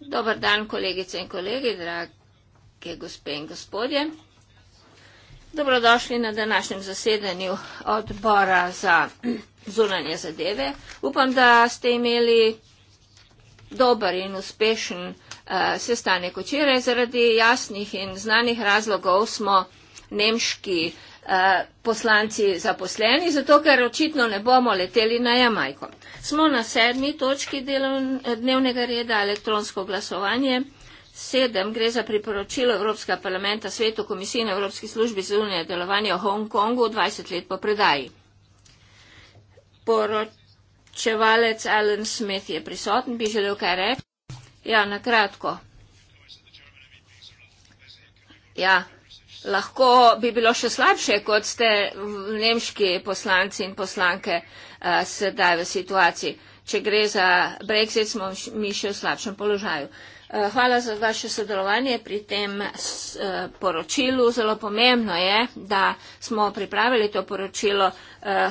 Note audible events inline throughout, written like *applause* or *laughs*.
Dobar dan, kolegice in kolegi, drage gospe in gospodje. Dobrodošli na današnjem zasedanju odbora za zunanje zadeve. Upam, da ste imeli dober in uspešen uh, sestanek včeraj. Zaradi jasnih in znanih razlogov smo nemški uh, Eh, poslanci zaposleni, zato ker očitno ne bomo leteli na Jamajko. Smo na sedmi točki delovn, eh, dnevnega reda elektronsko glasovanje. Sedem gre za priporočilo Evropskega parlamenta svetu komisije na Evropski službi za unije delovanje v Hongkongu 20 let po predaji. Poročevalec Alan Smith je prisoten, bi želel kaj reči. Ja, na kratko. Ja. Lahko bi bilo še slabše, kot ste nemški poslanci in poslanke uh, sedaj v situaciji. Če gre za brexit, smo mi še v slabšem položaju. Eh, hvala za vaše sodelovanje pri tem eh, poročilu. Zelo pomembno je, da smo pripravili to poročilo.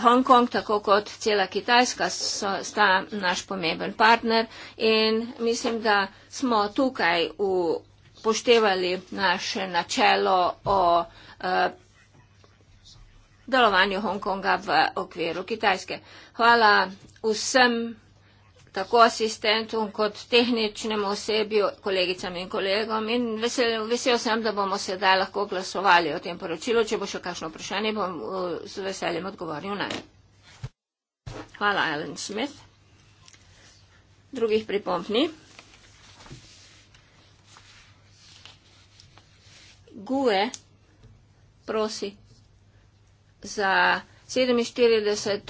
Hong Kong, tako kot cela Kitajska, so, sta naš pomemben partner in mislim, da smo tukaj v poštevali naše načelo o eh, delovanju Hongkonga v okviru Kitajske. Hvala vsem, tako asistentom kot tehničnemu osebju, kolegicam in kolegom in vesel, vesel sem, da bomo sedaj lahko glasovali o tem poročilu. Če bo še kakšno vprašanje, bom eh, z veseljem odgovoril na ne. Hvala, Alan Smith. Drugih pripomp ni. Gue prosi za 47.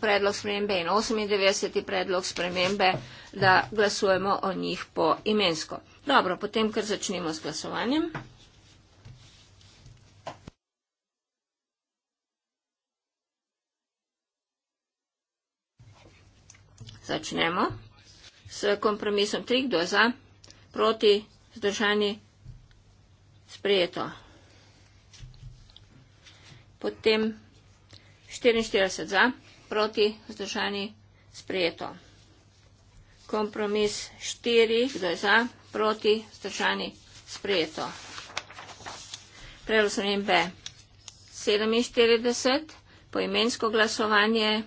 predlog spremembe in 98. predlog spremembe, da glasujemo o njih po imensko. Dobro, potem kar začnemo s glasovanjem. Začnemo s kompromisom 3, kdo je za, proti, zdržani, sprejeto. Potem 44 za, proti, vzdržani, sprejeto. Kompromis 4, kdo je za, proti, vzdržani, sprejeto. Predlog sem B. 47, poimensko glasovanje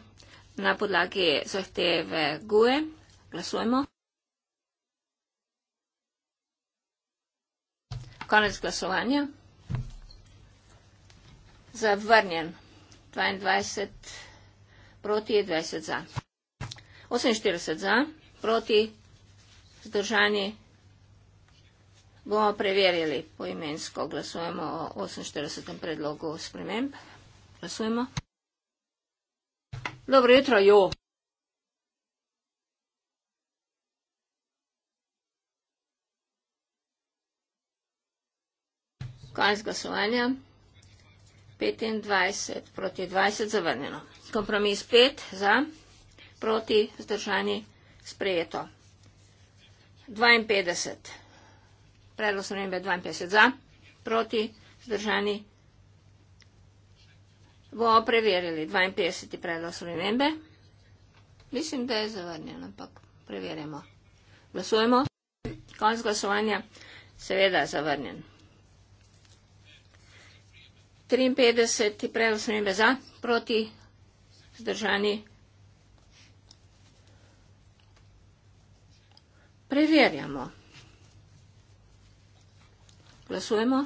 na podlagi zahteve GUE. Glasujemo. Konec glasovanja. Zavrnjen. 22 proti, 20 za. 48 za, proti, zdržani. Bomo preverjali poimensko. Glasujemo o 48. predlogu sprememb. Glasujemo. Dobro jutro, jo. Konec glasovanja. 25 proti 20 zavrnjeno. Kompromis 5 za, proti zdržani sprejeto. 52. Predlog spremembe 52 za, proti zdržani. Bomo preverili 52. predlog spremembe. Mislim, da je zavrnjen, ampak preverjamo. Glasujemo. Konc glasovanja. Seveda zavrnjen. 53, prejo spremembe za, proti, zdržani. Preverjamo. Glasujemo.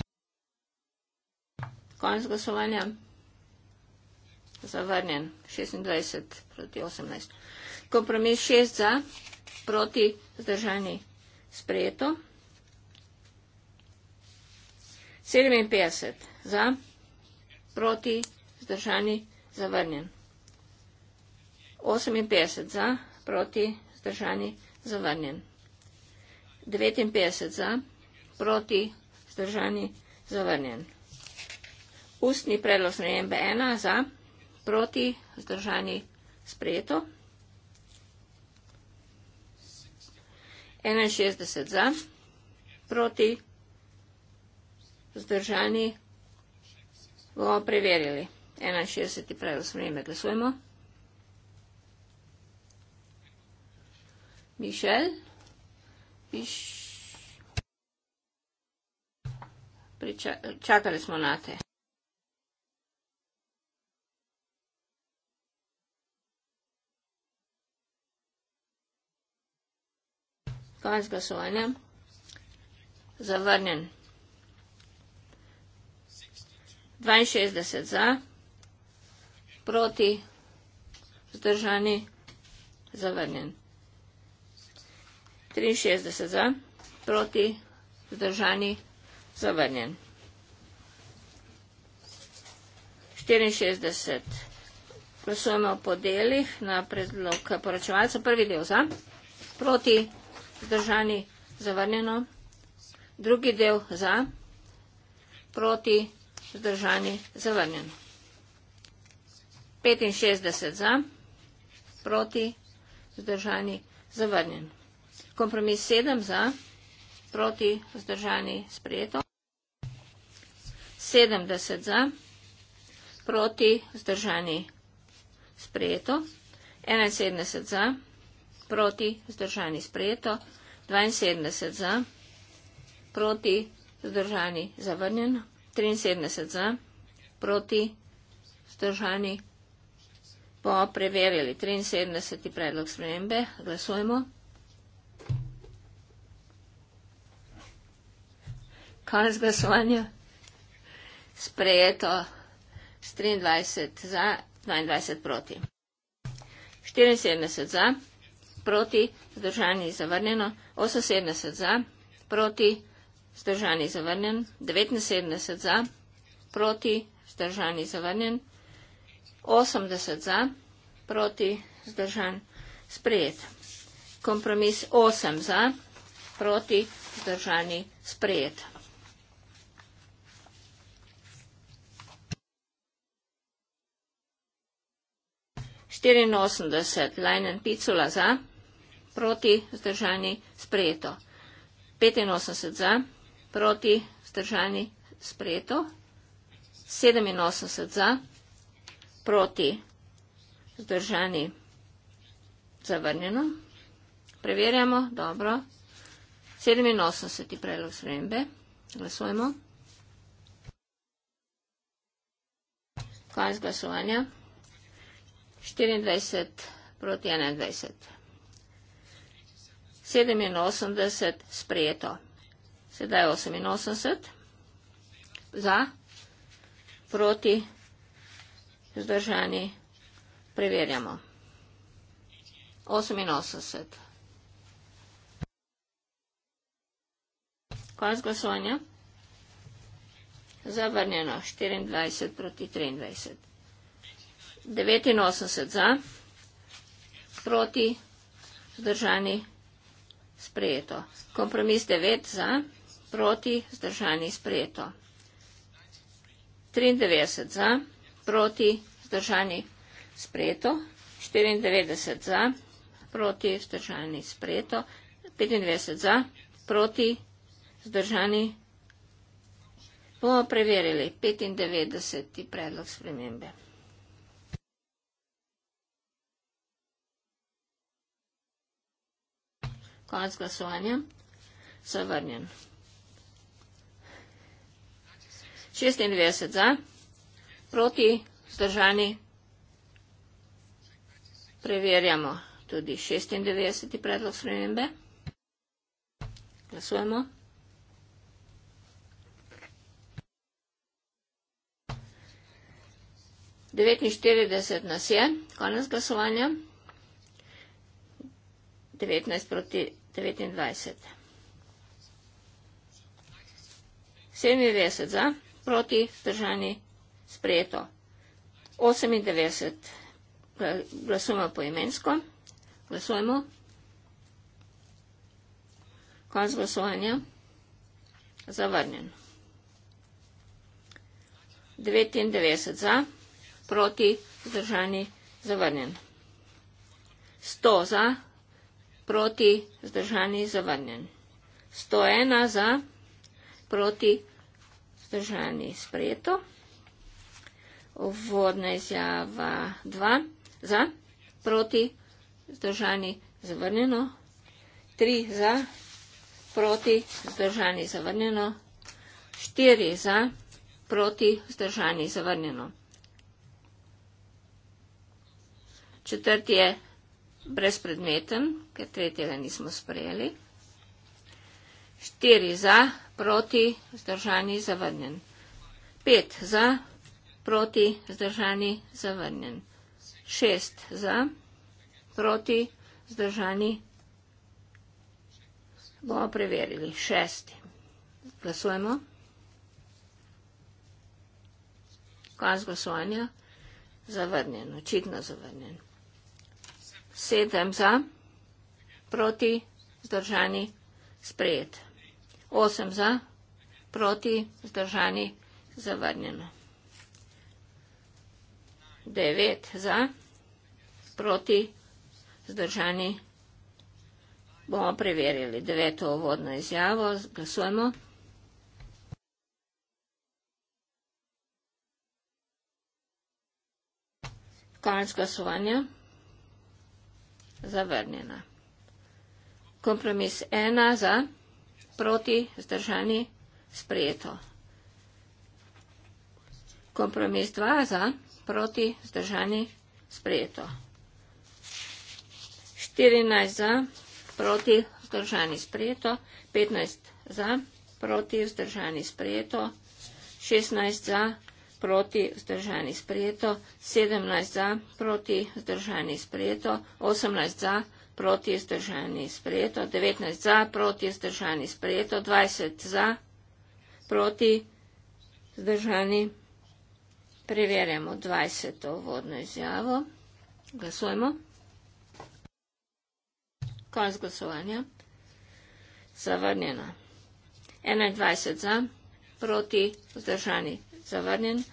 Konec glasovanja. Zavrnjen. 26 proti 18. Kompromis 6 za, proti, zdržani. Sprejeto. 57 za proti, zdržani, zavrnjen. 58 za, proti, zdržani, zavrnjen. 59 za, proti, zdržani, zavrnjen. Ustni predlog snemembe 1 za, proti, zdržani, sprejeto. 61 za, proti, zdržani, zavrnjen bomo preverili. 61. pravil spremembe glasujemo. Mišel. Miš... Čakali smo na te. Konec glasovanja. Zavrnjen. 62 za, proti, vzdržani, zavrnjen. 63 za, proti, vzdržani, zavrnjen. 64. Glasujemo po delih na predlog poročevalca. Prvi del za, proti, vzdržani, zavrnjeno. Drugi del za, proti, vzdržani, zavrnjeno. Zdržani zavrnjen. 65 za, proti, zdržani zavrnjen. Kompromis 7 za, proti, zdržani sprejeto. 70 za, proti, zdržani sprejeto. 71 za, proti, zdržani sprejeto. 72 za, proti, zdržani zavrnjeno. 73 za, proti vzdržani. Po preverili 73. predlog spremembe. Glasujemo. Konec glasovanja. Sprejeto s 23 za, 22 proti. 74 za, proti, zdržani zavrnjeno, 78 za, proti, Zdržani zavrnjen. 79 za. Proti. Zdržani zavrnjen. 80 za. Proti. Zdržan. Sprejet. Kompromis 8 za. Proti. Zdržani. Sprejet. Štirinosemdeset, Lajnen Picula za, proti, zdržani, sprejeto. Petinosemdeset za, proti vzdržani sprejeto, 87 za, proti vzdržani zavrnjeno. Preverjamo, dobro, 87 predlog sprejembe, glasujemo. Konec glasovanja, 24 proti 21. 87 sprejeto sedaj 88, za, proti, zdržani, preverjamo. 88. Konc glasovanja. Zavrnjeno 24 proti 23. 89 za, proti, zdržani, sprejeto. Kompromis 9 za proti, zdržani sprejeto. 93 za, proti, zdržani sprejeto, 94 za, proti, zdržani sprejeto, 95 za, proti, zdržani. Bomo preverili 95. predlog spremembe. Konc glasovanja. Zavrnjen. 96 za, proti vzdržani. Preverjamo tudi 96. predlog spremembe. Glasujemo. Devetinštirideset nas je, konec glasovanja, devetnajst proti devetindvajset. Sedemindvajset za proti, vzdržani, sprejeto. 98 glasujemo po imensko. Glasujemo. Konc glasovanja. Zavrnjen. 99 za, proti, vzdržani, zavrnjen. 100 za, proti, vzdržani, zavrnjen. 101 za, proti, vzdržani, zavrnjen vzdržani sprejeto. Vodna izjava 2 za, proti, vzdržani zavrnjeno. 3 za, proti, vzdržani zavrnjeno. 4 za, proti, vzdržani zavrnjeno. Četrti je brezpredmeten, ker tretjega nismo sprejeli. 4 za, proti, zdržani, zavrnjen. 5 za, proti, zdržani, zavrnjen. 6 za, proti, zdržani. Bomo preverili. 6. Glasujemo. Konc glasovanja. Zavrnjen, očitno zavrnjen. 7 za, proti, zdržani, sprejet. 8 za, proti, zdržani, zavrnjeno. 9 za, proti, zdržani, bomo preverili. 9 uvodno izjavo, glasujemo. Konec glasovanja, zavrnjena. Kompromis ena za, proti, zdržani, zavrnjeno proti, zdržani, sprejeto. Kompromis 2 za, proti, zdržani, sprejeto. 14 za, proti, zdržani, sprejeto. 15 za, proti, zdržani, sprejeto. 16 za, proti, zdržani, sprejeto. 17 za, proti, zdržani, sprejeto. 18 za, proti, zdržani, sprejeto proti izdržani sprejeto, 19 za, proti izdržani sprejeto, 20 za, proti izdržani. Preverjamo 20. vodno izjavo. Glasujemo. Konc glasovanja. Zavrnjeno. 21 za, proti izdržani zavrnjen.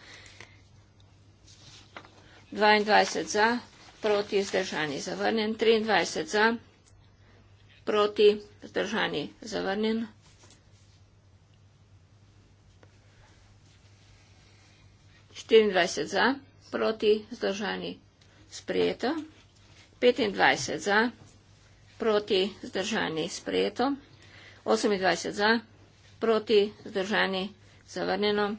22 za, proti zdržani zavrnjen, 23 za, proti zdržani zavrnjen. Štirindvajset za, proti zdržani sprejeto, petindvajset za, proti zdržani sprejeto, osemindvajset za, proti zdržani zavrnjeno,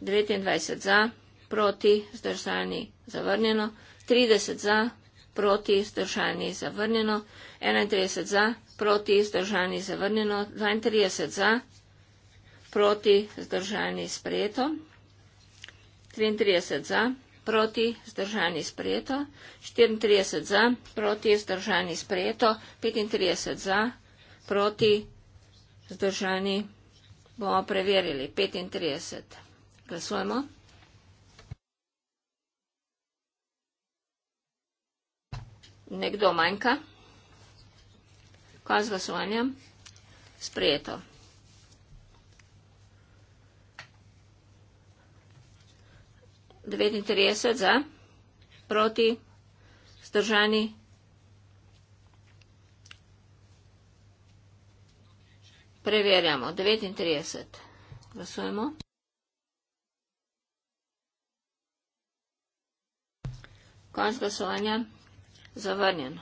devetindvajset za, proti zdržani zavrnjeno, 30 za, proti, zdržani, zavrnjeno, 31 za, proti, zdržani, zavrnjeno, 32 za, proti, zdržani, sprejeto, 33 za, proti, zdržani, sprejeto, 34 za, proti, zdržani, sprejeto, 35 za, proti, zdržani, bomo preverili, 35. Glasujemo. nekdo manjka. Konc glasovanja. Sprejeto. devetintrideset za, proti, zdržani, preverjamo, devetintrideset, glasujemo. Konc glasovanja zavrnjeno.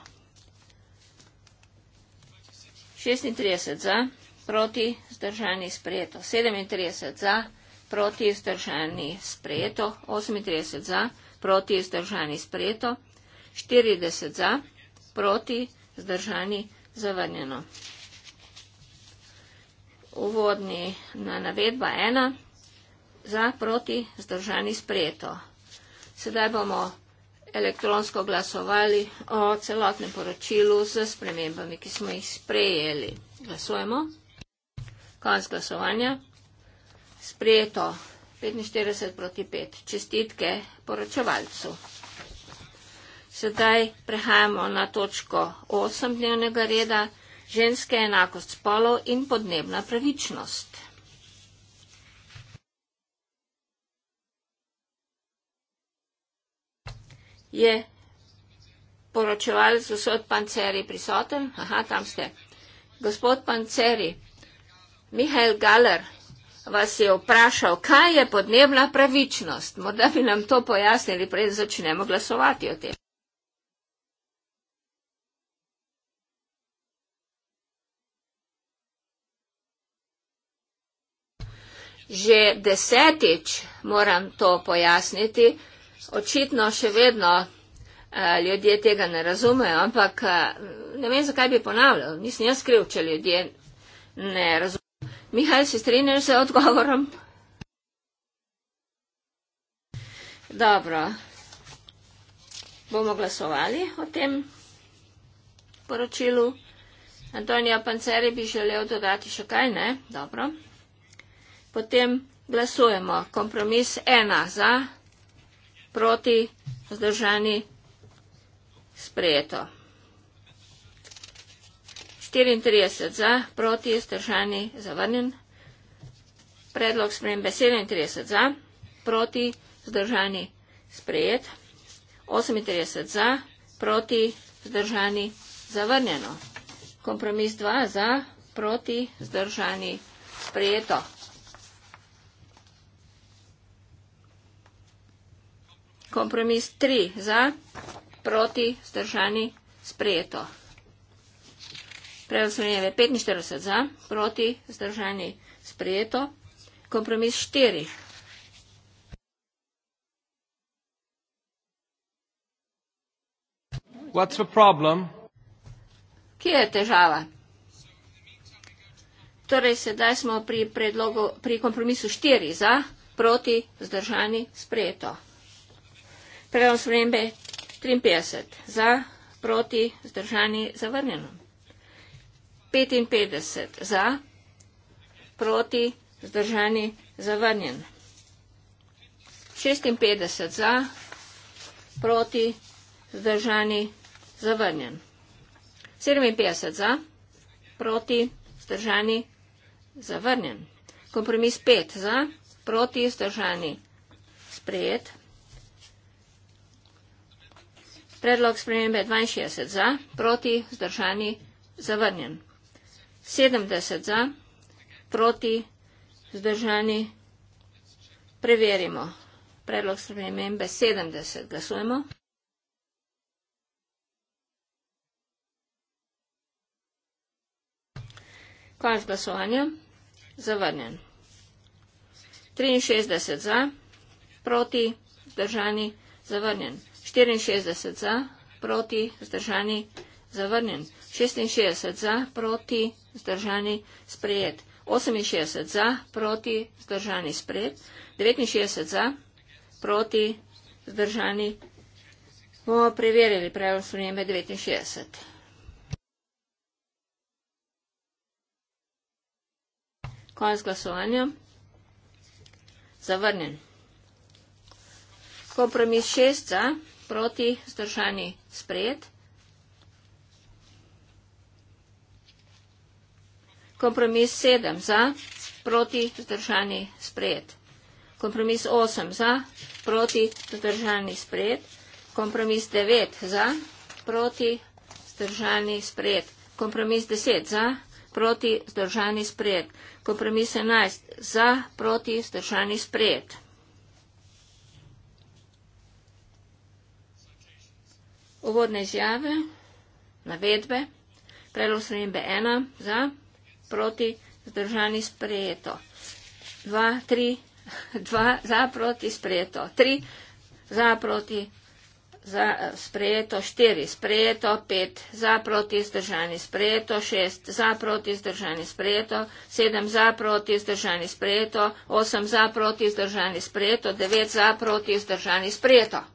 36 za, proti, zdržani, sprejeto. 37 za, proti, zdržani, sprejeto. 38 za, proti, zdržani, sprejeto. 40 za, proti, zdržani, zavrnjeno. Uvodni na navedba 1, za, proti, zdržani, sprejeto. Sedaj bomo elektronsko glasovali o celotnem poročilu z spremembami, ki smo jih sprejeli. Glasujemo. Konc glasovanja. Sprejeto 45 proti 5. Čestitke poročevalcu. Sedaj prehajamo na točko 8 dnevnega reda. Ženske enakost spolov in podnebna pravičnost. je poročevalec gospod Panceri prisoten. Aha, tam ste. Gospod Panceri, Mihajl Galer vas je vprašal, kaj je podnebna pravičnost. Morda bi nam to pojasnili, preden začnemo glasovati o tem. Že desetič moram to pojasniti, očitno še vedno eh, ljudje tega ne razumejo, ampak eh, ne vem, zakaj bi ponavljal. Nisem jaz kriv, če ljudje ne razumejo. Mihaj, si strinjaš z odgovorom? Dobro. Bomo glasovali o tem poročilu. Antonija Panceri bi želel dodati še kaj, ne? Dobro. Potem glasujemo. Kompromis ena za, proti zdržani sprejeto. 34 za, proti zdržani zavrnjen. Predlog spremembe 37 za, proti zdržani sprejet. 38 za, proti zdržani zavrnjeno. Kompromis 2 za, proti zdržani sprejeto. kompromis 3 za, proti, zdržani, sprejeto. Predlog slovenjeve 45 za, proti, zdržani, sprejeto. Kompromis 4. What's the problem? Kje je težava? Torej, sedaj smo pri predlogu, pri kompromisu 4 za, proti, zdržani, sprejeto. Prejom spremembe 53 za, proti, zdržani, zavrnjeno. 55 za, proti, zdržani, zavrnjen. 56 za, proti, zdržani, zavrnjen. 57 za, proti, zdržani, zavrnjen. Kompromis 5 za, proti, zdržani, sprejet. Predlog spremembe 62 za, proti, zdržani, zavrnjen. 70 za, proti, zdržani, preverimo. Predlog spremembe 70, glasujemo. Konec glasovanja, zavrnjen. 63 za, proti, zdržani, zavrnjen. 64 za, proti, zdržani, zavrnjen. 66 za, proti, zdržani, sprejet. 68 za, proti, zdržani, sprejet. 69 za, proti, zdržani, bomo preverili pravilno sprejeme 69. Konec glasovanja. Zavrnjen. Kompromis 6 za proti, zdržani, sprejet. Kompromis 7 za, proti, zdržani, sprejet. Kompromis 8 za, proti, zdržani, sprejet. Kompromis 9 za, proti, zdržani, sprejet. Kompromis 10 za, proti, zdržani, sprejet. Kompromis 11 za, proti, zdržani, sprejet. Uvodne izjave, navedbe, predlog srednjebe ena, za, proti, zdržani, sprejeto. Dva, tri, *laughs* dva, za, proti, sprejeto. Tri, za, proti, za, sprejeto. Štiri, sprejeto. Pet, za, proti, zdržani, sprejeto. Šest, za, proti, zdržani, sprejeto. Sedem, za, proti, zdržani, sprejeto. Osem, za, proti, zdržani, sprejeto. Devet, za, proti, zdržani, sprejeto.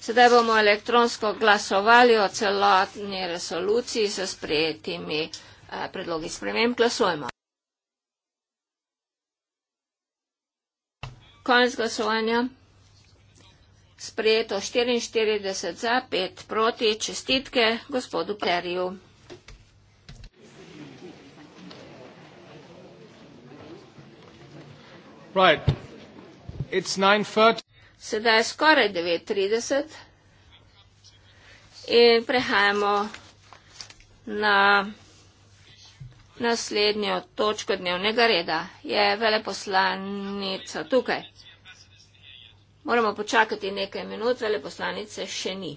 Sedaj bomo elektronsko glasovali o celotni resoluciji s sprejetimi eh, predlogi sprememb. Glasujemo. Konec glasovanja. Sprejeto 44 za, 5 proti. Čestitke gospodu Pleriju. Right. It's 9.30 sedaj je skoraj 9.30 in prehajamo na naslednjo točko dnevnega reda. Je veleposlanica tukaj. Moramo počakati nekaj minut, veleposlanice še ni.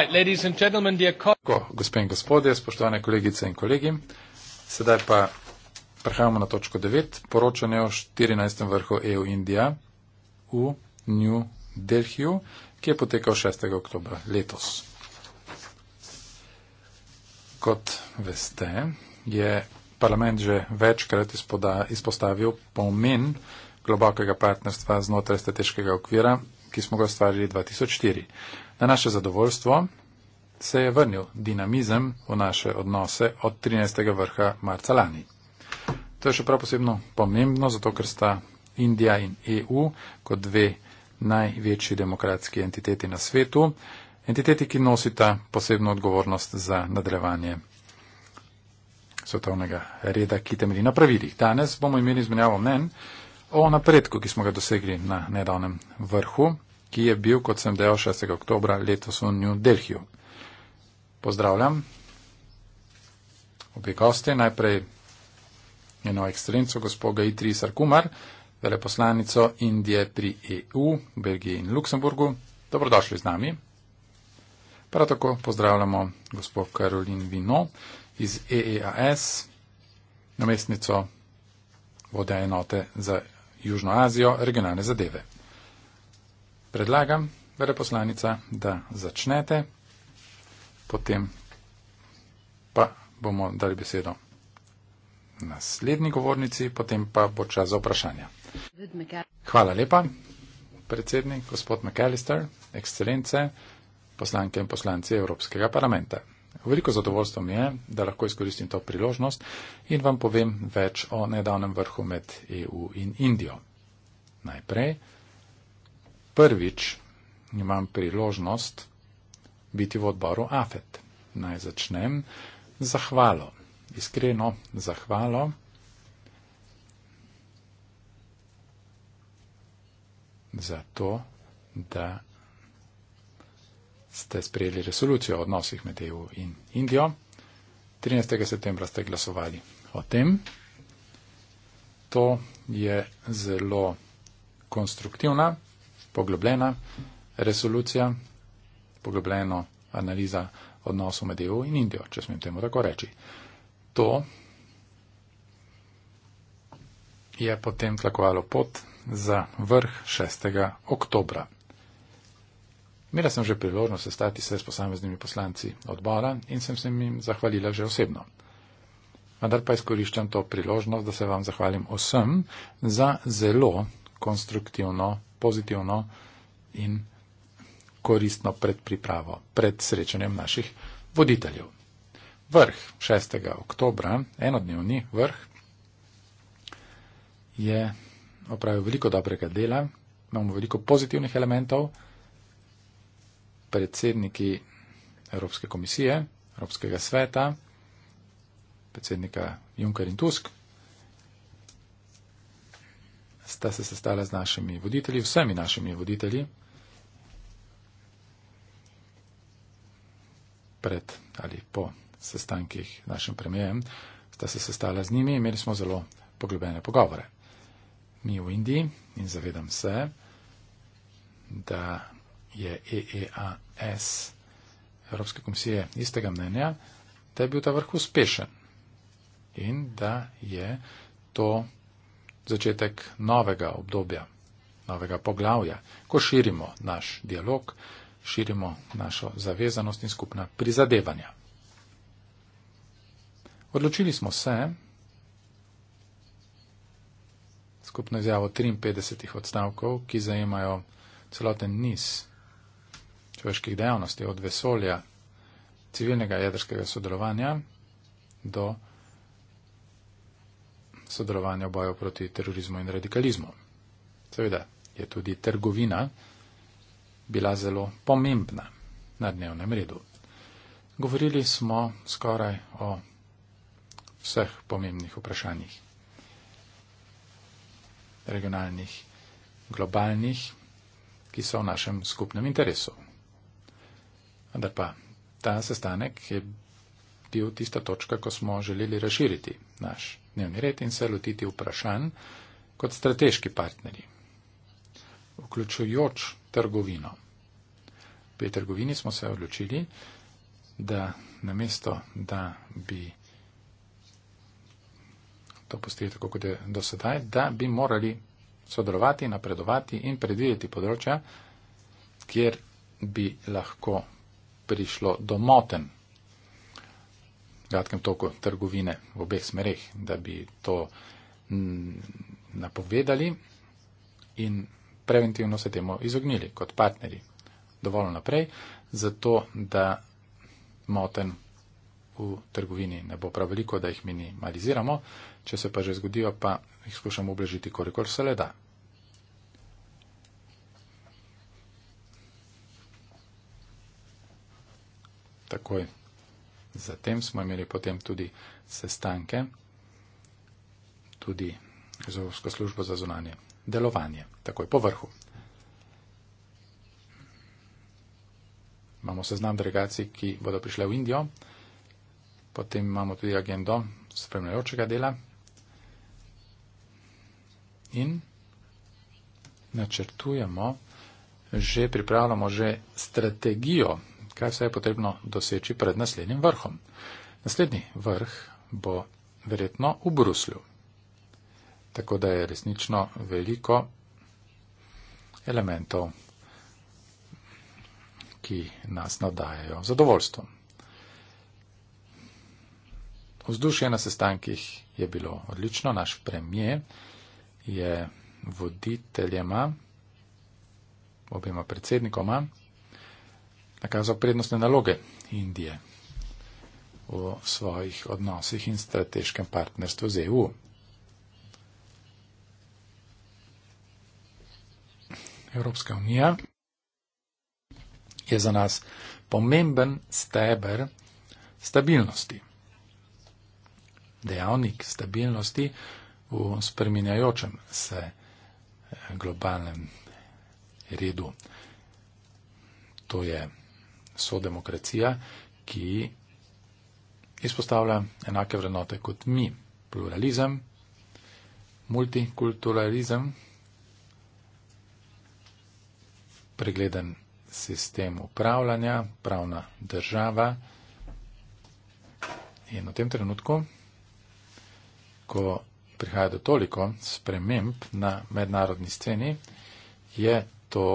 Right, ladies and gentlemen, dear colleagues. Gospe in gospodje, spoštovane kolegice in kolegi, sedaj pa prehajamo na točko 9, poročanje o 14. vrhu EU Indija v New Delhiju, ki je potekal 6. oktober letos. Kot veste, je parlament že večkrat izpostavil pomen globokega partnerstva znotraj strateškega okvira ki smo ga ustvarili 2004. Na naše zadovoljstvo se je vrnil dinamizem v naše odnose od 13. vrha marca lani. To je še prav posebno pomembno, zato ker sta Indija in EU kot dve največji demokratski entiteti na svetu, entiteti, ki nosita posebno odgovornost za nadrevanje svetovnega reda, ki temelji na pravilih. Danes bomo imeli izmenjavo mnen o napredku, ki smo ga dosegli na nedavnem vrhu, ki je bil, kot sem dejal, 6. oktober letos v New Delhiju. Pozdravljam obe goste, najprej eno ekstremco, gospod Gaitri Sarkumar, veleposlanico Indije pri EU, Belgiji in Luksemburgu. Dobrodošli z nami. Prav tako pozdravljamo gospod Karolin Vino iz EEAS, namestnico vode enote za Južno Azijo, regionalne zadeve. Predlagam, veleposlanica, da začnete, potem pa bomo dali besedo naslednji govornici, potem pa bo čas za vprašanja. Hvala lepa, predsednik gospod McAllister, ekscelence, poslanke in poslanci Evropskega parlamenta. Veliko zadovoljstvo mi je, da lahko izkoristim to priložnost in vam povem več o nedavnem vrhu med EU in Indijo. Najprej, prvič imam priložnost biti v odboru AFET. Naj začnem z zahvalo, iskreno zahvalo. Za to, da ste sprejeli resolucijo o odnosih med EU in Indijo. 13. septembra ste glasovali o tem. To je zelo konstruktivna, poglobljena resolucija, poglobljena analiza odnosov med EU in Indijo, če smem temu tako reči. To je potem tlakovalo pot za vrh 6. oktobra. Imela sem že priložnost sestati se s posameznimi poslanci odbora in sem se jim zahvalila že osebno. Vendar pa izkoriščam to priložnost, da se vam zahvalim vsem za zelo konstruktivno, pozitivno in koristno predpripravo pred srečanjem naših voditeljev. Vrh 6. oktobra, enodnevni vrh, je opravil veliko dobrega dela, imamo veliko pozitivnih elementov, predsedniki Evropske komisije, Evropskega sveta, predsednika Juncker in Tusk, sta se sestala z našimi voditelji, vsemi našimi voditelji, pred ali po sestankih z našim premijem, sta se sestala z njimi, imeli smo zelo poglobljene pogovore. Mi v Indiji in zavedam se, da je EEAS Evropske komisije istega mnenja, da je bil ta vrh uspešen in da je to začetek novega obdobja, novega poglavja, ko širimo naš dialog, širimo našo zavezanost in skupna prizadevanja. Odločili smo se, skupno izjavo 53 odstavkov, ki zajemajo celoten niz človeških dejavnosti, od vesolja, civilnega jedrskega sodelovanja do sodelovanja v boju proti terorizmu in radikalizmu. Seveda je tudi trgovina bila zelo pomembna na dnevnem redu. Govorili smo skoraj o vseh pomembnih vprašanjih regionalnih, globalnih, ki so v našem skupnem interesu. Vendar pa ta sestanek je bil tista točka, ko smo želeli razširiti naš dnevni red in se lotiti vprašanj kot strateški partnerji, vključujoč trgovino. Pri trgovini smo se odločili, da namesto, da bi to postili tako, kot je do sedaj, da bi morali sodelovati, napredovati in predvideti področja, kjer bi lahko prišlo do moten, v kratkem toku trgovine v obeh smereh, da bi to mm, napovedali in preventivno se temu izognili kot partneri dovolj naprej, zato da moten v trgovini ne bo prav veliko, da jih minimaliziramo, če se pa že zgodijo, pa jih skušamo oblažiti, koliko se le da. takoj zatem smo imeli potem tudi sestanke, tudi z Evropsko službo za zunanje delovanje, takoj po vrhu. Imamo seznam delegacij, ki bodo prišle v Indijo, potem imamo tudi agendo spremljajočega dela in načrtujemo, že pripravljamo že strategijo kaj vse je potrebno doseči pred naslednjim vrhom. Naslednji vrh bo verjetno v Bruslju. Tako da je resnično veliko elementov, ki nas nadajajo zadovoljstvo. Vzdušje na sestankih je bilo odlično. Naš premije je voditeljema, objema predsednikoma, nakazal prednostne naloge Indije v svojih odnosih in strateškem partnerstvu z EU. Evropska unija je za nas pomemben steber stabilnosti. Dejavnik stabilnosti v spreminjajočem se eh, globalnem redu. To je sodemokracija, ki izpostavlja enake vrednote kot mi. Pluralizem, multikulturalizem, pregleden sistem upravljanja, pravna država in v tem trenutku, ko prihaja do toliko sprememb na mednarodni sceni, je to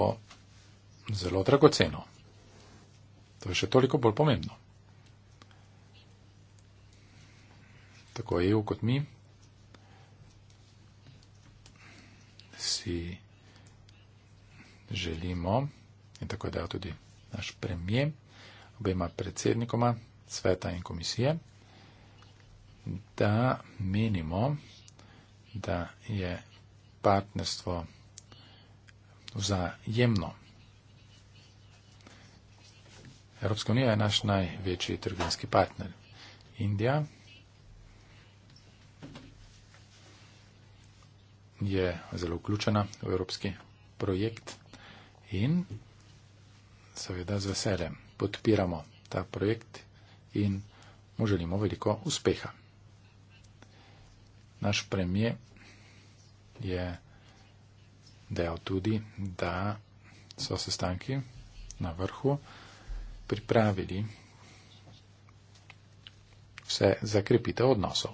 zelo dragoceno. To je še toliko bolj pomembno. Tako je EU kot mi. Si želimo, in tako je dal tudi naš premije, obema predsednikoma sveta in komisije, da menimo, da je partnerstvo vzajemno. Evropska unija je naš največji trgovinski partner. Indija je zelo vključena v evropski projekt in seveda z veseljem podpiramo ta projekt in mu želimo veliko uspeha. Naš premijer je dejal tudi, da so sestanki na vrhu pripravili vse za krepitev odnosov.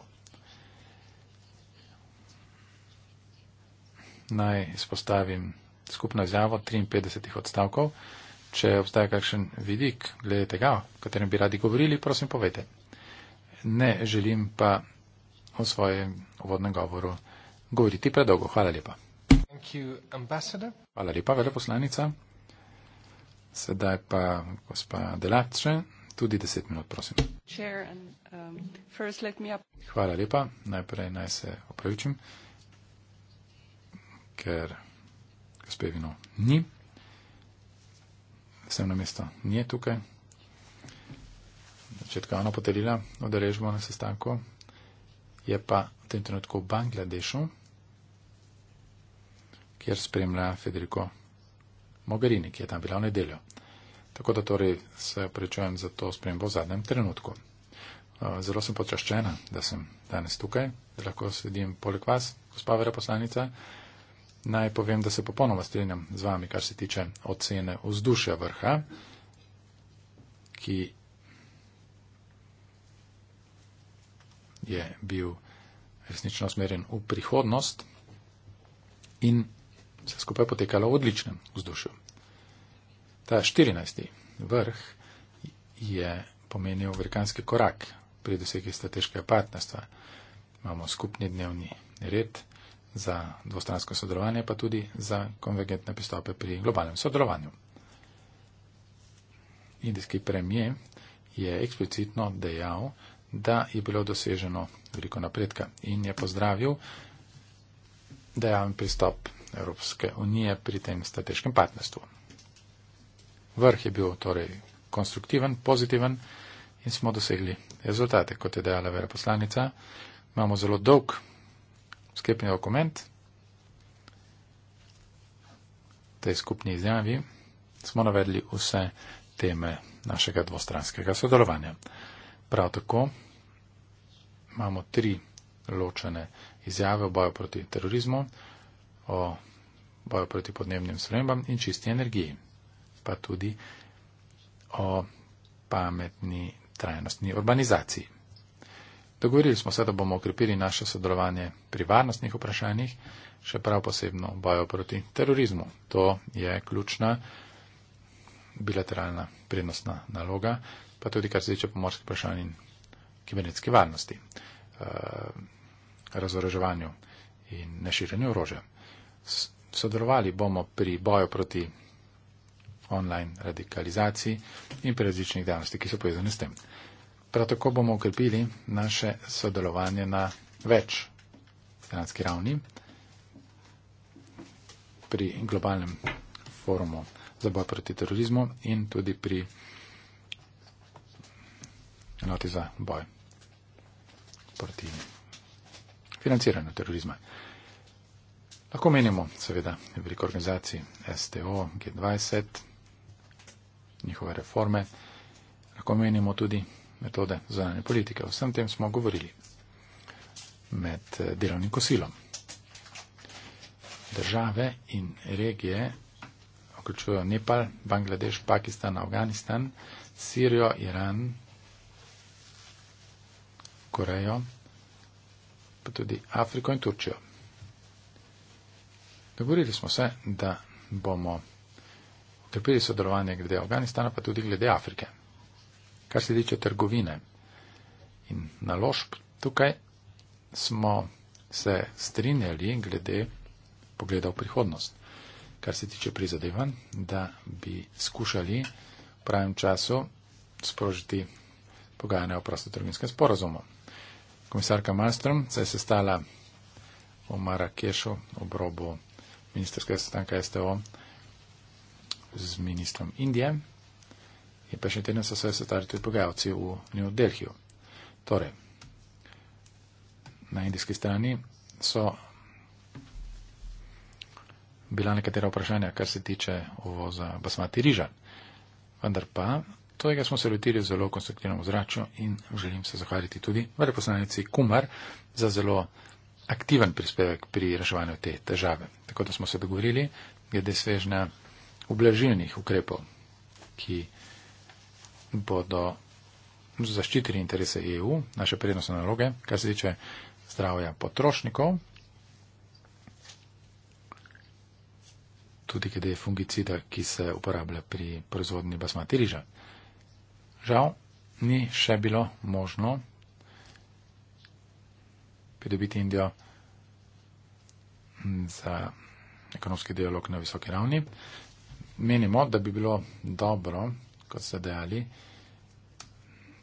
Naj spostavim skupno izjavo 53 odstavkov. Če obstaja kakšen vidik glede tega, o katerem bi radi govorili, prosim povete. Ne želim pa o svojem uvodnem govoru govoriti predolgo. Hvala lepa. Hvala lepa, veleposlanica. Sedaj pa gospa Delatre, tudi deset minut, prosim. Um, Hvala lepa. Najprej naj se opravičim, ker gospe Vino ni. Sem na mesto nje tukaj. Začetka ona potelila odrežbo na sestanku. Je pa v tem trenutku v Bangladešu, kjer spremlja Federico Mogherini, ki je tam bila v nedeljo. Tako da torej se prečujem za to spremembo v zadnjem trenutku. Eh, zelo sem počaščena, da sem danes tukaj, da lahko sedim poleg vas, gospa Vera poslanica. Naj povem, da se popolnoma strinjam z vami, kar se tiče ocene vzdušja vrha, ki je bil resnično smerjen v prihodnost in vse skupaj potekalo v odličnem vzdušju. Ta 14. vrh je pomenil velikanski korak pri dosegi strateškega partnerstva. Imamo skupni dnevni red za dvostransko sodelovanje, pa tudi za konvergentne pristope pri globalnem sodelovanju. Indijski premijer je eksplicitno dejal, da je bilo doseženo veliko napredka in je pozdravil dejaven pristop Evropske unije pri tem strateškem partnerstvu. Vrh je bil torej konstruktiven, pozitiven in smo dosegli rezultate, kot je dejala vera poslanica. Imamo zelo dolg sklepni dokument. V tej skupni izjavi smo navedli vse teme našega dvostranskega sodelovanja. Prav tako imamo tri ločene izjave o boju proti terorizmu o boju proti podnebnim spremembam in čisti energiji, pa tudi o pametni trajnostni urbanizaciji. Dogovorili smo se, da bomo okrepili naše sodelovanje pri varnostnih vprašanjih, še prav posebno boju proti terorizmu. To je ključna bilateralna prednostna naloga, pa tudi kar se tiče pomorskih vprašanj in kibernetske varnosti, eh, razoreževanju in neširjenju orožja sodelovali bomo pri boju proti online radikalizaciji in pri različnih dejavnosti, ki so povezane s tem. Prav tako bomo ukrepili naše sodelovanje na več stranski ravni pri globalnem forumu za boj proti terorizmu in tudi pri enoti za boj proti financiranju terorizma. Lahko menimo seveda veliko organizacij, STO, G20, njihove reforme, lahko menimo tudi metode zunanje politike. Vsem tem smo govorili med eh, delovnim kosilom. Države in regije vključujejo Nepal, Bangladeš, Pakistan, Afganistan, Sirijo, Iran, Korejo, pa tudi Afriko in Turčijo. Dogovorili smo se, da bomo okrepili sodelovanje glede Afganistana, pa tudi glede Afrike. Kar se tiče trgovine in naložb, tukaj smo se strinjali glede pogleda v prihodnost. Kar se tiče prizadevanj, da bi skušali v pravem času sprožiti pogajanje o prostotrgovinskem sporazumu. Komisarka Malmström se je sestala v Marrakešu ob robu ministerskega sestanka STO z ministrom Indije in prejšnji teden so se sestali tudi pogajalci v New Delhiju. Torej, na indijski strani so bila nekatera vprašanja, kar se tiče uvoza basmati riža. Vendar pa, tega smo se lotili v zelo konstruktivnem ozračju in želim se zahvaliti tudi veleposlanici Kumar za zelo aktiven prispevek pri reševanju te težave. Tako da smo se dogovorili, glede svežna oblažilnih ukrepov, ki bodo zaščitili interese EU, naše prednostne naloge, kar se tiče zdravja potrošnikov, tudi glede fungicida, ki se uporablja pri proizvodni basmati riža. Žal ni še bilo možno pridobiti Indijo mm, za ekonomski dialog na visoki ravni. Menimo, da bi bilo dobro, kot ste dejali,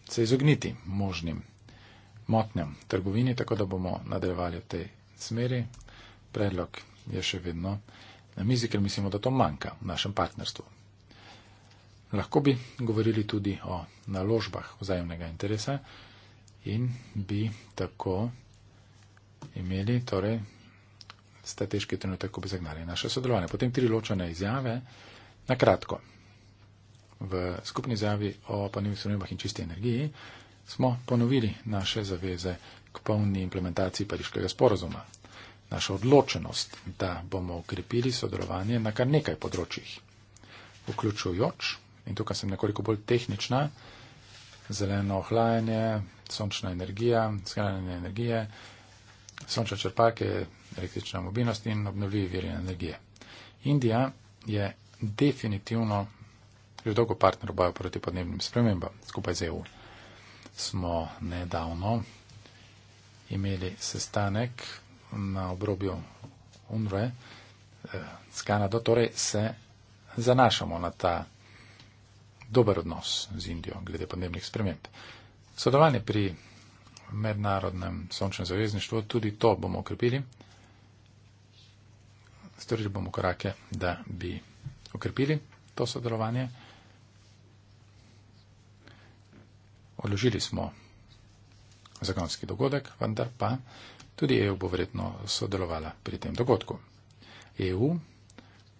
se izogniti možnim motnjam trgovini, tako da bomo nadaljevali v tej smeri. Predlog je še vedno na mizi, ker mislimo, da to manjka v našem partnerstvu. Lahko bi govorili tudi o naložbah vzajemnega interesa in bi tako imeli, torej strateški trenutek, ko bi zagnali naše sodelovanje. Potem tri ločene izjave, na kratko. V skupni izjavi o panjivih sredstvih in čisti energiji smo ponovili naše zaveze k polni implementaciji pariškega sporozuma. Naša odločenost, da bomo ukrepili sodelovanje na kar nekaj področjih, vključujoč, in tukaj sem nekoliko bolj tehnična, zeleno ohlajanje, sončna energija, skrajanje energije, sončne črpalke, električna mobilnost in obnovljivi viri energije. Indija je definitivno že dolgo partner v boju proti podnebnim spremembam skupaj z EU. Smo nedavno imeli sestanek na obrobju UNRWE eh, s Kanado, torej se zanašamo na ta dober odnos z Indijo glede podnebnih sprememb. Sodelovanje pri mednarodnem sončnem zavezništvu, tudi to bomo okrepili. Storili bomo korake, da bi okrepili to sodelovanje. Oložili smo zagonski dogodek, vendar pa tudi EU bo verjetno sodelovala pri tem dogodku. EU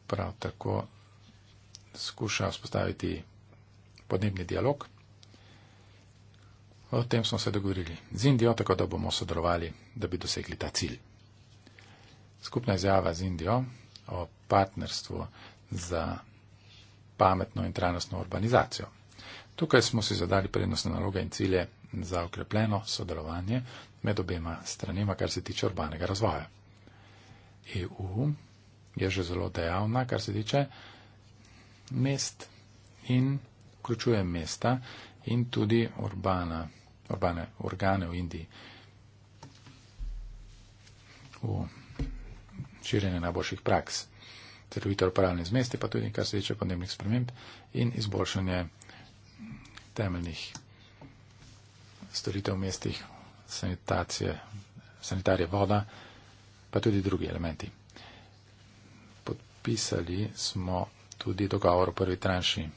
prav tako skuša vzpostaviti podnebni dialog O tem smo se dogovorili z Indijo, tako da bomo sodelovali, da bi dosegli ta cilj. Skupna izjava z Indijo o partnerstvu za pametno in trajnostno urbanizacijo. Tukaj smo si zadali prednostne naloge in cilje za okrepljeno sodelovanje med obema stranima, kar se tiče urbanega razvoja. EU je že zelo dejavna, kar se tiče mest in vključuje mesta in tudi urbana urbane organe u Indiji u širjenje najboljših praks, celovito upravljanje zmesti, pa tudi kar se tiče podnebnih sprememb in izboljšanje temeljnih storitev v mestih, sanitacije, sanitarje voda, pa tudi drugi elementi. Podpisali smo tudi dogovor o prvi tranši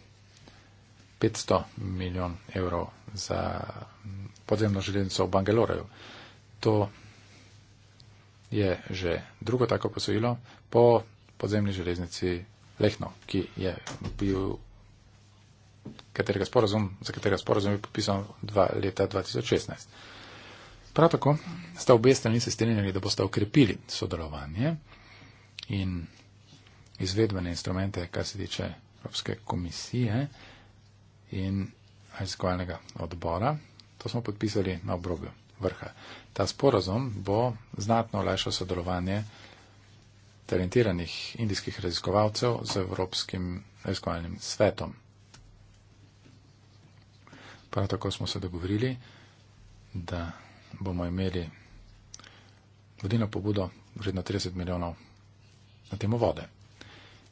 500 milijon evrov za podzemno železnico v Bangaloreju. To je že drugo tako posojilo po podzemni železnici Lehno, ki je bil katerega sporozum, za katerega sporozum je podpisan dva leta 2016. Prav tako sta obe strani se strinjali, da boste ukrepili sodelovanje in izvedbene instrumente, kar se tiče Evropske komisije, in raziskovalnega odbora. To smo podpisali na obrobju vrha. Ta sporazum bo znatno olajšal sodelovanje talentiranih indijskih raziskovalcev z Evropskim raziskovalnim svetom. Prav tako smo se dogovorili, da bomo imeli vodilno pobudo vredno 30 milijonov na temo vode.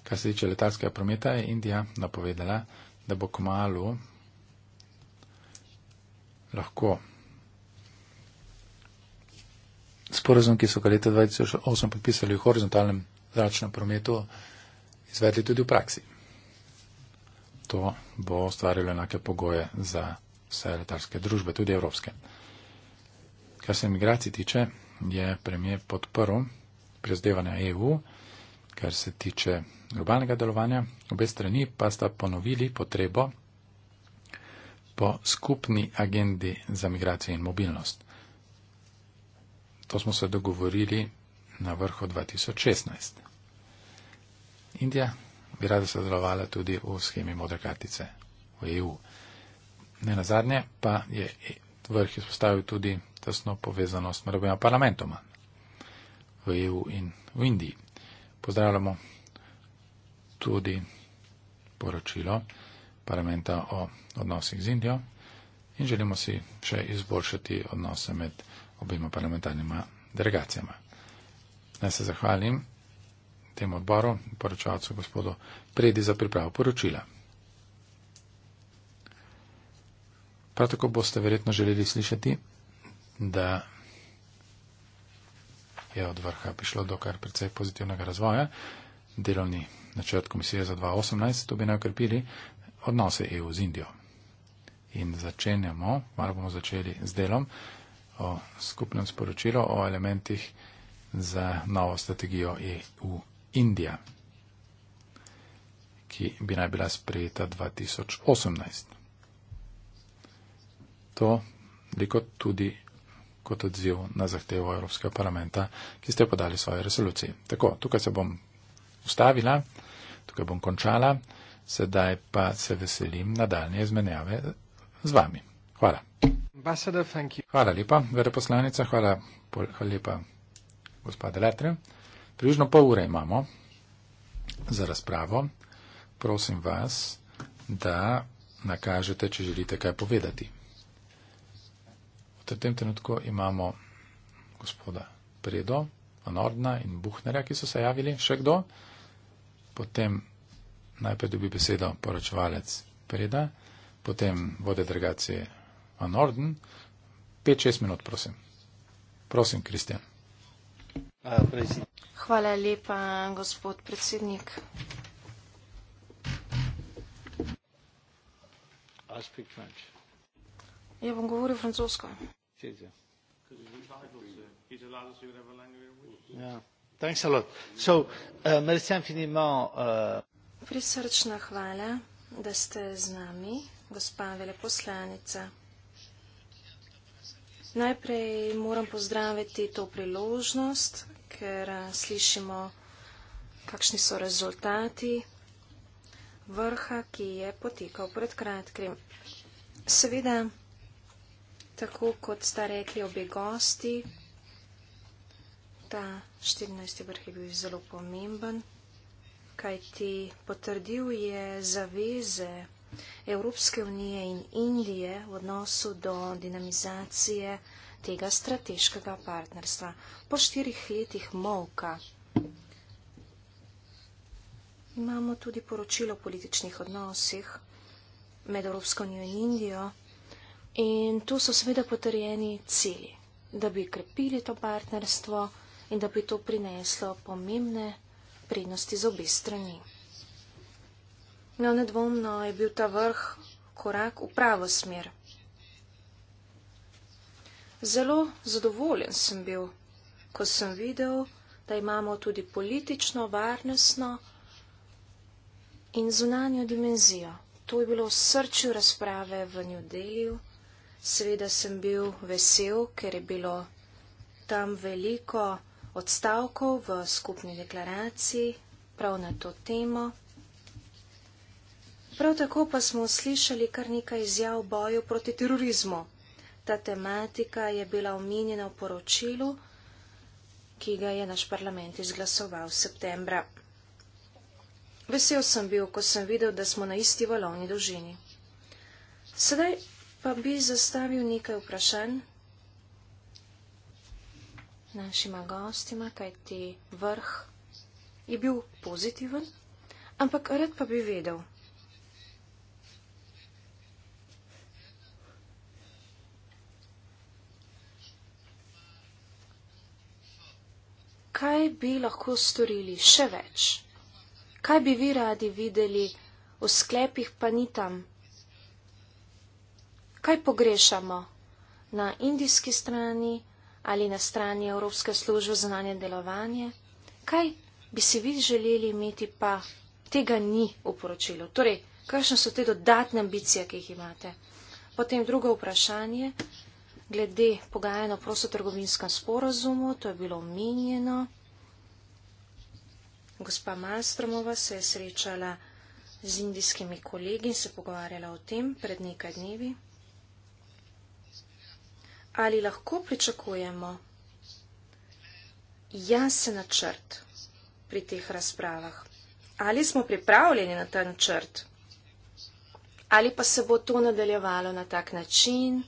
Kar se tiče letalskega prometa, je Indija napovedala, da bo kmalo lahko. Sporazum, ki so ga leta 2008 podpisali v horizontalnem zračnem prometu, izvedli tudi v praksi. To bo ustvarjalo enake pogoje za vse letalske družbe, tudi evropske. Kar se imigracij tiče, je premijer podprl prizadevanja EU kar se tiče globalnega delovanja. Obe strani pa sta ponovili potrebo po skupni agendi za migracijo in mobilnost. To smo se dogovorili na vrhu 2016. Indija bi rada sodelovala tudi v schemi modre kartice v EU. Ne nazadnje pa je vrh izpostavil tudi tesno povezanost med obema parlamentoma v EU in v Indiji. Pozdravljamo tudi poročilo parlamenta o odnosih z Indijo in želimo si še izboljšati odnose med obima parlamentarnima delegacijama. Naj se zahvalim tem odboru, poročavcu gospodu Predi za pripravo poročila. Prav tako boste verjetno želeli slišati, da je od vrha prišlo do kar precej pozitivnega razvoja. Delovni načrt komisije za 2018, to bi naj okrepili odnose EU z Indijo. In začenjamo, malo bomo začeli z delom, o skupnem sporočilu o elementih za novo strategijo EU-Indija, ki bi naj bila sprejeta 2018. To, kot tudi kot odziv na zahtevo Evropskega parlamenta, ki ste podali svoje resolucije. Tako, tukaj se bom ustavila, tukaj bom končala, sedaj pa se veselim nadaljne izmenjave z vami. Hvala. Hvala lepa, veleposlanica, hvala, hvala lepa, gospod Letre. Približno pol ure imamo za razpravo. Prosim vas, da nakažete, če želite kaj povedati. V tem trenutku imamo gospoda Predo, Anordna in Buhnerja, ki so se javili, še kdo. Potem najprej dobi besedo poročevalec Preda, potem vode delegacije Anorden. 5-6 minut, prosim. Prosim, Kristjan. Hvala lepa, gospod predsednik. Aspekt manjši. Jaz bom govoril francosko. Ja. Uh, uh, Prisrčna hvala, da ste z nami, gospa veleposlanica. Najprej moram pozdraviti to priložnost, ker uh, slišimo, kakšni so rezultati vrha, ki je potekal pred kratkim. Seveda, tako kot sta rekli obe gosti, ta 14. vrh je bil zelo pomemben, kajti potrdil je zaveze Evropske unije in Indije v odnosu do dinamizacije tega strateškega partnerstva. Po štirih letih molka imamo tudi poročilo o političnih odnosih med Evropsko unijo in Indijo. In tu so seveda potrjeni cilji, da bi krepili to partnerstvo in da bi to prineslo pomembne prednosti za obi strani. No, nedvomno je bil ta vrh korak v pravo smer. Zelo zadovoljen sem bil, ko sem videl, da imamo tudi politično, varnostno in zunanjo dimenzijo. To je bilo v srču razprave v New Delhiu. Seveda sem bil vesel, ker je bilo tam veliko odstavkov v skupni deklaraciji prav na to temo. Prav tako pa smo slišali kar nekaj izjav o boju proti terorizmu. Ta tematika je bila omenjena v poročilu, ki ga je naš parlament izglasoval v septembra. Vesel sem bil, ko sem videl, da smo na isti valovni dolžini. Sedaj Pa bi zastavil nekaj vprašanj našima gostima, kaj ti vrh je bil pozitiven, ampak rad pa bi vedel. Kaj bi lahko storili še več? Kaj bi vi radi videli v sklepih, pa ni tam kaj pogrešamo na indijski strani ali na strani Evropske službe za znanje delovanje, kaj bi si vi želeli imeti, pa tega ni v poročilu. Torej, kakšne so te dodatne ambicije, ki jih imate? Potem drugo vprašanje, glede pogajanja o prostotrgovinskem sporozumu, to je bilo omenjeno. Gospa Malstromova se je srečala z indijskimi kolegi in se pogovarjala o tem pred nekaj dnevi ali lahko pričakujemo jasen načrt pri teh razpravah? Ali smo pripravljeni na ta načrt? Ali pa se bo to nadaljevalo na tak način,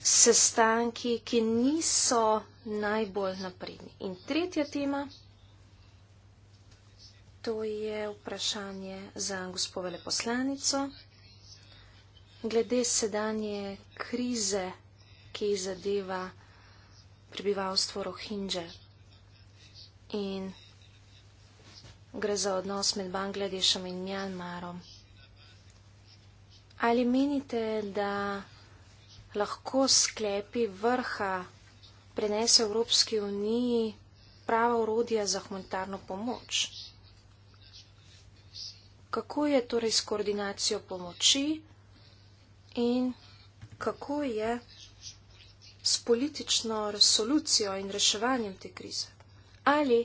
sestanki, ki niso najbolj napredni? In tretja tema, to je vprašanje za gospodele poslanico. Glede sedanje krize ki zadeva prebivalstvo Rohinđe. In gre za odnos med Bangladešem in Mjanmarom. Ali menite, da lahko sklepi vrha prenese Evropski uniji prava urodja za humanitarno pomoč? Kako je torej s koordinacijo pomoči in kako je s politično resolucijo in reševanjem te krize? Ali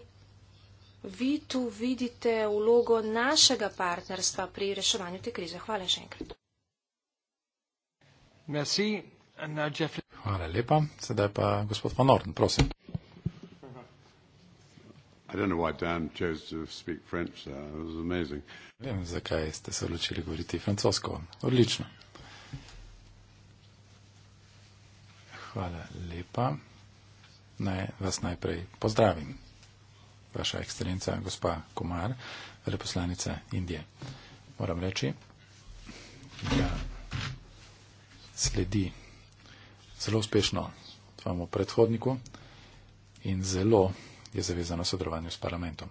vi tu vidite vlogo našega partnerstva pri reševanju te krize? Hvala še enkrat. Merci. Hvala lepa. Sedaj pa gospod Van Orden, prosim. Vem, zakaj ste se odločili govoriti francosko. Odlično. Hvala lepa. Naj vas najprej pozdravim. Vaša ekscelenca, gospa Kumar, veleposlanica Indije. Moram reči, da sledi zelo uspešno vamo predhodniku in zelo je zavezano sodelovanju s parlamentom.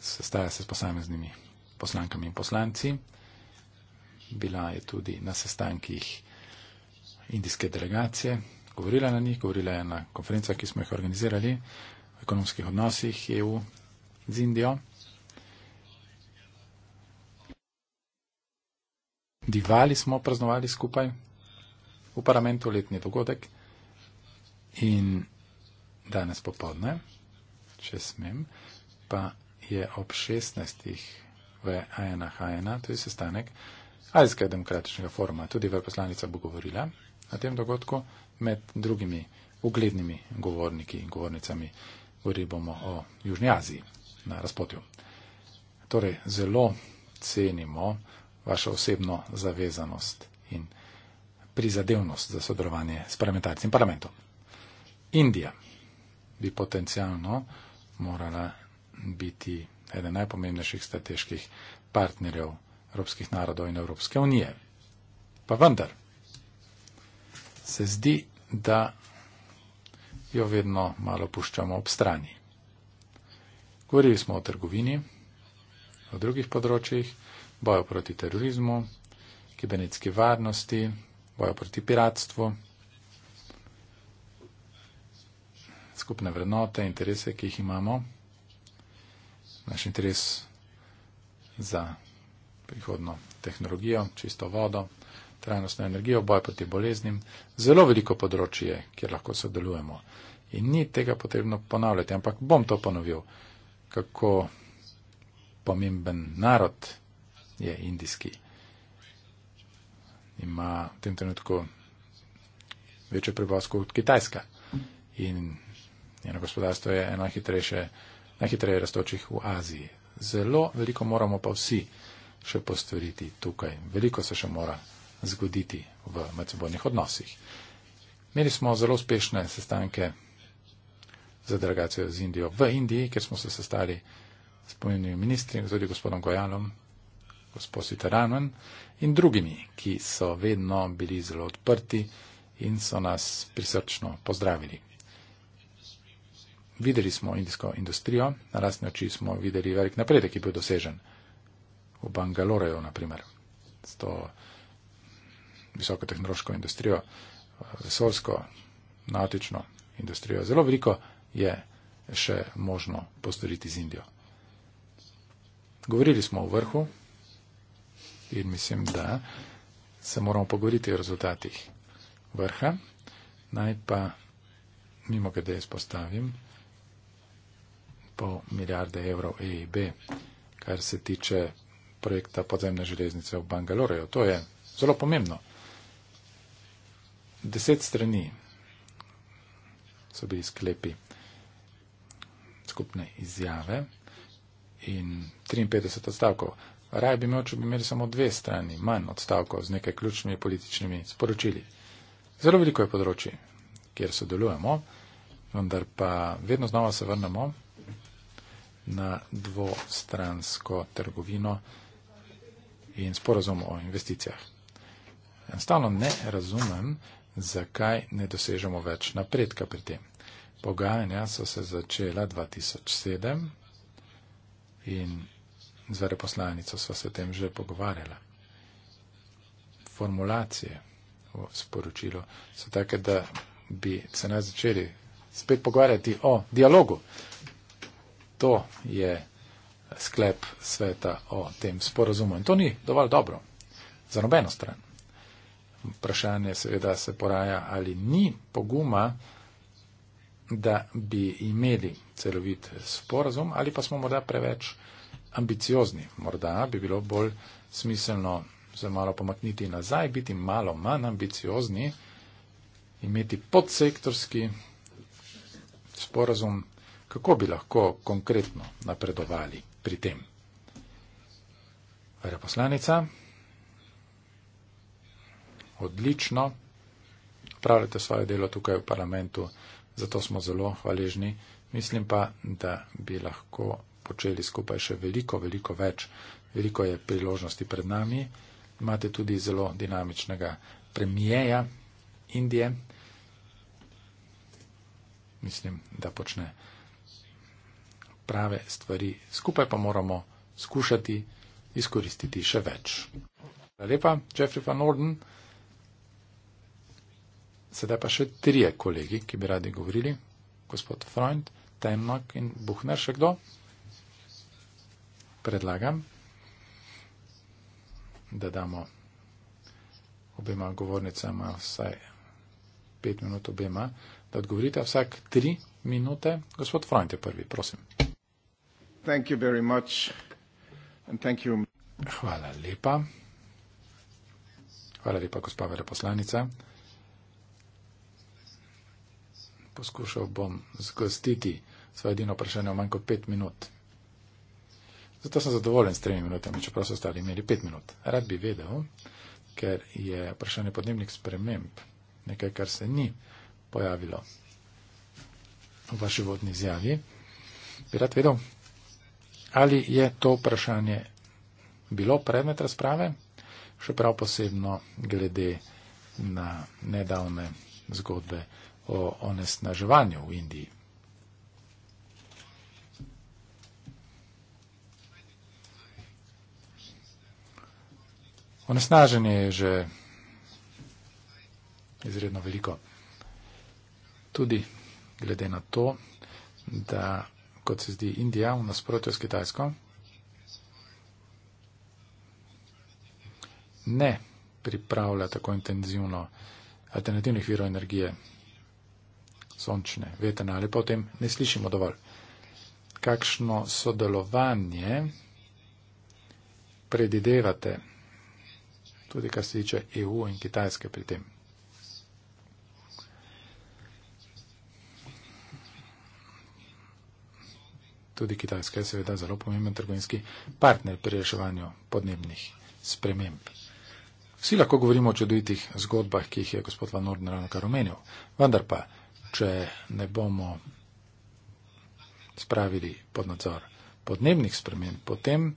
Sestaja se s posameznimi poslankami in poslanci. Bila je tudi na sestankih indijske delegacije, govorila na njih, govorila je na konferencah, ki smo jih organizirali o ekonomskih odnosih EU z Indijo. Divali smo praznovali skupaj v parlamentu letni dogodek in danes popovdne, če smem, pa je ob 16. v ANHN, to je sestanek Azijskega demokratičnega foruma, tudi veleposlanica bo govorila na tem dogodku med drugimi uglednimi govorniki in govornicami. Govorili bomo o Južni Aziji na razpotju. Torej, zelo cenimo vašo osebno zavezanost in prizadevnost za sodelovanje s parlamentarci in parlamentom. Indija bi potencialno morala biti eden najpomembnejših strateških partnerjev evropskih narodov in Evropske unije. Pa vendar, se zdi, da jo vedno malo puščamo ob strani. Govorili smo o trgovini, o drugih področjih, boju proti terorizmu, kibernetski varnosti, boju proti piratstvu, skupne vrednote, interese, ki jih imamo, naš interes za prihodno tehnologijo, čisto vodo trajnostno energijo, boj proti boleznim. Zelo veliko področje, kjer lahko sodelujemo. In ni tega potrebno ponavljati, ampak bom to ponovil, kako pomemben narod je indijski. Ima v tem trenutku večjo prebivalstvo kot Kitajska. In njeno gospodarstvo je eno najhitrejše, najhitreje raztočih v Aziji. Zelo veliko moramo pa vsi še postoriti tukaj. Veliko se še mora zgoditi v medsebojnih odnosih. Imeli smo zelo uspešne sestanke za delegacijo z Indijo v Indiji, kjer smo se sestali s pomembnimi ministri, tudi gospodom Gojalom, gospod Sitaranen in drugimi, ki so vedno bili zelo odprti in so nas prisrčno pozdravili. Videli smo indijsko industrijo, na lastne oči smo videli velik napredek, ki je bil dosežen v Bangaloreju, na primer visokotehnološko industrijo, eh, vesolsko, natično industrijo. Zelo veliko je še možno postoriti z Indijo. Govorili smo o vrhu in mislim, da se moramo pogovoriti o rezultatih vrha. Naj pa mimo kede izpostavim pol milijarde evrov EIB, kar se tiče projekta podzemne železnice v Bangaloreju. To je zelo pomembno deset strani so bili sklepi skupne izjave in 53 odstavkov. Raj bi imel, če bi imeli samo dve strani, manj odstavkov z nekaj ključnimi političnimi sporočili. Zelo veliko je področji, kjer sodelujemo, vendar pa vedno znova se vrnemo na dvostransko trgovino in sporazum o investicijah. Enostavno ne razumem, zakaj ne dosežemo več napredka pri tem. Pogajanja so se začela 2007 in z veleposlanico sva se o tem že pogovarjala. Formulacije v sporočilu so take, da bi se naj začeli spet pogovarjati o dialogu. To je sklep sveta o tem sporazumu in to ni dovolj dobro za nobeno stran vprašanje seveda se poraja, ali ni poguma, da bi imeli celovit sporazum, ali pa smo morda preveč ambiciozni. Morda bi bilo bolj smiselno se malo pomakniti nazaj, biti malo manj ambiciozni, imeti podsektorski sporazum, kako bi lahko konkretno napredovali pri tem. Vera poslanica odlično. Pravite svoje delo tukaj v parlamentu, zato smo zelo hvaležni. Mislim pa, da bi lahko počeli skupaj še veliko, veliko več. Veliko je priložnosti pred nami. Imate tudi zelo dinamičnega premijeja Indije. Mislim, da počne prave stvari. Skupaj pa moramo skušati izkoristiti še več. Hvala lepa, Jeffrey van Orden. Sedaj pa še trije kolegi, ki bi radi govorili. Gospod Freund, Tenmak in Buhner, še kdo? Predlagam, da damo obema govornicama vsaj pet minut obema, da odgovorite vsak tri minute. Gospod Freund je prvi, prosim. Thank you very much. And thank you. Hvala lepa. Hvala lepa, gospa veleposlanica poskušal bom zgostiti svoje edino vprašanje v manj kot pet minut. Zato sem zadovoljen s tremi minutami, čeprav so ostali imeli pet minut. Rad bi vedel, ker je vprašanje podnebnih sprememb nekaj, kar se ni pojavilo v vaši vodni izjavi. Bi rad vedel, ali je to vprašanje bilo predmet razprave, še prav posebno glede na nedavne zgodbe o onesnaževanju v Indiji. Onesnaženje je že izredno veliko. Tudi glede na to, da, kot se zdi, Indija v nasprotju s Kitajsko ne pripravlja tako intenzivno alternativnih virov energije sončne, vetrne ali pa o tem ne slišimo dovolj. Kakšno sodelovanje predidevate, tudi kar se tiče EU in Kitajske pri tem? Tudi Kitajska je seveda zelo pomemben trgovinski partner pri reševanju podnebnih sprememb. Vsi lahko govorimo o čudovitih zgodbah, ki jih je gospod Van Orden ravno kar omenil, vendar pa če ne bomo spravili pod nadzor podnebnih sprememb, potem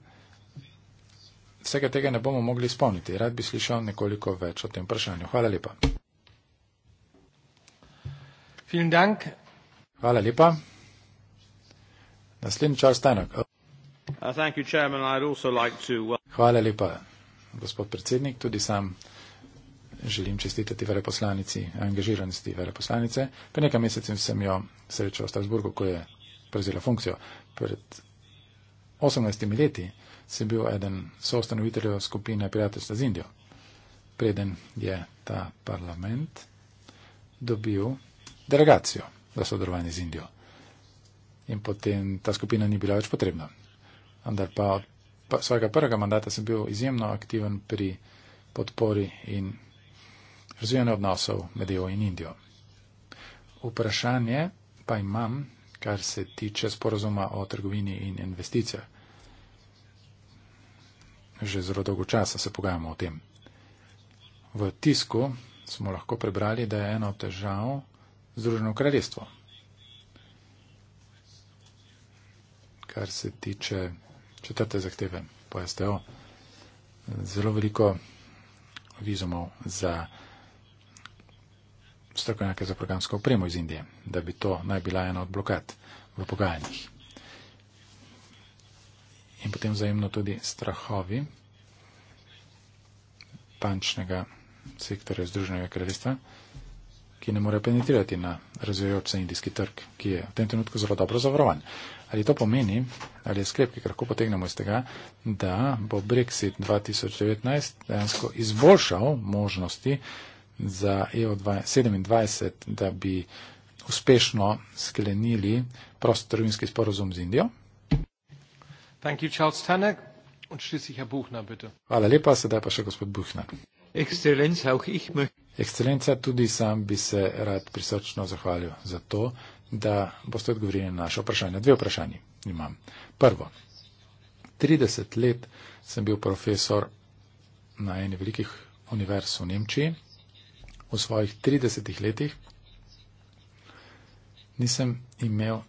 vsega tega ne bomo mogli izpolniti. Rad bi slišal nekoliko več o tem vprašanju. Hvala lepa. Hvala lepa. Naslednji čas stanek. Uh, Hvala lepa, gospod predsednik, tudi sam želim čestitati veleposlanici, angažiranosti veleposlanice. Pred nekaj mesecem sem jo srečal v Strasburgu, ko je prevzela funkcijo. Pred 18 leti sem bil eden soustanoviteljev skupine prijateljstva z Indijo. Preden je ta parlament dobil delegacijo za sodelovanje z Indijo. In potem ta skupina ni bila več potrebna. Ampak pa od svojega prvega mandata sem bil izjemno aktiven pri podpori in razvijanje odnosov med EU in Indijo. Vprašanje pa imam, kar se tiče sporozuma o trgovini in investicijah. Že zelo dolgo časa se pogajamo o tem. V tisku smo lahko prebrali, da je ena od težav Združeno kraljestvo. Kar se tiče četrte zahteve po STO, zelo veliko vizumov za strokovnjake za programsko opremo iz Indije, da bi to naj bila ena od blokad v pogajanjih. In potem zajemno tudi strahovi bančnega sektorja Združenega kraljestva, ki ne more penetrirati na razvijajoč se indijski trg, ki je v tem trenutku zelo dobro zavarovan. Ali to pomeni, ali je sklep, ki ga lahko potegnemo iz tega, da bo Brexit 2019 dejansko izboljšal možnosti, za EU27, da bi uspešno sklenili prostorovinski sporozum z Indijo. Thank you, Charles Tanek. Und schließlich Herr Buchner, bitte. Hvala lepa, sedaj pa še gospod Buchner. Excellenz, auch ich möchte. Ekscelenca, tudi sam bi se rad prisrčno zahvalil za to, da boste odgovorili na naše vprašanje. Dve vprašanje imam. Prvo. 30 let sem bil profesor na eni velikih univerz v Nemčiji v svojih 30 letih, nisem imel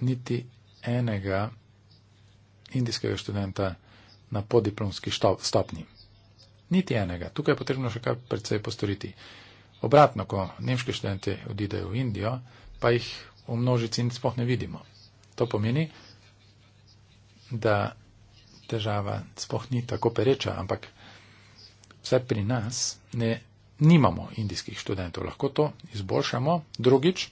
niti enega indijskega študenta na podiplomski stopni. Niti enega. Tukaj je potrebno še kar predvsej postoriti. Obratno, ko nemški študente odidejo v Indijo, pa jih v množici niti spoh ne vidimo. To pomeni, da država spoh ni tako pereča, ampak vse pri nas ne nimamo indijskih študentov, lahko to izboljšamo. Drugič,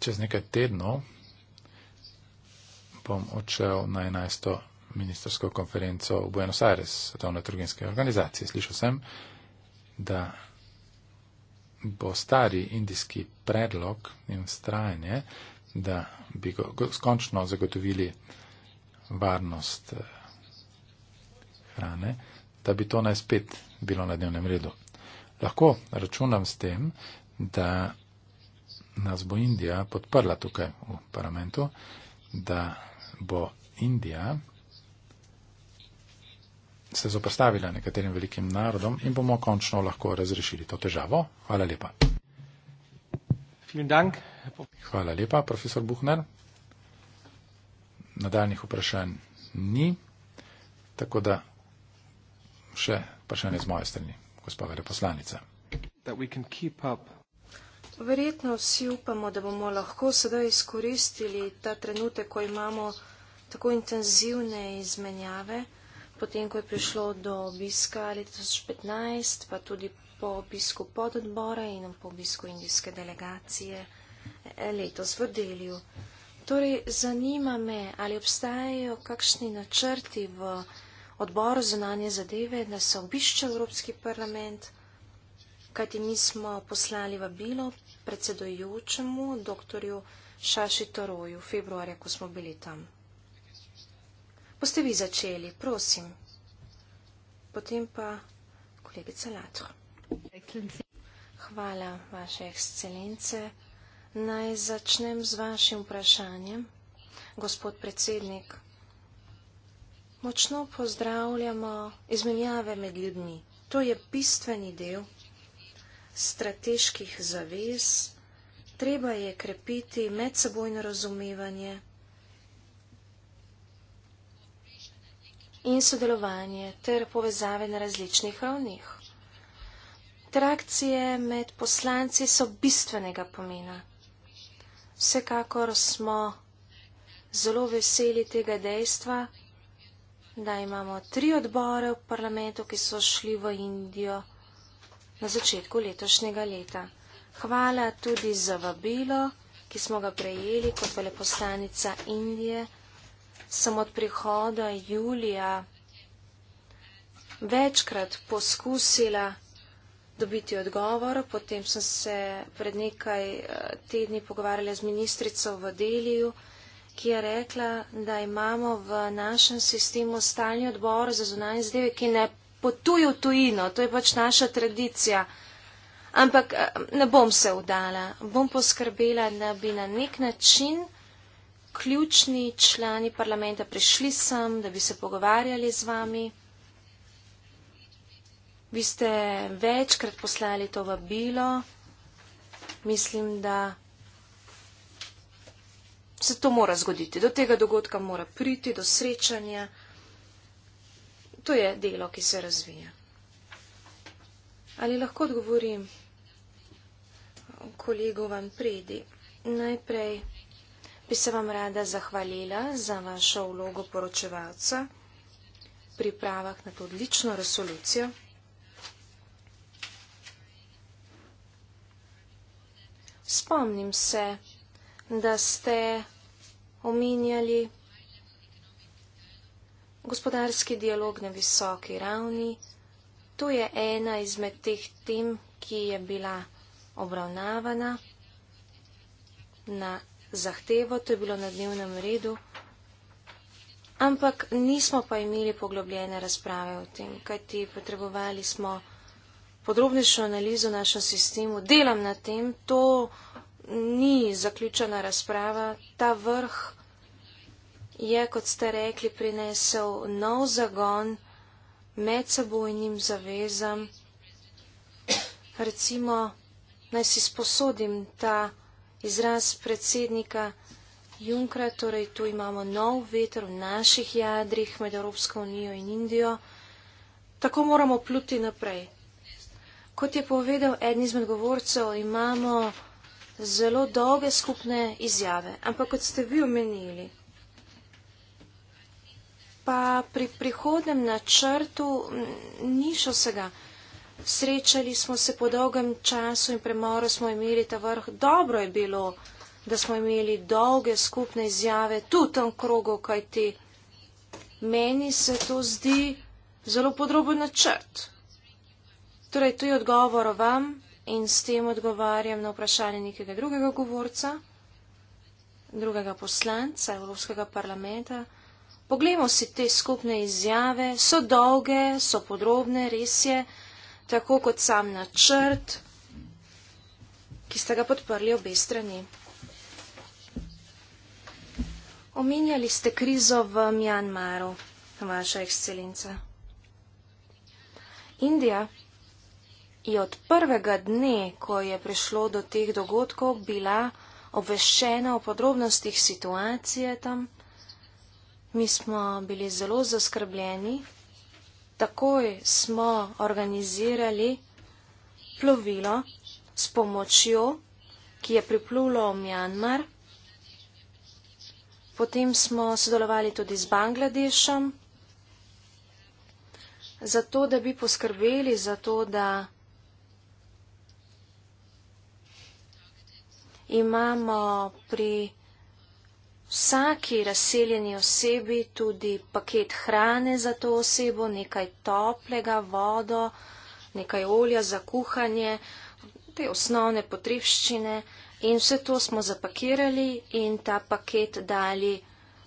čez nekaj tednov bom odšel na 11. ministersko konferenco v Buenos Aires, svetovne trgovinske organizacije. Slišal sem, da bo stari indijski predlog in strajanje, da bi skončno zagotovili varnost eh, hrane, da bi to naj spet bilo na dnevnem redu. Lahko računam s tem, da nas bo Indija podprla tukaj v parlamentu, da bo Indija se zoprstavila nekaterim velikim narodom in bomo končno lahko razrešili to težavo. Hvala lepa. Hvala lepa, profesor Buhner. Nadaljnih vprašanj ni, tako da še vprašanje z moje strani, gospa veleposlanica. Verjetno vsi upamo, da bomo lahko sedaj izkoristili ta trenutek, ko imamo tako intenzivne izmenjave, potem, ko je prišlo do obiska leta 2015, pa tudi po obisku pododbora in po obisku indijske delegacije e, letos v delju. Torej, zanima me, ali obstajajo kakšni načrti v odboru za nanje zadeve, da se obišče Evropski parlament, kajti mi smo poslali vabilo predsedojočemu dr. Šaši Toroju februarja, ko smo bili tam. Boste vi začeli, prosim. Potem pa kolegica Latro. Hvala, vaše ekscelence. Naj začnem z vašim vprašanjem. Gospod predsednik, močno pozdravljamo izmenjave med ljudmi. To je bistveni del strateških zavez. Treba je krepiti medsebojno razumevanje in sodelovanje ter povezave na različnih ravnih. Interakcije med poslanci so bistvenega pomena. Vsekakor smo zelo veseli tega dejstva, da imamo tri odbore v parlamentu, ki so šli v Indijo na začetku letošnjega leta. Hvala tudi za vabilo, ki smo ga prejeli kot veleposlanica Indije. Sem od prihoda julija večkrat poskusila dobiti odgovor, potem sem se pred nekaj eh, tedni pogovarjala z ministrico v deliju ki je rekla, da imamo v našem sistemu stalni odbor za zunanje zadeve, ki ne potuje v tujino, to je pač naša tradicija. Ampak eh, ne bom se vdala, bom poskrbela, da bi na nek način ključni člani parlamenta prišli sem, da bi se pogovarjali z vami. Vi ste večkrat poslali to vabilo. Mislim, da se to mora zgoditi, do tega dogodka mora priti, do srečanja. To je delo, ki se razvija. Ali lahko odgovorim kolegu Van Predi? Najprej bi se vam rada zahvalila za vašo vlogo poročevalca pripravah na to odlično resolucijo. Spomnim se, da ste omenjali gospodarski dialog na visoki ravni. To je ena izmed teh tem, ki je bila obravnavana na zahtevo, to je bilo na dnevnem redu, ampak nismo pa imeli poglobljene razprave o tem, kajti potrebovali smo podrobnejšo analizo v našem sistemu. Delam na tem, to ni zaključena razprava. Ta vrh je, kot ste rekli, prinesel nov zagon medsebojnim zavezam. Recimo, naj si sposodim ta izraz predsednika Junkra, torej tu imamo nov veter v naših jadrih med Evropsko unijo in Indijo. Tako moramo pluti naprej. Kot je povedal eden izmed govorcev, imamo zelo dolge skupne izjave. Ampak kot ste vi omenili, pa pri prihodnem načrtu ni šlo vsega. Srečali smo se po dolgem času in premoro smo imeli ta vrh. Dobro je bilo, da smo imeli dolge skupne izjave tudi tam krogo, kajti meni se to zdi zelo podroben načrt. Torej, to je odgovor vam, in s tem odgovarjam na vprašanje nekega drugega govorca, drugega poslanca Evropskega parlamenta. Poglejmo si te skupne izjave, so dolge, so podrobne, res je, tako kot sam načrt, ki ste ga podprli obe strani. Omenjali ste krizo v Mjanmaru, vaša ekscelenca. Indija je od prvega dne, ko je prišlo do teh dogodkov, bila obveščena o podrobnostih situacije tam. Mi smo bili zelo zaskrbljeni. Takoj smo organizirali plovilo s pomočjo, ki je priplulo v Mjanmar. Potem smo sodelovali tudi z Bangladešem, zato da bi poskrbeli za to, da imamo pri vsaki razseljeni osebi tudi paket hrane za to osebo, nekaj toplega, vodo, nekaj olja za kuhanje, te osnovne potrebščine in vse to smo zapakirali in ta paket dali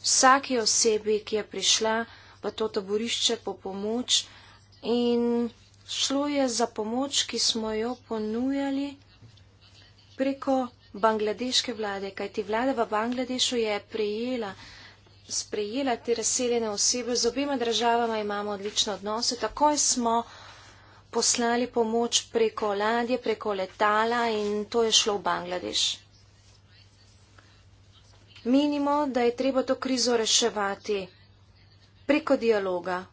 vsaki osebi, ki je prišla v to taborišče po pomoč in šlo je za pomoč, ki smo jo ponujali preko bangladeške vlade, kajti vlada v Bangladešu je prejela, sprejela te razseljene osebe. Z obima državama imamo odlične odnose. Takoj smo poslali pomoč preko ladje, preko letala in to je šlo v Bangladeš. Menimo, da je treba to krizo reševati preko dialoga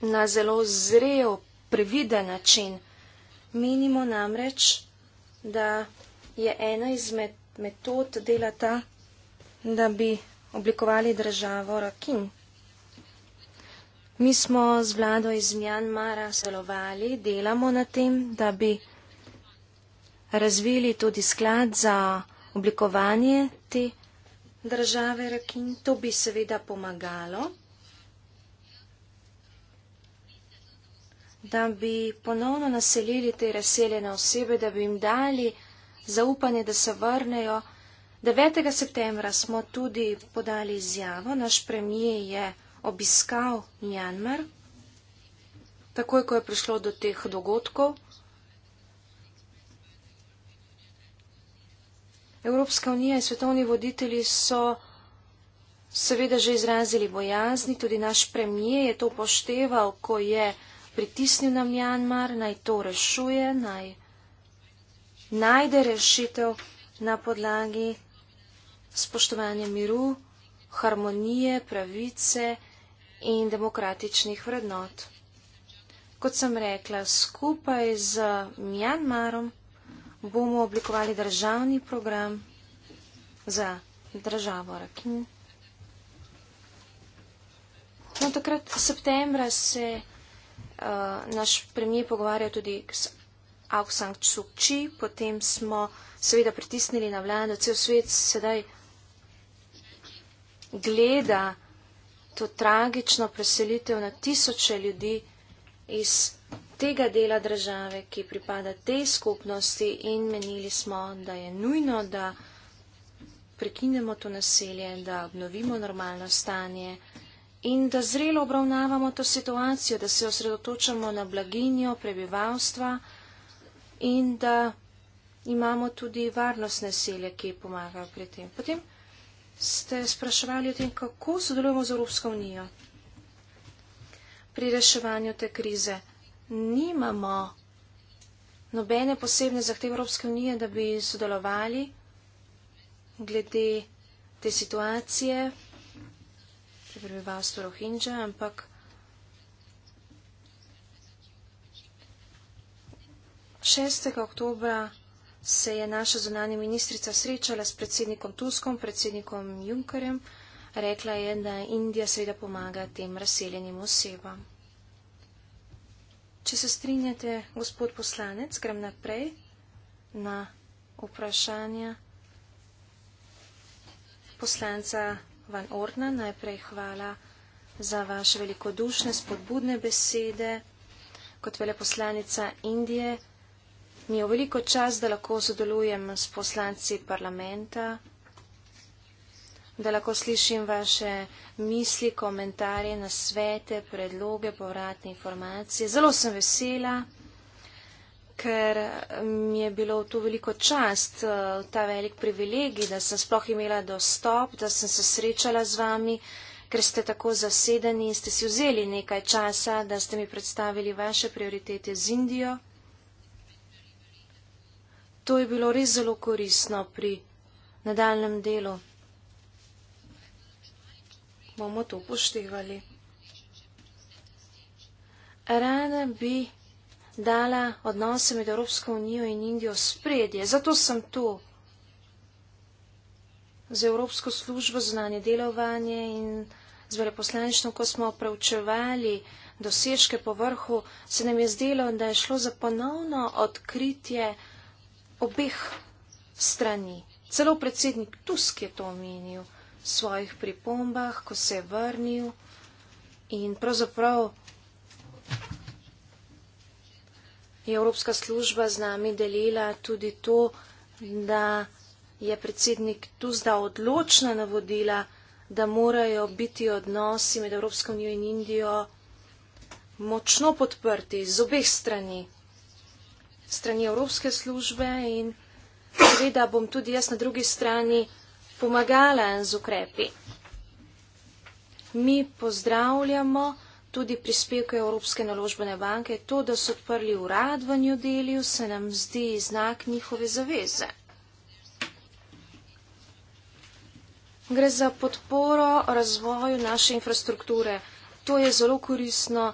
na zelo zrel, previden način. Menimo namreč, da je ena izmed metod dela ta, da bi oblikovali državo Rakin. Mi smo z vlado iz Mjanmara sodelovali, delamo na tem, da bi razvili tudi sklad za oblikovanje te države Rakin. To bi seveda pomagalo. da bi ponovno naselili te razseljene osebe, da bi jim dali zaupanje, da se vrnejo. 9. septembra smo tudi podali izjavo, naš premije je obiskal Mjanmar, takoj ko je prišlo do teh dogodkov. Evropska unija in svetovni voditelji so seveda že izrazili bojazni, tudi naš premije je to pošteval, ko je pritisnil na Mjanmar, naj to rešuje, naj najde rešitev na podlagi spoštovanja miru, harmonije, pravice in demokratičnih vrednot. Kot sem rekla, skupaj z Mjanmarom bomo oblikovali državni program za državo Rakin. No, takrat septembra se uh, naš premijer pogovarjal tudi s Aung San Suu Kyi, potem smo seveda pritisnili na vlado, cel svet sedaj gleda to tragično preselitev na tisoče ljudi iz tega dela države, ki pripada tej skupnosti in menili smo, da je nujno, da prekinemo to naselje, da obnovimo normalno stanje in da zrelo obravnavamo to situacijo, da se osredotočamo na blaginjo prebivalstva in da imamo tudi varnostne sile, ki pomagajo pri tem. Potem ste spraševali o tem, kako sodelujemo z Evropsko unijo pri reševanju te krize. Nimamo nobene posebne zahteve Evropske unije, da bi sodelovali glede te situacije, prebivalstvo Rohinja, ampak šestega oktobra se je naša zunanja ministrica srečala s predsednikom Tuskom, predsednikom Junkerjem, rekla je, da Indija seveda pomaga tem razseljenim osebam. Če se strinjate, gospod poslanec, grem naprej na vprašanja poslanca Van Ordna, najprej hvala za vaše velikodušne, spodbudne besede. Kot veleposlanica Indije mi je veliko čas, da lahko sodelujem s poslanci parlamenta, da lahko slišim vaše misli, komentarje, nasvete, predloge, povratne informacije. Zelo sem vesela ker mi je bilo to veliko čast, eh, ta velik privilegij, da sem sploh imela dostop, da sem se srečala z vami, ker ste tako zasedeni in ste si vzeli nekaj časa, da ste mi predstavili vaše prioritete z Indijo. To je bilo res zelo koristno pri nadaljem delu. Bomo to upoštevali. Rada bi dala odnose med Evropsko unijo in Indijo spredje. Zato sem tu z Evropsko službo znanje delovanje in z veleposlaništvom, ko smo preučevali dosežke po vrhu, se nam je zdelo, da je šlo za ponovno odkritje obeh strani. Celo predsednik Tusk je to omenil v svojih pripombah, ko se je vrnil in pravzaprav je Evropska služba z nami delila tudi to, da je predsednik tu zdaj odločna navodila, da morajo biti odnosi med Evropsko unijo in Indijo močno podprti z obeh strani, strani Evropske službe in seveda bom tudi jaz na drugi strani pomagala z ukrepi. Mi pozdravljamo, tudi prispevke Evropske naložbene banke, to, da so odprli urad v New Delhiu, se nam zdi znak njihove zaveze. Gre za podporo razvoju naše infrastrukture. To je zelo koristno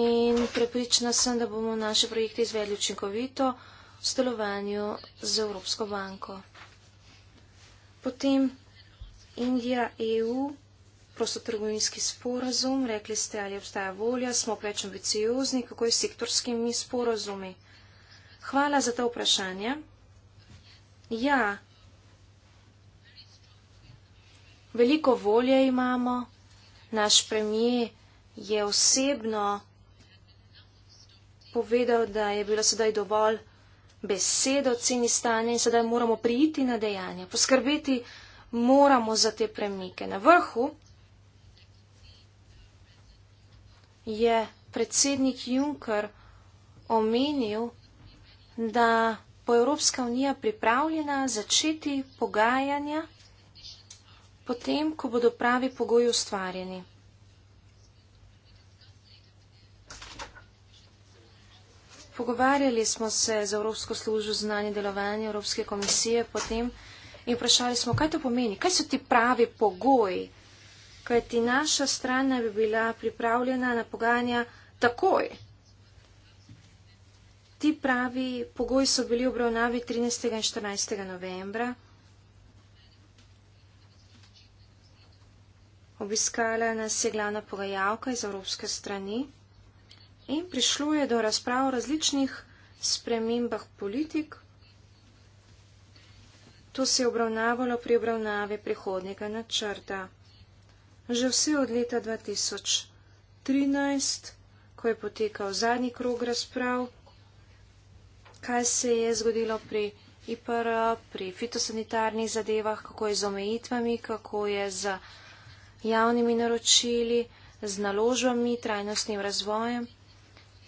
in prepričana sem, da bomo naše projekte izvedli učinkovito v stelovanju z Evropsko banko. Potem Indija, EU prostotrgovinski sporazum, rekli ste, ali obstaja volja, smo preveč ambiciozni, kako je s sektorskimi sporazumi. Hvala za to vprašanje. Ja, veliko volje imamo, naš premijer je osebno povedal, da je bilo sedaj dovolj besed o ceni stanja in sedaj moramo prijiti na dejanje, poskrbeti moramo za te premike. Na vrhu je predsednik Juncker omenil, da bo Evropska unija pripravljena začeti pogajanja potem, ko bodo pravi pogoji ustvarjeni. Pogovarjali smo se z Evropsko službo znanje delovanja Evropske komisije potem in vprašali smo, kaj to pomeni, kaj so ti pravi pogoji kajti naša stran naj bi bila pripravljena na pogajanja takoj. Ti pravi pogoji so bili obravnavi 13. in 14. novembra. Obiskala nas je glavna pogajalka iz evropske strani in prišlo je do razprav o različnih spremembah politik. To se je obravnavalo pri obravnavi prihodnega načrta že vse od leta 2013, ko je potekal zadnji krog razprav, kaj se je zgodilo pri IPR, pri fitosanitarnih zadevah, kako je z omejitvami, kako je z javnimi naročili, z naložbami, trajnostnim razvojem.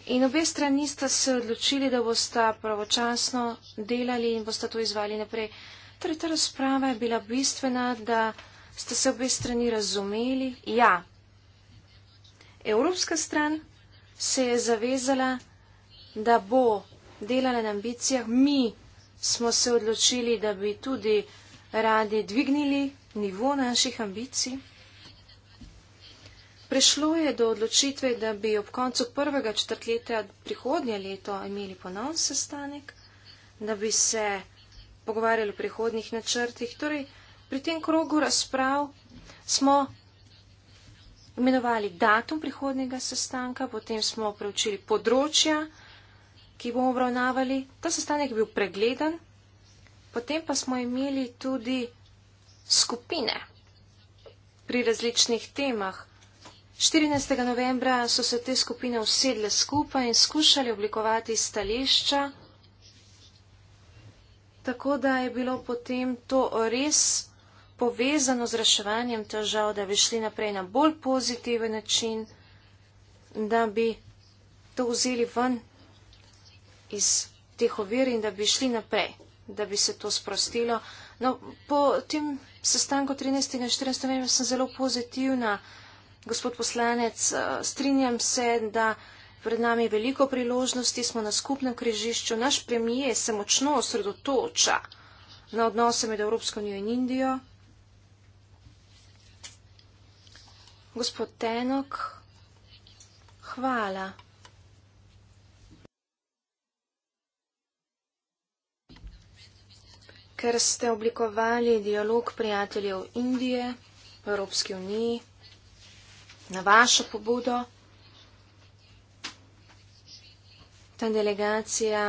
In obe strani sta se odločili, da bosta pravočasno delali in bosta to izvali naprej. Torej, ta razprava je bila bistvena, da Ste se obe strani razumeli? Ja. Evropska stran se je zavezala, da bo delala na ambicijah. Mi smo se odločili, da bi tudi radi dvignili nivo naših ambicij. Prešlo je do odločitve, da bi ob koncu prvega četrtletja prihodnje leto imeli ponovno sestanek, da bi se pogovarjali o prihodnih načrtih. Torej, Pri tem krogu razprav smo imenovali datum prihodnega sestanka, potem smo preučili področja, ki bomo obravnavali. Ta sestanek je bil pregleden, potem pa smo imeli tudi skupine pri različnih temah. 14. novembra so se te skupine usedle skupaj in skušali oblikovati stališča, tako da je bilo potem to res povezano z reševanjem težav, da bi šli naprej na bolj pozitiven način, da bi to vzeli ven iz teh ovir in da bi šli naprej, da bi se to sprostilo. No, po tem sestanku 13. in 14. novembra sem zelo pozitivna, gospod poslanec, eh, strinjam se, da pred nami je veliko priložnosti, smo na skupnem križišču, naš premije se močno osredotoča na odnose med Evropsko unijo in Indijo. Gospod Tenok, hvala. Ker ste oblikovali dialog prijateljev Indije v Evropski uniji na vašo pobudo, ta delegacija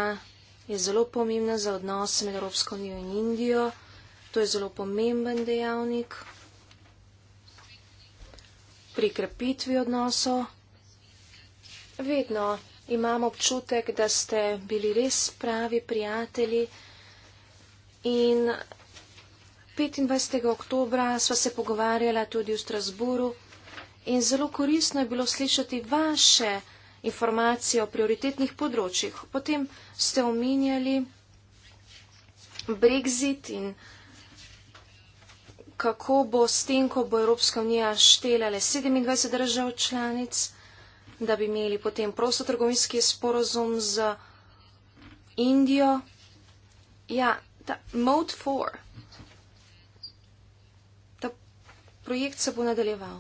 je zelo pomembna za odnose med Evropsko unijo in Indijo. To je zelo pomemben dejavnik pri krepitvi odnosov. Vedno imam občutek, da ste bili res pravi prijatelji in 25. oktobra sva se pogovarjala tudi v Strasburu in zelo korisno je bilo slišati vaše informacije o prioritetnih področjih. Potem ste omenjali Brexit in kako bo s tem, ko bo Evropska unija štela le 27 držav članic, da bi imeli potem prostotrgovinski sporozum z Indijo. Ja, ta Mode 4. Ta projekt se bo nadaljeval.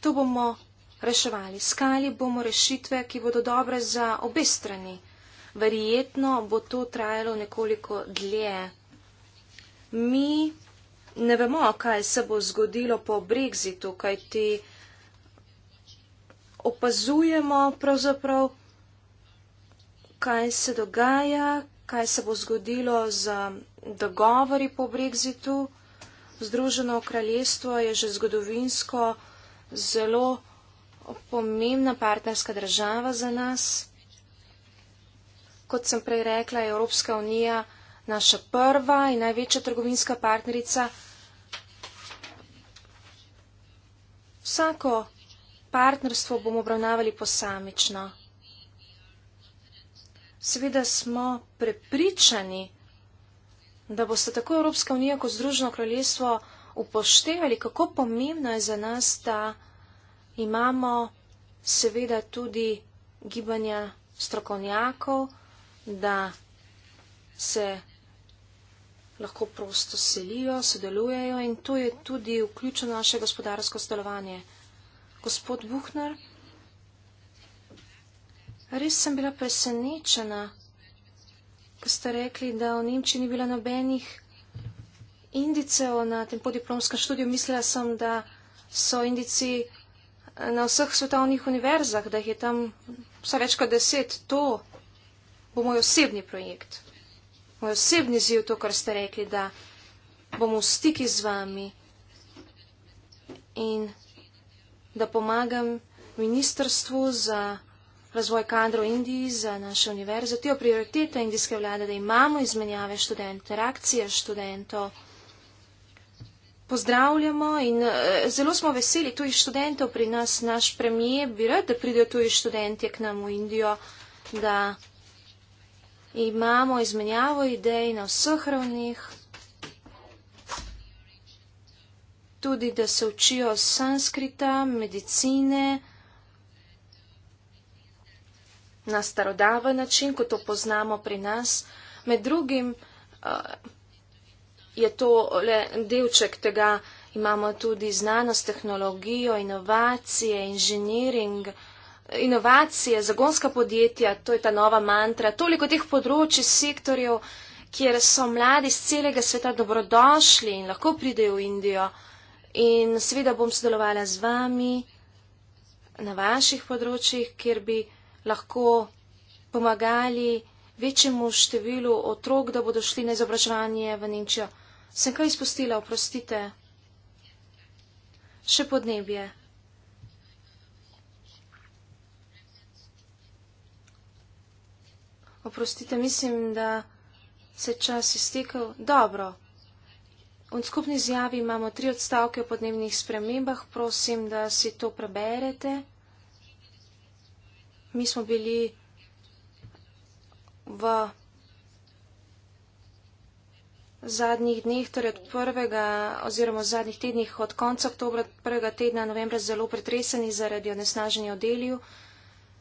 Tu bomo reševali, skali bomo rešitve, ki bodo dobre za obe strani. Verjetno bo to trajalo nekoliko dlje. Mi ne vemo, kaj se bo zgodilo po Brexitu, kaj ti opazujemo pravzaprav, kaj se dogaja, kaj se bo zgodilo z dogovori po Brexitu. Združeno kraljestvo je že zgodovinsko zelo pomembna partnerska država za nas. Kot sem prej rekla, Evropska unija naša prva in največja trgovinska partnerica. Vsako partnerstvo bomo obravnavali posamično. Seveda smo prepričani, da boste tako Evropska unija kot Združeno kraljestvo upoštevali, kako pomembno je za nas, da imamo seveda tudi gibanja strokovnjakov, da se lahko prosto selijo, sodelujejo in to je tudi vključeno naše gospodarsko stelovanje. Gospod Buhner, res sem bila presenečena, ko ste rekli, da v Nemčiji ni bila nobenih indicev na tem podiplomskem študiju. Mislila sem, da so indici eh, na vseh svetovnih univerzah, da jih je tam vsa več kot deset. To bo moj osebni projekt moj osebni ziv, to, kar ste rekli, da bomo v stiki z vami in da pomagam Ministrstvu za razvoj kadrov Indiji, za naše univerze, te prioritete indijske vlade, da imamo izmenjave študentov, interakcije študentov. Pozdravljamo in eh, zelo smo veseli tujih študentov pri nas. Naš premije bi rad, da pridejo tuji študentje k nam v Indijo, da imamo izmenjavo idej na vseh ravnih, tudi da se učijo sanskrita, medicine na starodaven način, kot to poznamo pri nas. Med drugim eh, je to le delček tega, imamo tudi znanost, tehnologijo, inovacije, inženiring inovacije, zagonska podjetja, to je ta nova mantra, toliko teh področji, sektorjev, kjer so mladi z celega sveta dobrodošli in lahko pridejo v Indijo. In seveda bom sodelovala z vami na vaših področjih, kjer bi lahko pomagali večjemu številu otrok, da bodo šli na izobraževanje v Nemčijo. Sem kaj izpustila, oprostite. Še podnebje. Oprostite, mislim, da se čas iztekel. Dobro. V skupni izjavi imamo tri odstavke o podnebnih spremembah. Prosim, da si to preberete. Mi smo bili v zadnjih dneh, torej od prvega oziroma zadnjih tednih od konca oktobra, prvega tedna novembra zelo pretreseni zaradi onesnaženja v delju.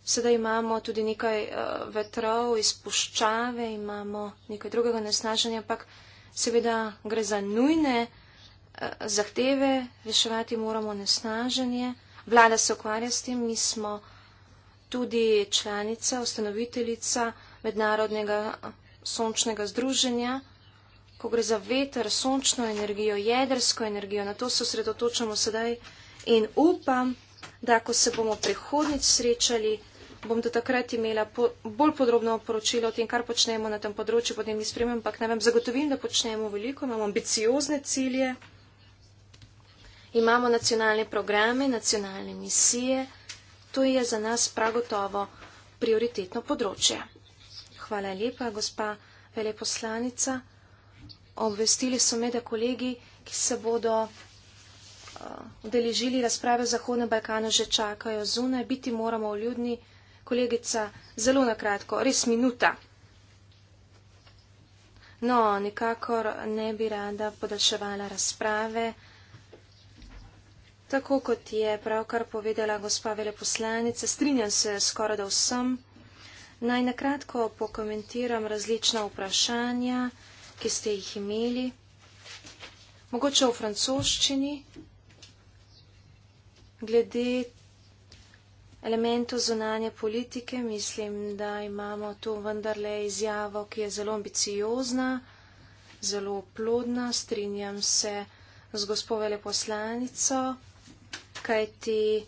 Sedaj imamo tudi nekaj uh, vetrov, izpuščave, imamo nekaj drugega nesnaženja, ampak seveda gre za nujne uh, zahteve, reševati moramo nesnaženje. Vlada se ukvarja s tem, mi smo tudi članica, ustanoviteljica mednarodnega eh, sončnega združenja. Ko gre za veter, sončno energijo, jedrsko energijo, na to se osredotočamo sedaj in upam, da ko se bomo prihodnjič srečali, bom do takrat imela po, bolj podrobno poročilo o tem, kar počnemo na tem področju podnebnih sprememb, ampak ne vem, zagotovim, da počnemo veliko, imamo ambiciozne cilje, imamo nacionalne programe, nacionalne misije, to je za nas pragotovo prioritetno področje. Hvala lepa, gospa veleposlanica. Obvestili so me, da kolegi, ki se bodo uh, udeležili razprave v Zahodnem Balkanu, že čakajo zunaj, biti moramo vljudni kolegica, zelo nakratko, res minuta. No, nikakor ne bi rada podaljševala razprave. Tako kot je pravkar povedala gospa veleposlanica, strinjam se skoraj da vsem. Naj nakratko pokomentiram različna vprašanja, ki ste jih imeli. Mogoče v francoščini, glede elementu zunanje politike, mislim, da imamo tu vendarle izjavo, ki je zelo ambiciozna, zelo plodna. Strinjam se z gospodele poslanico, kajti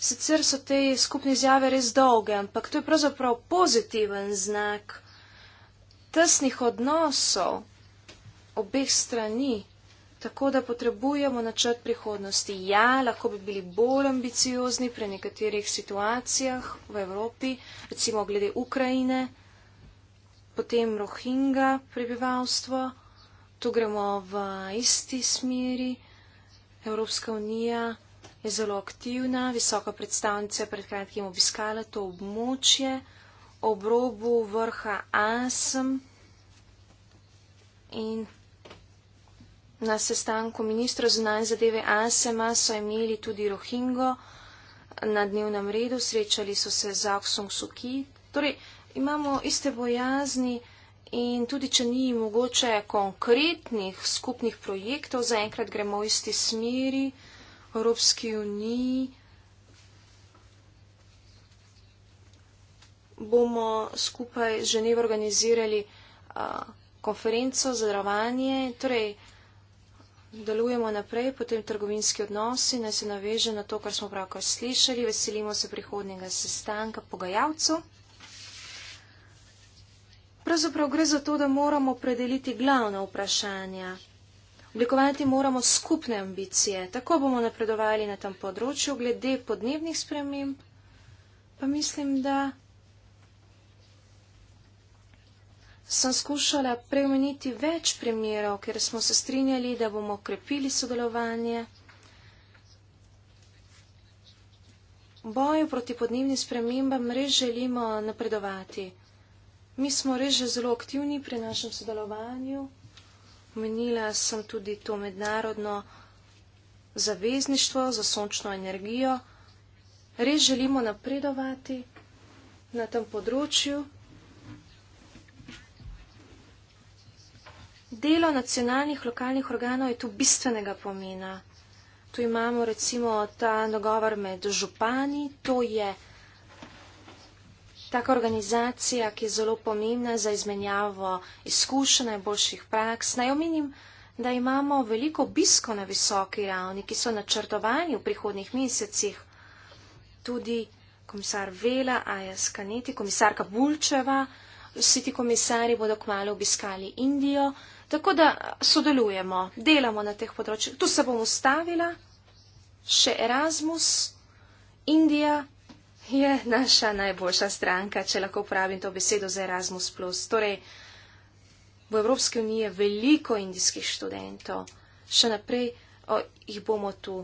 sicer so te skupne izjave res dolge, ampak to je pravzaprav pozitiven znak tesnih odnosov obeh strani. Tako da potrebujemo načrt prihodnosti. Ja, lahko bi bili bolj ambiciozni pri nekaterih situacijah v Evropi, recimo glede Ukrajine, potem Rohinga prebivalstvo, tu gremo v isti smeri. Evropska unija je zelo aktivna, visoka predstavnica je pred kratkim obiskala to območje ob robu vrha ASM. In Na sestanku ministra zunanje zadeve ASEMA so imeli tudi Rohingo na dnevnem redu, srečali so se z Aksung Suki. Torej, imamo iste bojazni in tudi, če ni mogoče konkretnih skupnih projektov, zaenkrat gremo v isti smeri, Evropski uniji bomo skupaj z Ženevo organizirali uh, konferenco za ravanje. Torej, delujemo naprej, potem trgovinski odnosi, naj se naveže na to, kar smo pravkar slišali, veselimo se prihodnjega sestanka pogajalcev. Pravzaprav gre za to, da moramo predeliti glavna vprašanja. Oblikovati moramo skupne ambicije, tako bomo napredovali na tem področju glede podnebnih sprememb. Pa mislim, da sem skušala preomeniti več primerov, ker smo se strinjali, da bomo krepili sodelovanje. V boju proti podnebnim spremembam res želimo napredovati. Mi smo res že zelo aktivni pri našem sodelovanju. Omenila sem tudi to mednarodno zavezništvo za sončno energijo. Res želimo napredovati na tem področju. delo nacionalnih lokalnih organov je tu bistvenega pomena. Tu imamo recimo ta dogovor med župani, to je taka organizacija, ki je zelo pomembna za izmenjavo izkušenj najboljših praks. Naj omenim, da imamo veliko obisko na visoki ravni, ki so načrtovani v prihodnih mesecih. Tudi komisar Vela, Aja Skaneti, komisarka Bulčeva, vsi ti komisari bodo kmalo obiskali Indijo. Tako da sodelujemo, delamo na teh področjih. Tu se bom ustavila, še Erasmus, Indija je naša najboljša stranka, če lahko pravim to besedo za Erasmus. Torej, v Evropski uniji je veliko indijskih študentov, še naprej o, jih bomo tu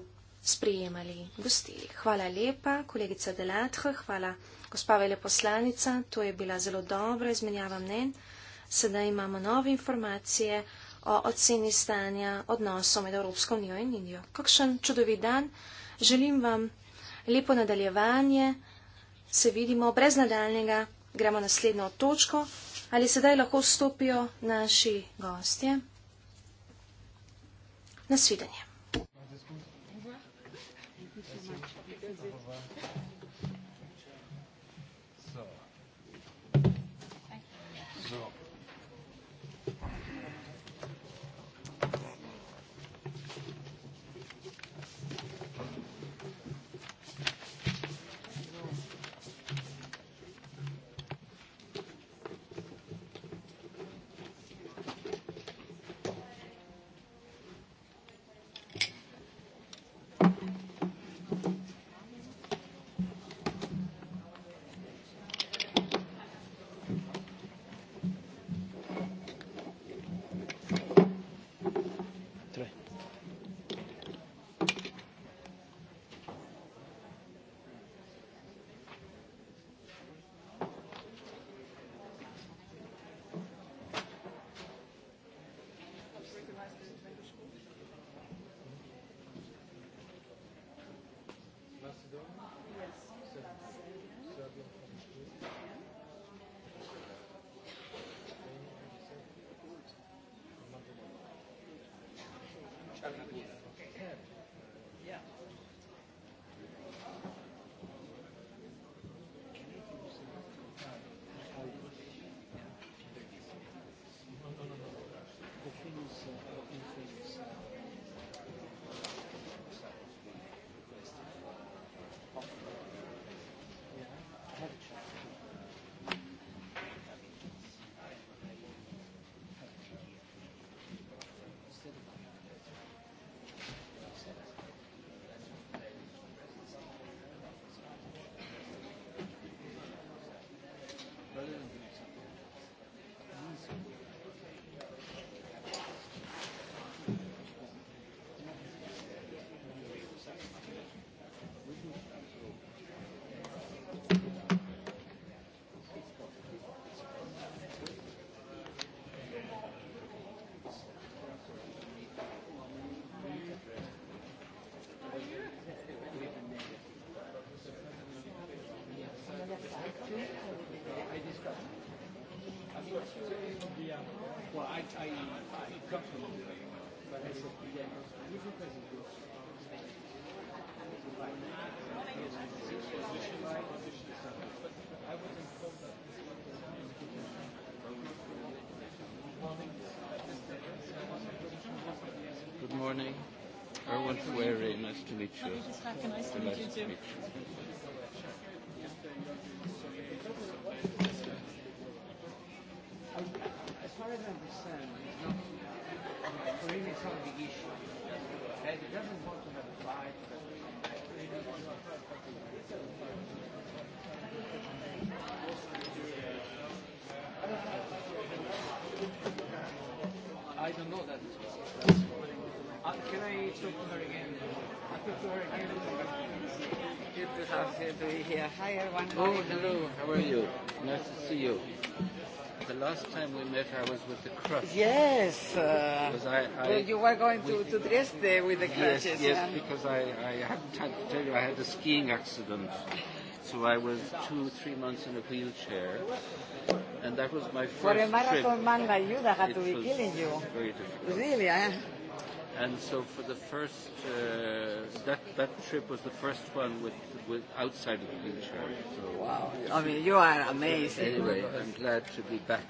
sprijemali in gostili. Hvala lepa, kolegica Delatha, hvala gospa veleposlanica, to je bila zelo dobra izmenjava mnen sedaj imamo nove informacije o oceni stanja odnosov med Evropsko unijo in Indijo. Kakšen čudovit dan. Želim vam lepo nadaljevanje. Se vidimo brez nadaljnega. Gremo naslednjo točko. Ali sedaj lahko vstopijo naši gostje? Nasvidenje. hay para esos clientes. Y eso es un Good morning. Erwin Fueri, nice to meet you. Nice to meet you too. more than the sun is not for him it's not a big issue. And he doesn't want to have a fight, I don't know that. Uh, can I talk to her again? I talk to her again. Good to have you here. Hi, everyone. Oh, hello. How are you? Nice to see you. The last time we met, I was with the crutch. Yes. Uh, I, I, well, you were going to, to Dresde with the crutches. Yes, yes and because I, I have time to tell you, I had a skiing accident. So I was two, three months in a wheelchair. And that was my first. For a marathon trip. man like you, that had it to be killing you. Very difficult. Really, eh? and so for the first uh, that that trip was the first one with, with outside of the wheelchair. So wow! I mean, you are amazing. Anyway, I'm glad to be back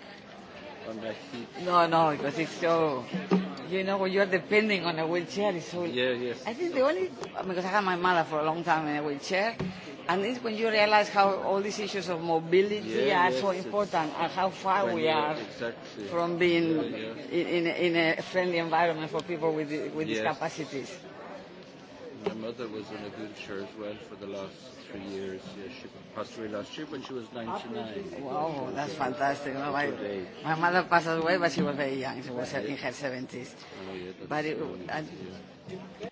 on my feet. No, no, because it's so. You know, when you're depending on a wheelchair, it's so. Yeah, yes. I think the only because I had my mother for a long time in a wheelchair. And it's when you realize how all these issues of mobility yeah, are yes, so important and how far we are exactly. from being yeah, yeah. In, in, a, in a friendly environment for people with, with yes. these capacities. My mother was in a wheelchair as well for the last three years. Yeah, she passed away last year when she was 99. Wow, was that's fantastic. No, my, my mother passed away, but she was very young. She was yeah. in her 70s. Oh, yeah, that's but it, so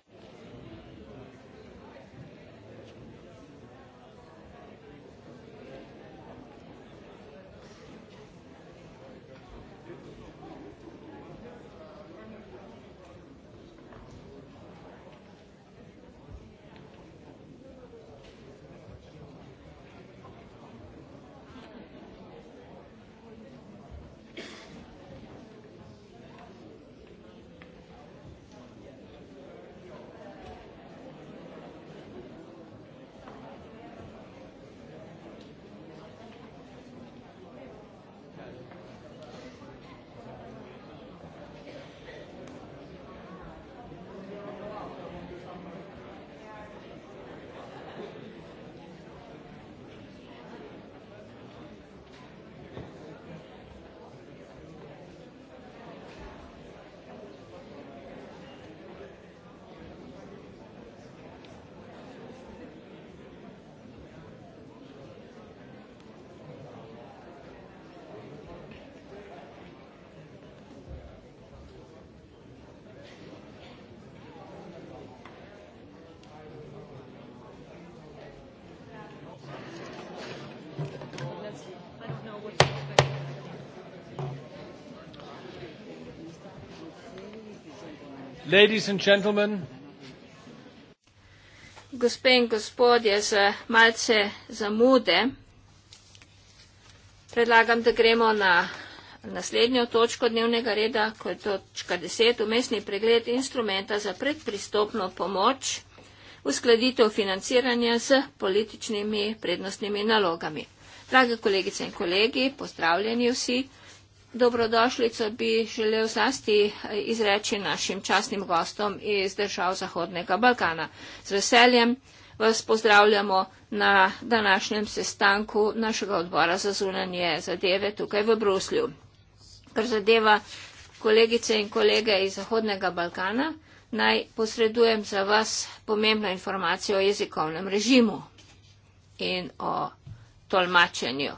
Ladies and gentlemen. Gospe in gospodje, z malce zamude predlagam, da gremo na naslednjo točko dnevnega reda, ko je točka 10, umestni pregled instrumenta za predpristopno pomoč, uskladitev financiranja z političnimi prednostnimi nalogami. Drage kolegice in kolegi, pozdravljeni vsi dobrodošlico bi želel zlasti eh, izreči našim častnim gostom iz držav Zahodnega Balkana. Z veseljem vas pozdravljamo na današnjem sestanku našega odbora za zunanje zadeve tukaj v Bruslju. Kar zadeva kolegice in kolege iz Zahodnega Balkana, naj posredujem za vas pomembno informacijo o jezikovnem režimu in o tolmačenju.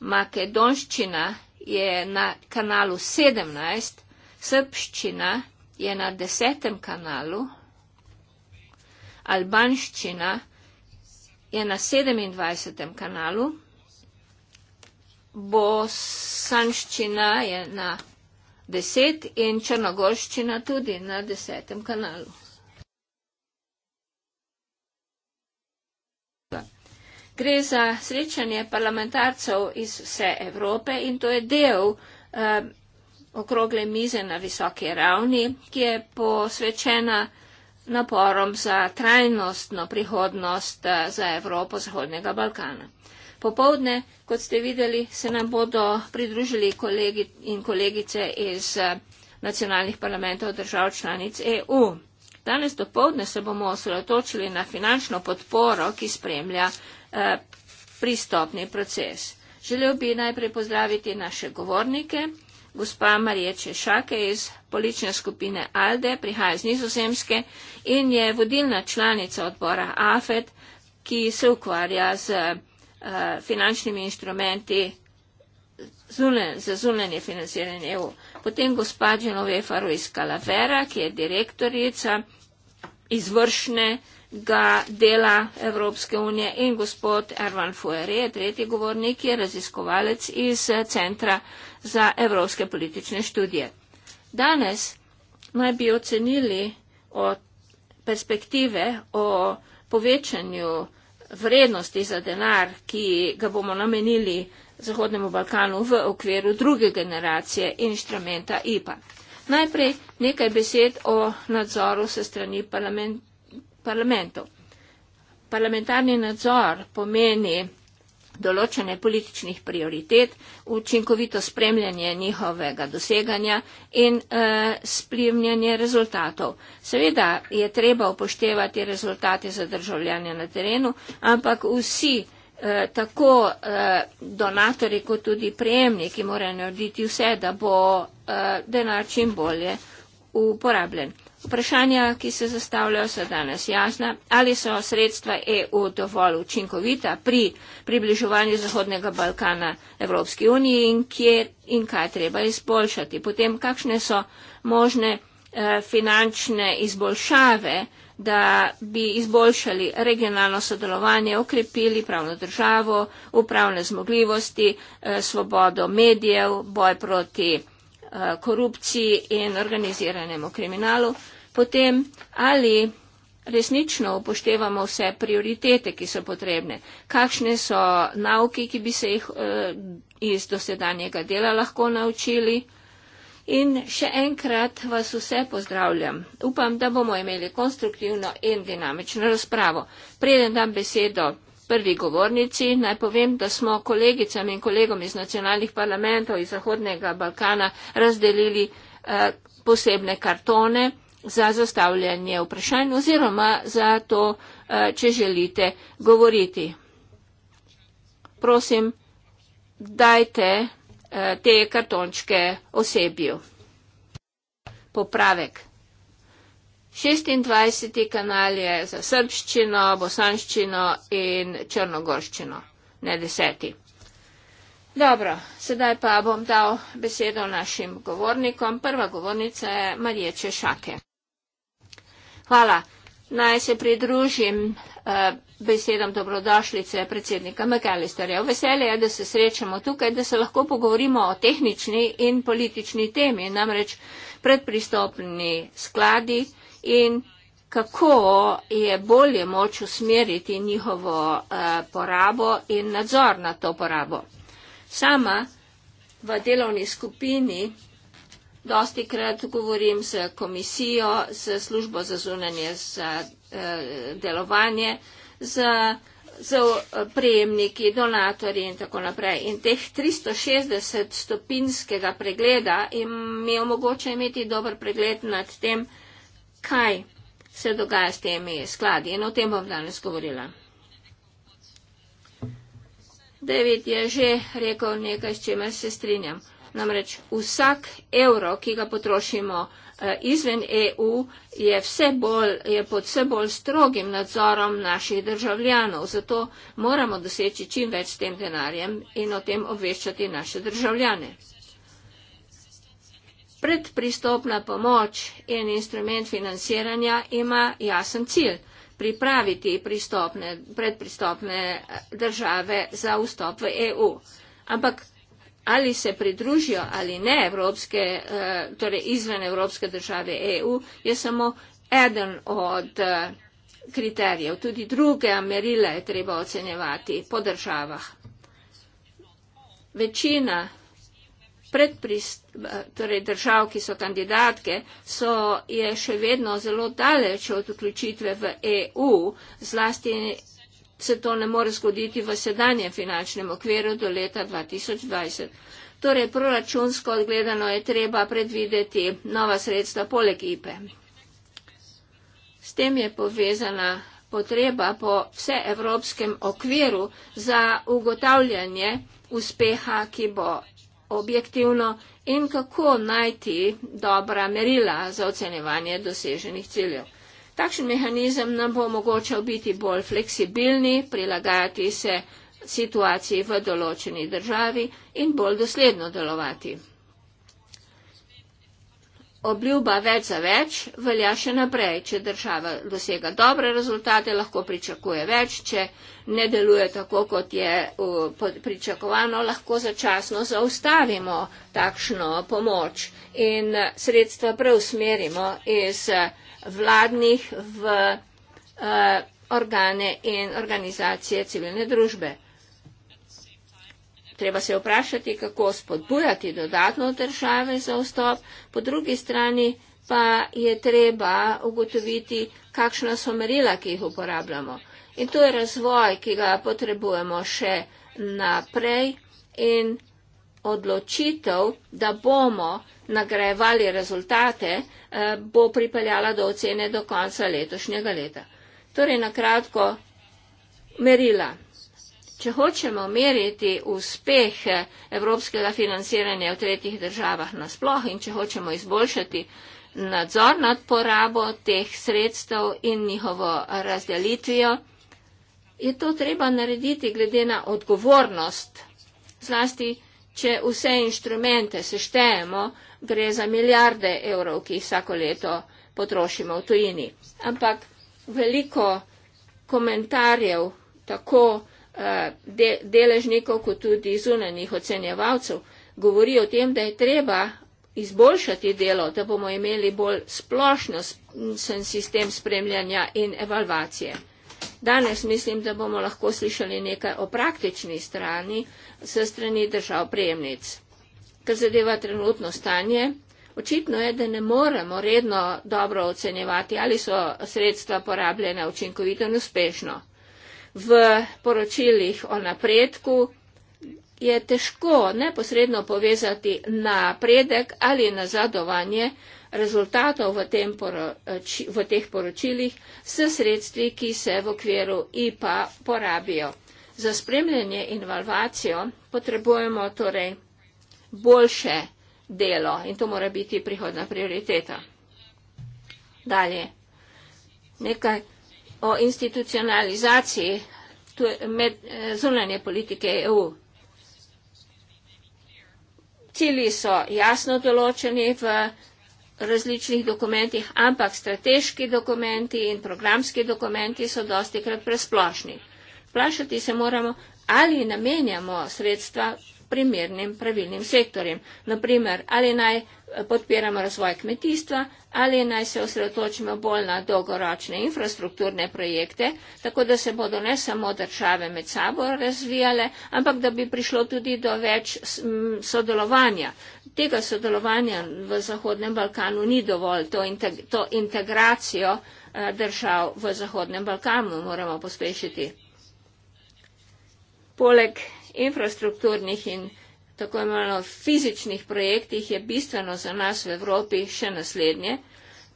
Makedonščina je na kanalu 17, srpščina je na 10. kanalu, albanščina je na 27. kanalu, bosanščina je na 10 in črnogorščina tudi na 10. kanalu. Gre za srečanje parlamentarcev iz vse Evrope in to je del um, okrogle mize na visoki ravni, ki je posvečena naporom za trajnostno prihodnost eh, za Evropo Zahodnega Balkana. Popovdne, kot ste videli, se nam bodo pridružili kolegi in kolegice iz eh, nacionalnih parlamentov držav članic EU. Danes dopovdne se bomo osredotočili na finančno podporo, ki spremlja Eh, pristopni proces. Želel bi najprej pozdraviti naše govornike. Gospa Marije Češake iz politične skupine ALDE prihaja iz Nizozemske in je vodilna članica odbora AFED, ki se ukvarja z eh, finančnimi instrumenti zunen, za zunanje financiranje EU. Potem gospa Genovefa Ruiz Calavera, ki je direktorica izvršne uh, ga dela Evropske unije in gospod Ervan Fuere je tretji govornik, je raziskovalec iz eh, Centra za evropske politične študije. Danes naj bi ocenili o perspektive o povečanju vrednosti za denar, ki ga bomo namenili Zahodnemu Balkanu v okviru druge generacije inštrumenta IPA. Najprej nekaj besed o nadzoru se strani parlamenta parlamentu. Parlamentarni nadzor pomeni določene političnih prioritet, učinkovito spremljanje njihovega doseganja in e, spremljanje rezultatov. Seveda je treba upoštevati rezultate za državljanje na terenu, ampak vsi, e, tako e, eh, donatori kot tudi prejemniki, morajo narediti vse, da bo e, denar čim bolje uporabljen. Vprašanja, ki se zastavljajo, so danes jasna. Ali so sredstva EU dovolj učinkovita pri približevanju Zahodnega Balkana Evropski uniji in kje in kaj treba izboljšati? Potem, kakšne so možne eh, finančne izboljšave, da bi izboljšali regionalno sodelovanje, okrepili pravno državo, upravne zmogljivosti, eh, svobodo medijev, boj proti eh, korupciji in organiziranemu kriminalu potem ali resnično upoštevamo vse prioritete, ki so potrebne, kakšne so nauke, ki bi se jih eh, iz dosedanjega dela lahko naučili. In še enkrat vas vse pozdravljam. Upam, da bomo imeli konstruktivno in dinamično razpravo. Preden dam besedo prvi govornici, naj povem, da smo kolegicam in kolegom iz nacionalnih parlamentov iz Zahodnega Balkana razdelili eh, posebne kartone za zastavljanje vprašanj oziroma za to, eh, če želite govoriti. Prosim, dajte eh, te kartončke osebju. Popravek. 26. kanal je za srbščino, bosanščino in črnogorščino, ne deseti. Dobro, sedaj pa bom dal besedo našim govornikom. Prva govornica je Marije Češake. Hvala. Naj se pridružim uh, besedam dobrodošlice predsednika McAllisterja. Veselje je, da se srečamo tukaj, da se lahko pogovorimo o tehnični in politični temi, namreč predpristopni skladi in kako je bolje moč usmeriti njihovo uh, porabo in nadzor na to porabo. Sama v delovni skupini Dosti krat govorim s komisijo, s službo za zunanje za eh, delovanje, z, z prejemniki, donatorji in tako naprej. In teh 360 stopinskega pregleda jim mi je omogoče imeti dober pregled nad tem, kaj se dogaja s temi skladi. In o tem bom danes govorila. David je že rekel nekaj, s čimer se strinjam. Namreč vsak evro, ki ga potrošimo eh, izven EU, je, vse bolj, je pod vse bolj strogim nadzorom naših državljanov. Zato moramo doseči čim več s tem denarjem in o tem obveščati naše državljane. Predpristopna pomoč in instrument financiranja ima jasen cilj pripraviti pristopne, predpristopne eh, države za vstop v EU. Ampak ali se pridružijo ali ne evropske, eh, torej izven evropske države EU, je samo eden od eh, kriterijev. Tudi druge merile je treba ocenjevati po državah. Večina eh, torej držav, ki so kandidatke, so, je še vedno zelo daleč od vključitve v EU, zlasti se to ne more zgoditi v sedanjem finančnem okviru do leta 2020. Torej, proračunsko odgledano je treba predvideti nova sredstva poleg IPE. S tem je povezana potreba po vseevropskem okviru za ugotavljanje uspeha, ki bo objektivno in kako najti dobra merila za ocenjevanje doseženih ciljev. Takšen mehanizem nam bo omogočal biti bolj fleksibilni, prilagajati se situaciji v določeni državi in bolj dosledno delovati obljuba več za več velja še naprej. Če država dosega dobre rezultate, lahko pričakuje več, če ne deluje tako, kot je uh, pričakovano, lahko začasno zaustavimo takšno pomoč in sredstva preusmerimo iz vladnih v uh, organe in organizacije civilne družbe. Treba se vprašati, kako spodbujati dodatno države za vstop, po drugi strani pa je treba ugotoviti, kakšna so merila, ki jih uporabljamo. In to je razvoj, ki ga potrebujemo še naprej in odločitev, da bomo nagrajevali rezultate, eh, bo pripeljala do ocene do konca letošnjega leta. Torej, nakratko, merila. Če hočemo meriti uspeh evropskega financiranja v tretjih državah nasploh in če hočemo izboljšati nadzor nad porabo teh sredstev in njihovo razdelitvijo, je to treba narediti glede na odgovornost. Zlasti, če vse inštrumente seštejemo, gre za milijarde evrov, ki jih vsako leto potrošimo v tujini. Ampak veliko komentarjev tako, Eh, de, deležnikov, kot tudi zunanih ocenjevalcev, govori o tem, da je treba izboljšati delo, da bomo imeli bolj splošno sistem spremljanja in evalvacije. Danes mislim, da bomo lahko slišali nekaj o praktični strani se strani držav prejemnic. Kar zadeva trenutno stanje, očitno je, da ne moremo redno dobro ocenjevati, ali so sredstva porabljena učinkovito in uspešno v poročilih o napredku, je težko neposredno povezati napredek ali nazadovanje rezultatov v, poroč, v teh poročilih s sredstvi, ki se v okviru IPA porabijo. Za spremljanje in valvacijo potrebujemo torej boljše delo in to mora biti prihodna prioriteta. Dalje. Nekaj o institucionalizaciji eh, zunanje politike EU. Cilji so jasno določeni v različnih dokumentih, ampak strateški dokumenti in programski dokumenti so dosti krat presplošni. Vprašati se moramo, ali namenjamo sredstva primernim pravilnim sektorjem. Naprimer, ali naj podpiramo razvoj kmetijstva ali naj se osredotočimo bolj na dolgoročne infrastrukturne projekte, tako da se bodo ne samo države med sabo razvijale, ampak da bi prišlo tudi do več sodelovanja. Tega sodelovanja v Zahodnem Balkanu ni dovolj, to, integ to integracijo eh, držav v Zahodnem Balkanu moramo pospešiti. Poleg infrastrukturnih in tako imenovano fizičnih projektih je bistveno za nas v Evropi še naslednje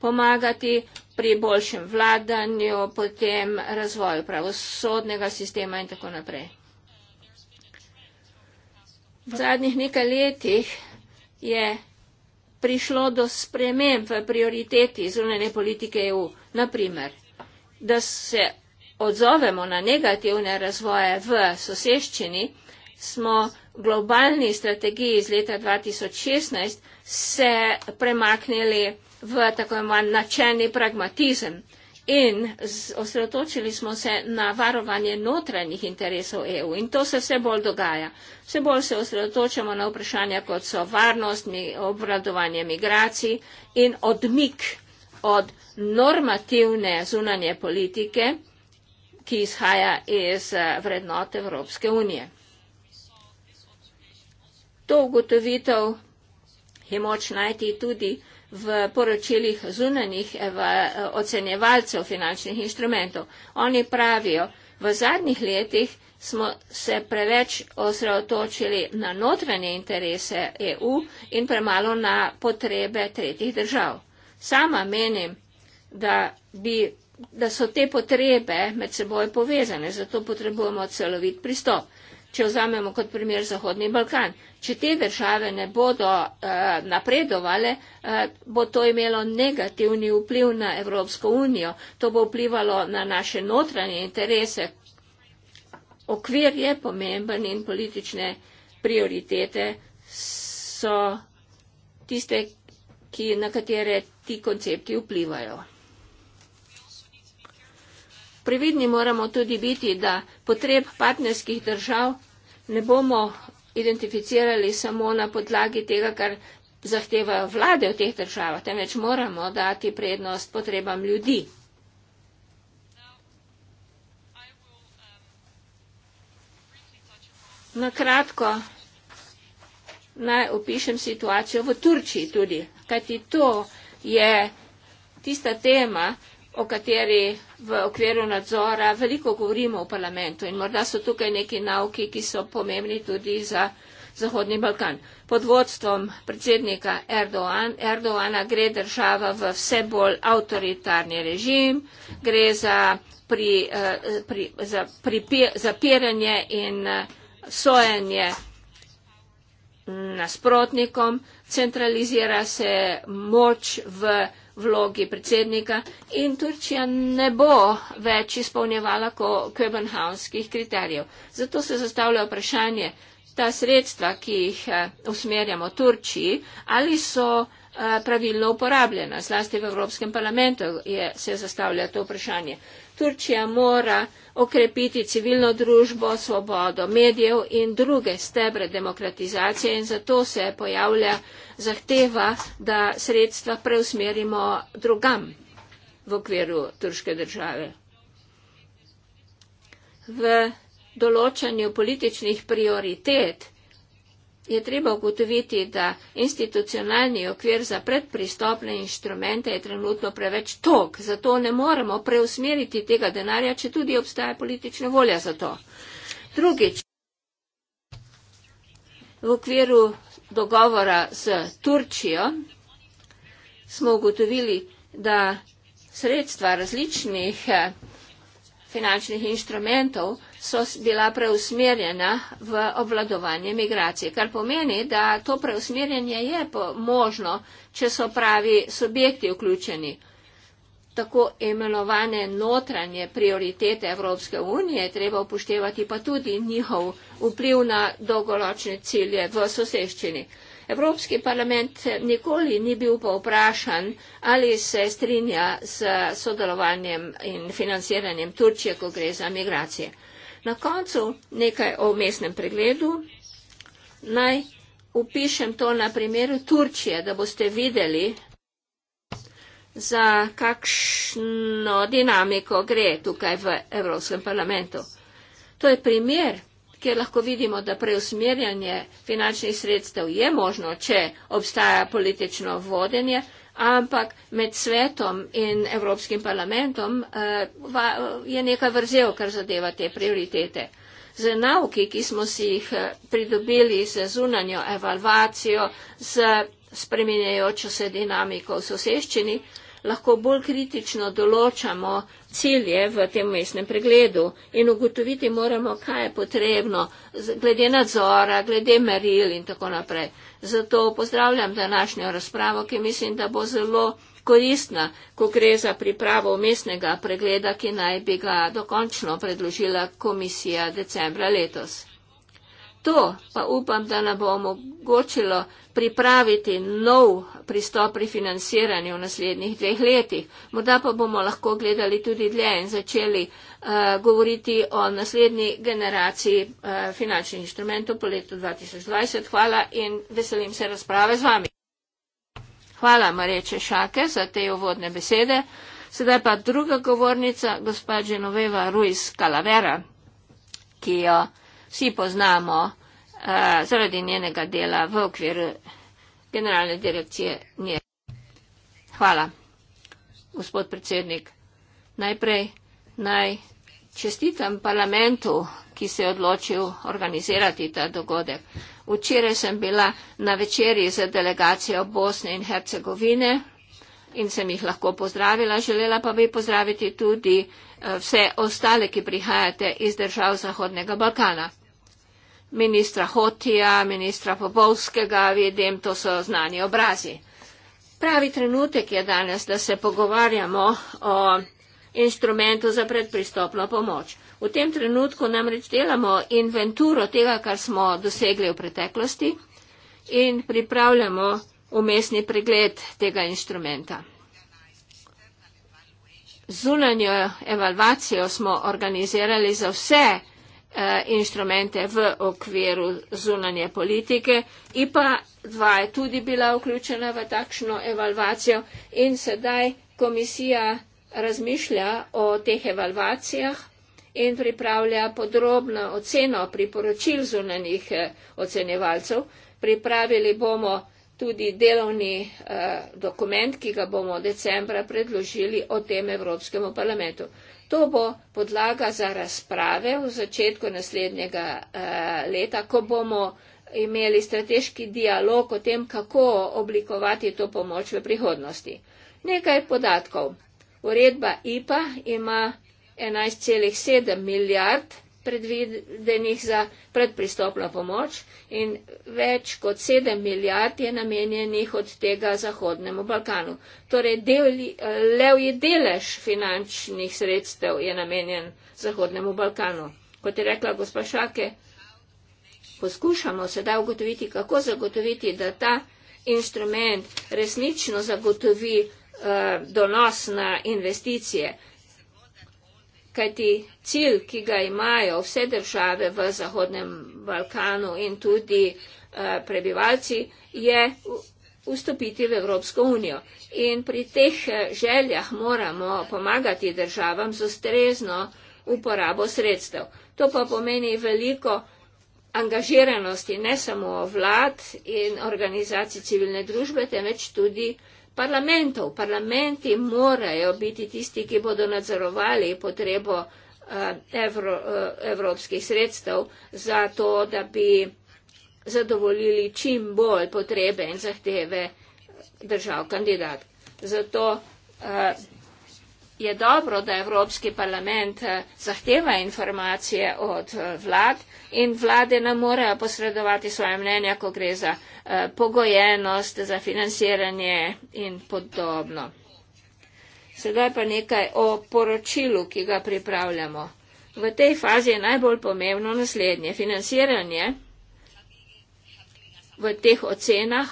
pomagati pri boljšem vladanju, potem razvoju pravosodnega sistema in tako naprej. V zadnjih nekaj letih je prišlo do sprememb v prioriteti zunanje politike EU, naprimer, da se odzovemo na negativne razvoje v soseščini, smo globalni strategiji iz leta 2016 se premaknili v tako imenovan načelni pragmatizem in osredotočili smo se na varovanje notranjih interesov EU in to se vse bolj dogaja. Vse bolj se osredotočamo na vprašanja, kot so varnost, obradovanje migracij in odmik od normativne zunanje politike, ki izhaja iz eh, vrednot Evropske unije. To ugotovitev je moč najti tudi v poročilih zunanih ocenjevalcev finančnih inštrumentov. Oni pravijo, v zadnjih letih smo se preveč osredotočili na notranje interese EU in premalo na potrebe tretjih držav. Sama menim, da, bi, da so te potrebe med seboj povezane, zato potrebujemo celovit pristop če vzamemo kot primer Zahodni Balkan. Če te države ne bodo eh, napredovale, eh, bo to imelo negativni vpliv na Evropsko unijo. To bo vplivalo na naše notranje interese. Okvir je pomemben in politične prioritete so tiste, ki, na katere ti koncepti vplivajo. Previdni moramo tudi biti, da potreb partnerskih držav ne bomo identificirali samo na podlagi tega, kar zahtevajo vlade v teh državah, temveč moramo dati prednost potrebam ljudi. Na kratko naj opišem situacijo v Turčiji tudi, kajti to je tista tema, o kateri v okviru nadzora veliko govorimo v parlamentu in morda so tukaj neki nauki, ki so pomembni tudi za Zahodni Balkan. Pod vodstvom predsednika Erdoan, Erdoana gre država v vse bolj avtoritarni režim, gre za zapiranje eh, pri, za, za in eh, sojanje nasprotnikom, centralizira se moč v vlogi predsednika in Turčija ne bo več izpolnjevala kobenhavnskih kriterijev. Zato se zastavlja vprašanje, ta sredstva, ki jih eh, usmerjamo Turčiji, ali so eh, pravilno uporabljena. Zlasti v Evropskem parlamentu je, se zastavlja to vprašanje. Turčija mora okrepiti civilno družbo, svobodo medijev in druge stebre demokratizacije in zato se pojavlja zahteva, da sredstva preusmerimo drugam v okviru turške države. V določanju političnih prioritet je treba ugotoviti, da institucionalni okvir za predpristopne inštrumente je trenutno preveč tog, zato ne moremo preusmeriti tega denarja, če tudi obstaja politična volja za to. Drugič, v okviru dogovora z Turčijo smo ugotovili, da sredstva različnih finančnih instrumentov so bila preusmerjena v obvladovanje migracije, kar pomeni, da to preusmerjanje je možno, če so pravi subjekti vključeni. Tako imenovane notranje prioritete Evropske unije treba upoštevati pa tudi njihov vpliv na dolgoročne cilje v soseščini. Evropski parlament nikoli ni bil pa vprašan, ali se strinja z sodelovanjem in financiranjem Turčije, ko gre za migracije. Na koncu nekaj o mestnem pregledu. Naj upišem to na primeru Turčije, da boste videli, za kakšno dinamiko gre tukaj v Evropskem parlamentu. To je primer kjer lahko vidimo, da preusmerjanje finančnih sredstev je možno, če obstaja politično vodenje, ampak med svetom in Evropskim parlamentom eh, je nekaj vrzel, kar zadeva te prioritete. Z nauki, ki smo si jih eh, pridobili z zunanjo evalvacijo, z spreminjajočo se dinamiko v soseščini, lahko bolj kritično določamo cilje v tem mestnem pregledu in ugotoviti moramo, kaj je potrebno glede nadzora, glede meril in tako naprej. Zato pozdravljam današnjo razpravo, ki mislim, da bo zelo koristna, ko gre za pripravo mestnega pregleda, ki naj bi ga dokončno predložila komisija decembra letos. To pa upam, da nam bo omogočilo pripraviti nov pristop pri financiranju v naslednjih dveh letih. Morda pa bomo lahko gledali tudi dlje in začeli uh, govoriti o naslednji generaciji uh, finančnih inštrumentov po letu 2020. Hvala in veselim se razprave z vami. Hvala Mareče Šake za te uvodne besede. Sedaj pa druga govornica, gospa Genoveva Ruiz Calavera, ki jo vsi poznamo uh, zaradi njenega dela v okviru generalne direkcije nje. Hvala, gospod predsednik. Najprej naj čestitam parlamentu, ki se je odločil organizirati ta dogodek. Včeraj sem bila na večerji za delegacijo Bosne in Hercegovine in sem jih lahko pozdravila. Želela pa bi pozdraviti tudi eh, vse ostale, ki prihajate iz držav Zahodnega Balkana ministra Hotija, ministra Popovskega, vidim, to so znani obrazi. Pravi trenutek je danes, da se pogovarjamo o instrumentu za predpristopno pomoč. V tem trenutku namreč delamo inventuro tega, kar smo dosegli v preteklosti in pripravljamo umestni pregled tega instrumenta. Zunanjo evalvacijo smo organizirali za vse Eh, inštrumente v okviru zunanje politike. IPA 2 je tudi bila vključena v takšno evalvacijo in sedaj komisija razmišlja o teh evalvacijah in pripravlja podrobno oceno priporočil zunanih eh, ocenjevalcev. Pripravili bomo tudi delovni eh, dokument, ki ga bomo decembra predložili o tem Evropskemu parlamentu. To bo podlaga za razprave v začetku naslednjega eh, leta, ko bomo imeli strateški dialog o tem, kako oblikovati to pomoč v prihodnosti. Nekaj podatkov. Uredba IPA ima 11,7 milijard predvidenih za predpristopno pomoč in več kot 7 milijard je namenjenih od tega Zahodnemu Balkanu. Torej, del, levji delež finančnih sredstev je namenjen Zahodnemu Balkanu. Kot je rekla gospa Šake, poskušamo sedaj ugotoviti, kako zagotoviti, da ta instrument resnično zagotovi uh, donos na investicije kajti cilj, ki ga imajo vse države v Zahodnem Balkanu in tudi eh, prebivalci, je vstopiti v Evropsko unijo. In pri teh eh, željah moramo pomagati državam z ustrezno uporabo sredstev. To pa pomeni veliko angažiranosti ne samo vlad in organizacij civilne družbe, temveč tudi parlamentov. Parlamenti morajo biti tisti, ki bodo nadzorovali potrebo eh, evro, eh, evropskih sredstev za to, da bi zadovoljili čim bolj potrebe in zahteve držav kandidat. Zato eh, je dobro, da Evropski parlament zahteva informacije od vlad in vlade ne morejo posredovati svoje mnenja, ko gre za eh, pogojenost, za financiranje in podobno. Sedaj pa nekaj o poročilu, ki ga pripravljamo. V tej fazi je najbolj pomembno naslednje. Financiranje v teh ocenah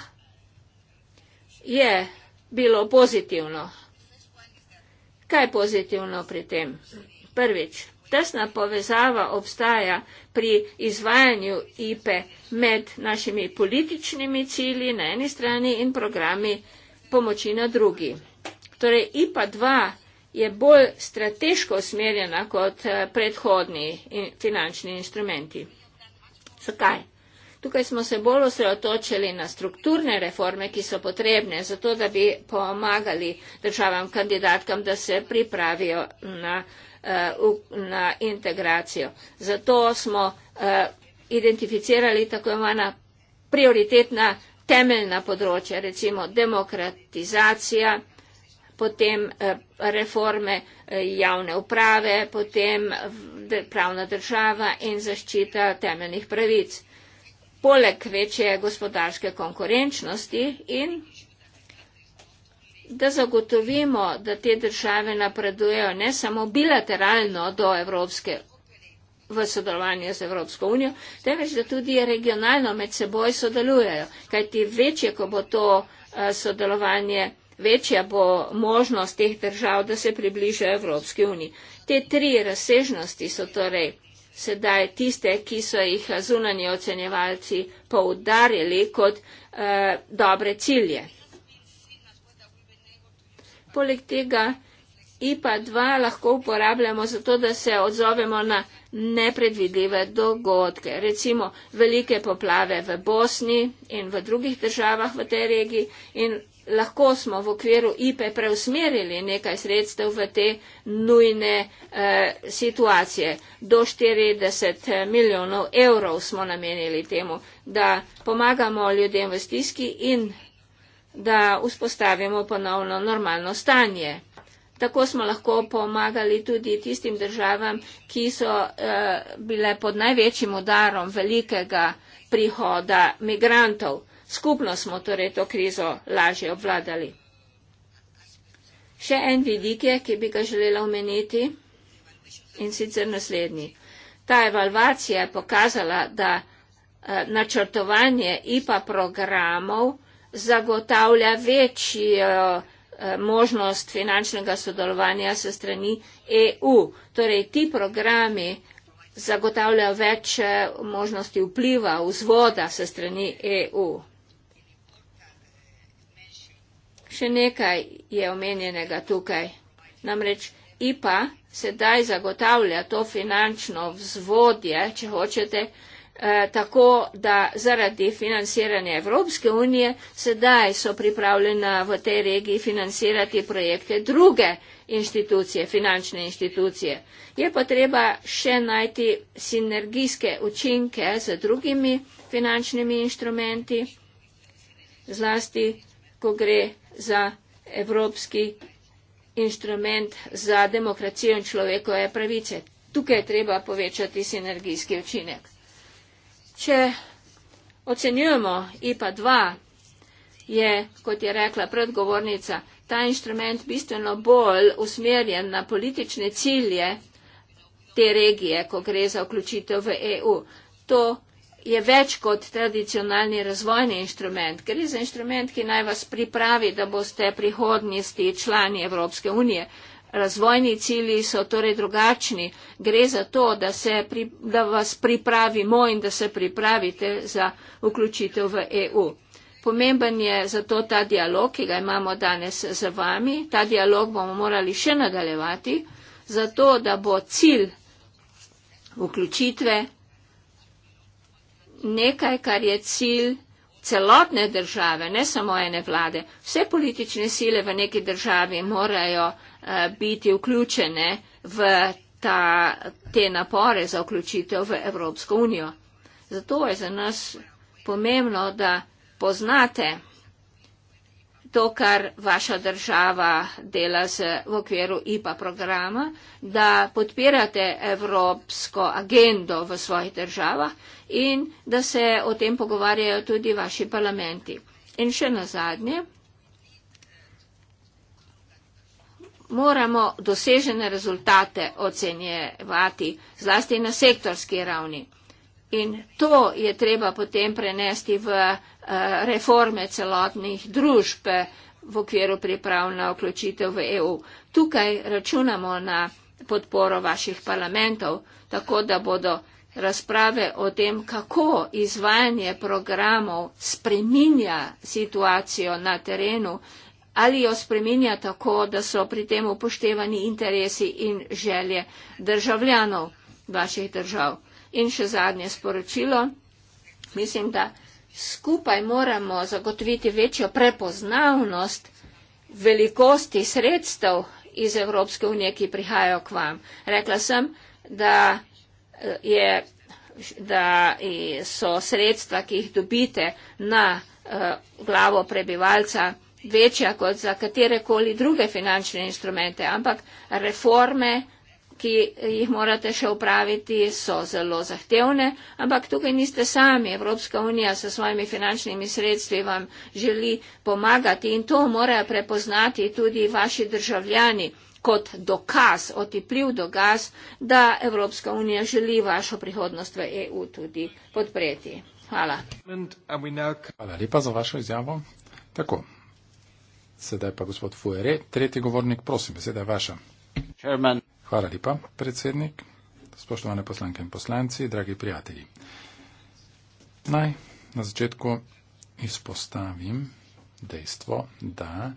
je bilo pozitivno. Kaj je pozitivno pri tem? Prvič, Tesna povezava obstaja pri izvajanju IPE med našimi političnimi cilji na eni strani in programi pomoči na drugi. Torej IPA e 2 je bolj strateško usmerjena kot eh, predhodni finančni instrumenti. Zakaj? Tukaj smo se bolj osredotočili na strukturne reforme, ki so potrebne, zato da bi pomagali državam kandidatkam, da se pripravijo na Eh, na integracijo. Zato smo eh, identificirali tako imena prioritetna temeljna področja, recimo demokratizacija, potem eh, reforme javne uprave, potem pravna država in zaščita temeljnih pravic. Poleg večje gospodarske konkurenčnosti in da zagotovimo, da te države napredujejo ne samo bilateralno do Evropske v sodelovanju z Evropsko unijo, temveč da tudi regionalno med seboj sodelujejo. Kajti večje, ko bo to eh, sodelovanje, večja bo možnost teh držav, da se približajo Evropski uniji. Te tri razsežnosti so torej sedaj tiste, ki so jih eh, zunanje ocenjevalci poudarjali kot eh, dobre cilje. Poleg tega IPA-2 lahko uporabljamo zato, da se odzovemo na nepredvidljive dogodke, recimo velike poplave v Bosni in v drugih državah v tej regiji in lahko smo v okviru IPE preusmerili nekaj sredstev v te nujne eh, situacije. Do 40 eh, milijonov evrov smo namenili temu, da pomagamo ljudem v stiski in da vzpostavimo ponovno normalno stanje. Tako smo lahko pomagali tudi tistim državam, ki so eh, bile pod največjim udarom velikega prihoda migrantov. Skupno smo torej to krizo lažje obvladali. Še en vidik je, ki bi ga želela omeniti, in sicer naslednji. Ta evalvacija je pokazala, da eh, načrtovanje IPA programov zagotavlja večjo uh, možnost finančnega sodelovanja se strani EU. Torej, ti programi zagotavljajo več eh, možnosti vpliva, vzvoda se strani EU. Še nekaj je omenjenega tukaj. Namreč IPA sedaj zagotavlja to finančno vzvodje, če hočete, Eh, tako da zaradi financiranja Evropske unije sedaj so pripravljena v tej regiji financirati projekte druge inštitucije, finančne inštitucije. Je pa treba še najti sinergijske učinke z drugimi finančnimi inštrumenti, zlasti, ko gre za Evropski inštrument za demokracijo in človekove pravice. Tukaj je treba povečati sinergijski učinek. Če ocenjujemo IPA 2, je, kot je rekla predgovornica, ta inštrument bistveno bolj usmerjen na politične cilje te regije, ko gre za vključitev v EU. To je več kot tradicionalni razvojni inštrument. Gre za inštrument, ki naj vas pripravi, da boste prihodnosti člani Evropske unije. Razvojni cilji so torej drugačni. Gre za to, da, se, da vas pripravimo in da se pripravite za vključitev v EU. Pomemben je zato ta dialog, ki ga imamo danes z vami. Ta dialog bomo morali še nadaljevati, zato da bo cilj vključitve nekaj, kar je cilj celotne države, ne samo ene vlade. Vse politične sile v neki državi morajo Eh, biti vključene v ta, te napore za vključitev v Evropsko unijo. Zato je za nas pomembno, da poznate to, kar vaša država dela z, v okviru IPA programa, da podpirate evropsko agendo v svojih državah in da se o tem pogovarjajo tudi vaši parlamenti. In še na zadnje, moramo dosežene rezultate ocenjevati, zlasti na sektorski ravni. In to je treba potem prenesti v eh, reforme celotnih družb eh, v okviru priprav na vključitev v EU. Tukaj računamo na podporo vaših parlamentov, tako da bodo razprave o tem, kako izvajanje programov spreminja situacijo na terenu, ali jo spreminja tako, da so pri tem upoštevani interesi in želje državljanov vaših držav. In še zadnje sporočilo. Mislim, da skupaj moramo zagotoviti večjo prepoznavnost velikosti sredstev iz Evropske unije, ki prihajajo k vam. Rekla sem, da, eh, je, da so sredstva, ki jih dobite na eh, glavo prebivalca, večja kot za katerekoli druge finančne instrumente, ampak reforme, ki jih morate še upraviti, so zelo zahtevne, ampak tukaj niste sami. Evropska unija s svojimi finančnimi sredstvi vam želi pomagati in to morajo prepoznati tudi vaši državljani kot dokaz, otipljiv dokaz, da Evropska unija želi vašo prihodnost v EU tudi podpreti. Hvala. Hvala lepa za vašo izjavo. Tako, Sedaj pa gospod Fuere, tretji govornik, prosim, beseda je vaša. Chairman. Hvala lepa, predsednik. Spoštovane poslanke in poslanci, dragi prijatelji. Naj na začetku izpostavim dejstvo, da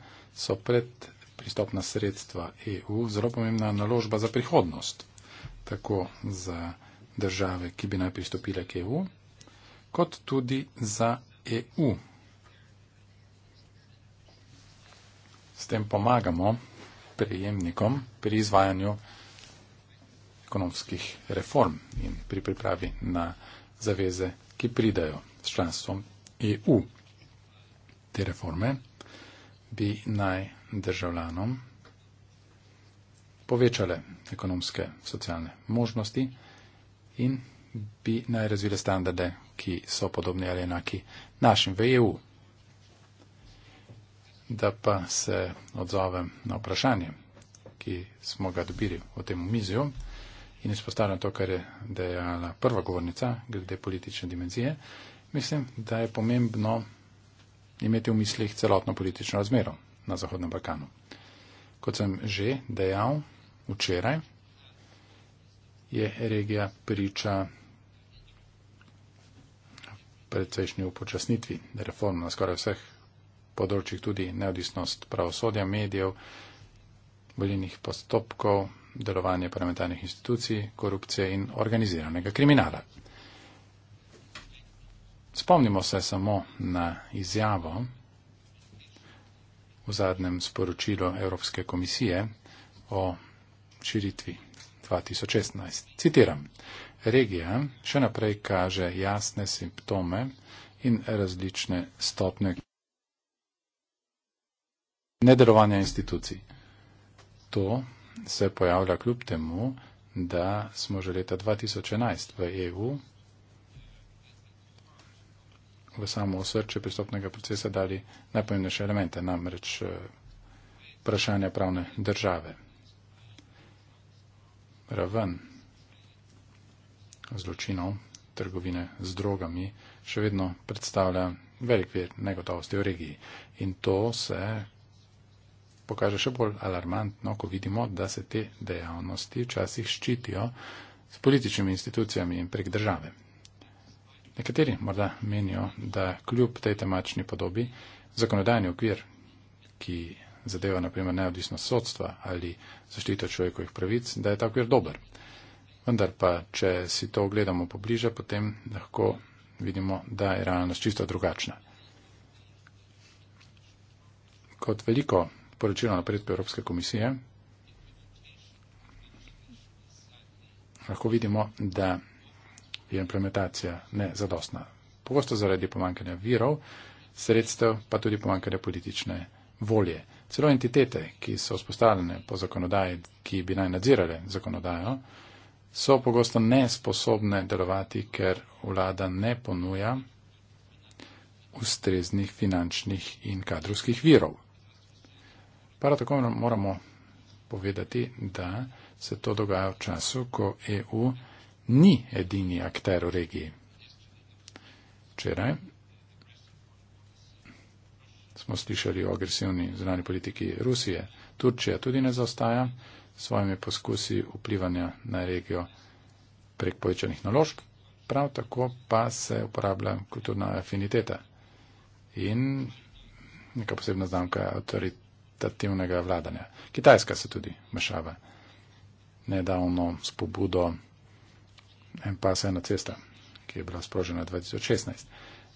so pred pristopna sredstva EU zelo pomembna naložba za prihodnost, tako za države, ki bi naj pristopile k EU, kot tudi za EU, S tem pomagamo prejemnikom pri izvajanju ekonomskih reform in pri pripravi na zaveze, ki pridajo s članstvom EU. Te reforme bi naj državljanom povečale ekonomske socialne možnosti in bi naj razvile standarde, ki so podobni ali enaki našim v EU da pa se odzovem na vprašanje, ki smo ga dobili o tem omizju in izpostavljam to, kar je dejala prva govornica glede politične dimenzije. Mislim, da je pomembno imeti v mislih celotno politično razmero na Zahodnem Balkanu. Kot sem že dejal včeraj, je regija priča predvečni upočasnitvi reform na skoraj vseh področjih tudi neodvisnost pravosodja, medijev, volilnih postopkov, delovanje parlamentarnih institucij, korupcije in organiziranega kriminala. Spomnimo se samo na izjavo v zadnjem sporočilu Evropske komisije o širitvi 2016. Citiram. Regija še naprej kaže jasne simptome in različne stopne nedelovanja institucij. To se pojavlja kljub temu, da smo že leta 2011 v EU v samo osrče pristopnega procesa dali najpomembnejše elemente, namreč eh, vprašanja pravne države. Raven zločinov, trgovine z drogami, še vedno predstavlja velik vir negotovosti v regiji. In to se pokaže še bolj alarmantno, ko vidimo, da se te dejavnosti včasih ščitijo s političnimi institucijami in prek države. Nekateri morda menijo, da kljub tej temačni podobi zakonodajni okvir, ki zadeva naprimer neodvisnost sodstva ali zaštito človekovih pravic, da je ta okvir dober. Vendar pa, če si to ogledamo pobliže, potem lahko vidimo, da je realnost čisto drugačna. Kot veliko poročilo napredka Evropske komisije, lahko vidimo, da je implementacija nezadostna. Pogosto zaradi pomankanja virov, sredstev, pa tudi pomankanja politične volje. Celo entitete, ki so vzpostavljene po zakonodaji, ki bi naj nadzirale zakonodajo, so pogosto nesposobne delovati, ker vlada ne ponuja ustreznih finančnih in kadrovskih virov. Prav tako moramo povedati, da se to dogaja v času, ko EU ni edini akter v regiji. Včeraj smo slišali o agresivni zunanji politiki Rusije. Turčija tudi ne zaostaja s svojimi poskusi vplivanja na regijo prek povečanih naložb, prav tako pa se uporablja kulturna afiniteta in neka posebna znamka avtoritete avtoritativnega vladanja. Kitajska se tudi mešava. Nedavno s pobudo en pas ena cesta, ki je bila sprožena 2016.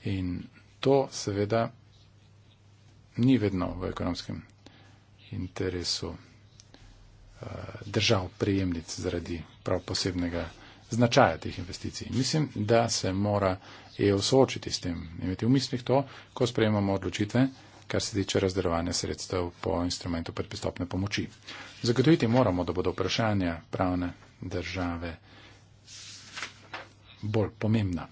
In to seveda ni vedno v ekonomskem interesu eh, držav prijemnic zaradi prav posebnega značaja teh investicij. Mislim, da se mora EU soočiti s tem, imeti v mislih to, ko sprejemamo odločitve kar se tiče razdelovanja sredstev po instrumentu predpristopne pomoči. Zagotoviti moramo, da bodo vprašanja pravne države bolj pomembna.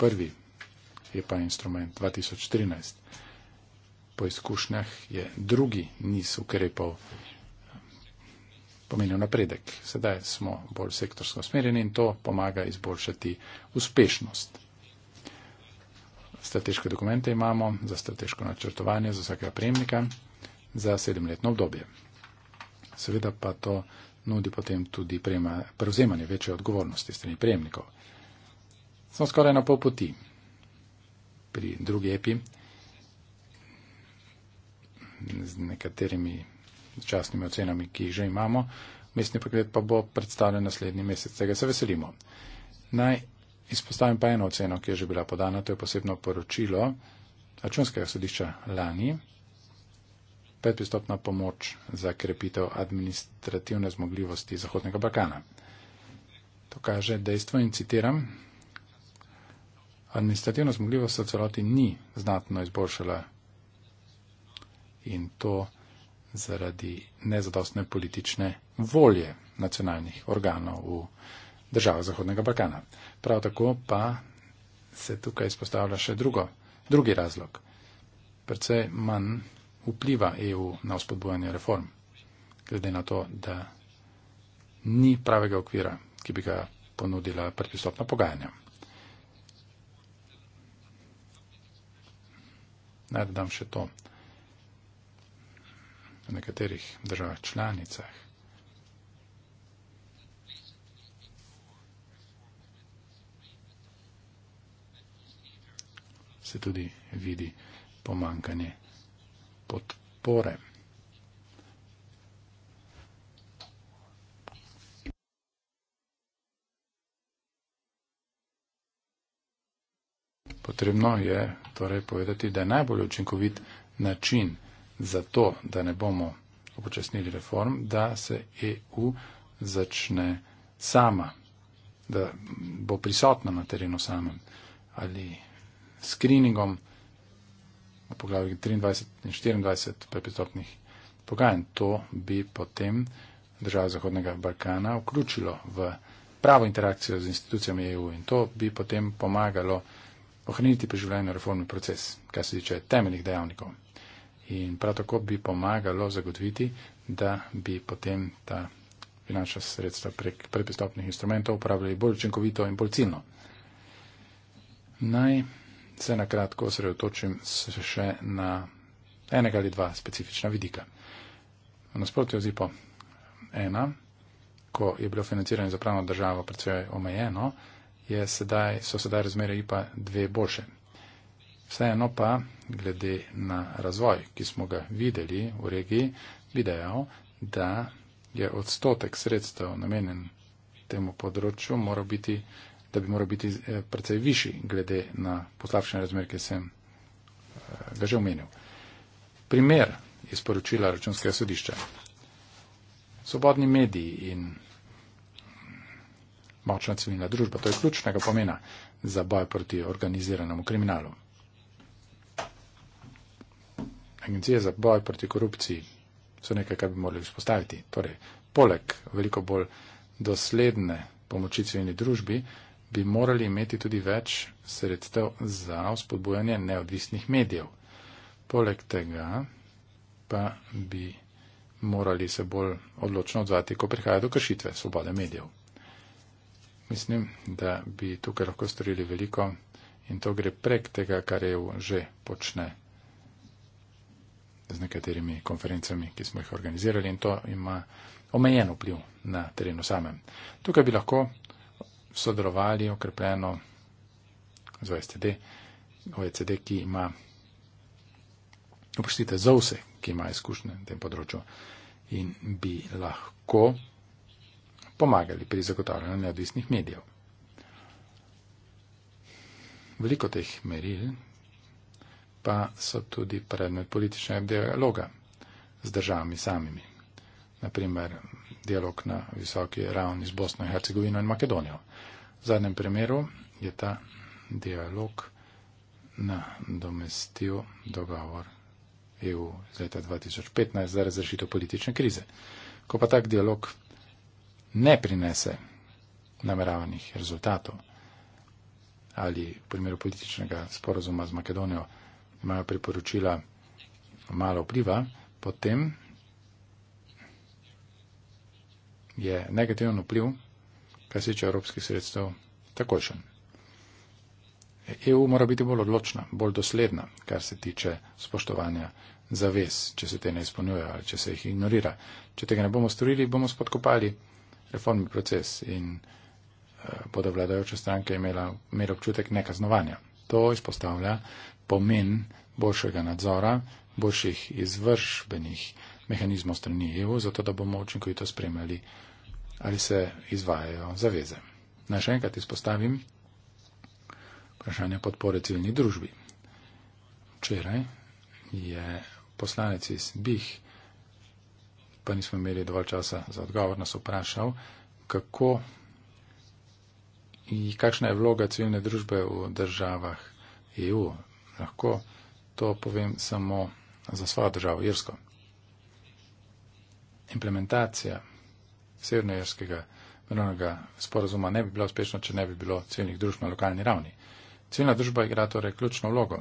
Prvi je pa instrument 2013. Po izkušnjah je drugi niz ukrepov pomenil napredek. Sedaj smo bolj sektorsko smerjeni in to pomaga izboljšati uspešnost strateške dokumente imamo, za strateško načrtovanje, za vsakega prejemnika, za sedemletno obdobje. Seveda pa to nudi potem tudi prema, prevzemanje večje odgovornosti strani prejemnikov. Smo skoraj na pol poti pri drugi epi z nekaterimi časnimi ocenami, ki jih že imamo. Mestni paket pa bo predstavljen naslednji mesec. Tega se veselimo. Naj Izpostavim pa eno oceno, ki je že bila podana, to je posebno poročilo računskega sodišča lani. Predpristopna pomoč za krepitev administrativne zmogljivosti Zahodnega Balkana. To kaže dejstvo in citiram. Administrativna zmogljivost se v celoti ni znatno izboljšala in to zaradi nezadostne politične volje nacionalnih organov v Balkanu držav Zahodnega Balkana. Prav tako pa se tukaj izpostavlja še drugo, drugi razlog. Predvsej manj vpliva EU na vzpodbojanje reform, glede na to, da ni pravega okvira, ki bi ga ponudila predpristopna pogajanja. Naj dodam še to. V nekaterih državah članicah se tudi vidi pomankanje podpore. Potrebno je torej povedati, da je najbolj učinkovit način za to, da ne bomo upočasnili reform, da se EU začne sama, da bo prisotna na terenu samem ali screeningom v poglavju 23 in 24 predpristopnih pogajanj. To bi potem držav Zahodnega Balkana vključilo v pravo interakcijo z institucijami EU in to bi potem pomagalo ohraniti preživljanje reformni proces, kar se tiče temeljnih dejavnikov. In prav tako bi pomagalo zagotoviti, da bi potem ta finančna sredstva prek predpristopnih instrumentov uporabljali bolj učinkovito in bolj ciljno. Naj se na kratko osredotočim še na enega ali dva specifična vidika. V nasprotju z IPO 1, ko je bilo financiranje za pravno državo predvsej omejeno, sedaj, so sedaj razmere IPA 2 boljše. Vseeno pa, glede na razvoj, ki smo ga videli v regiji, bi dejal, da je odstotek sredstev namenjen temu področju, mora biti da bi moral biti eh, precej višji glede na poslabšanje razmer, ki sem eh, ga že omenil. Primer iz poročila računskega sodišča. Svobodni mediji in močna civilna družba, to je ključnega pomena za boj proti organiziranemu kriminalu. Agencije za boj proti korupciji so nekaj, kar bi morali vzpostaviti. Torej, poleg veliko bolj dosledne pomoči civilni družbi, bi morali imeti tudi več sredstev za vzpodbujanje neodvisnih medijev. Poleg tega pa bi morali se bolj odločno odzvati, ko prihaja do kršitve svobode medijev. Mislim, da bi tukaj lahko storili veliko in to gre prek tega, kar EU že počne z nekaterimi konferencami, ki smo jih organizirali in to ima omejen vpliv na terenu samem. Tukaj bi lahko sodelovali okrepljeno z OECD, OECD ki ima, oprostite, za vse, ki ima izkušnje na tem področju in bi lahko pomagali pri zagotavljanju neodvisnih medijev. Veliko teh meril pa so tudi predmet političnega dialoga z državami samimi. Naprimer, dialog na visoki ravni z Bosno in Hercegovino in Makedonijo. V zadnjem primeru je ta dialog nadomestil dogovor EU z leta 2015 za razrešitev politične krize. Ko pa tak dialog ne prinese nameravanih rezultatov ali v primeru političnega sporozuma z Makedonijo imajo priporočila malo vpliva, potem je negativen vpliv, kar se tiče evropskih sredstev, takošen. EU mora biti bolj odločna, bolj dosledna, kar se tiče spoštovanja zavez, če se te ne izpolnjuje ali če se jih ignorira. Če tega ne bomo storili, bomo spodkopali reformni proces in eh, bodo vladajoče stranke imela, imela občutek nekaznovanja. To izpostavlja pomen boljšega nadzora, boljših izvršbenih eh, mehanizmov strani EU, zato da bomo učinkovito spremljali, ali se izvajajo zaveze. Naj še enkrat izpostavim vprašanje podpore civilni družbi. Včeraj je poslanec iz BIH, pa nismo imeli dovolj časa za odgovor, nas vprašal, kako in kakšna je vloga civilne družbe v državah EU. Lahko to povem samo za svojo državo, Irsko implementacija severnojerskega mirovnega sporozuma ne bi bila uspešna, če ne bi bilo civilnih družb na lokalni ravni. Civilna družba igra torej ključno vlogo,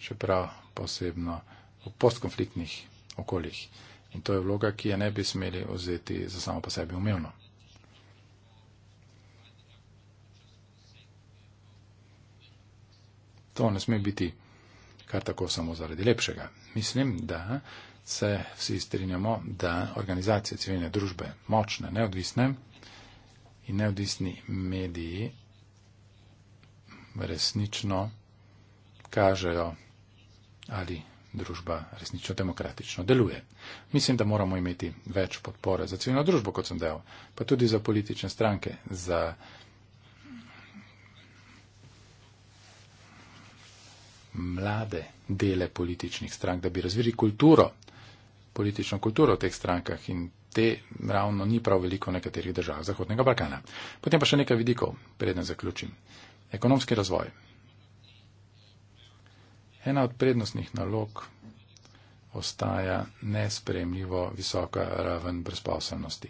še prav posebno v postkonfliktnih okoljih. In to je vloga, ki je ne bi smeli vzeti za samo po sebi umevno. To ne sme biti kar tako samo zaradi lepšega. Mislim, da se vsi strinjamo, da organizacije civilne družbe, močne, neodvisne in neodvisni mediji resnično kažejo, ali družba resnično demokratično deluje. Mislim, da moramo imeti več podpore za civilno družbo, kot sem del, pa tudi za politične stranke, za mlade dele političnih strank, da bi razvili kulturo politično kulturo v teh strankah in te ravno ni prav veliko v nekaterih državah Zahodnega Balkana. Potem pa še nekaj vidikov, preden zaključim. Ekonomski razvoj. Ena od prednostnih nalog ostaja nespremljivo visoka raven brezposobnosti.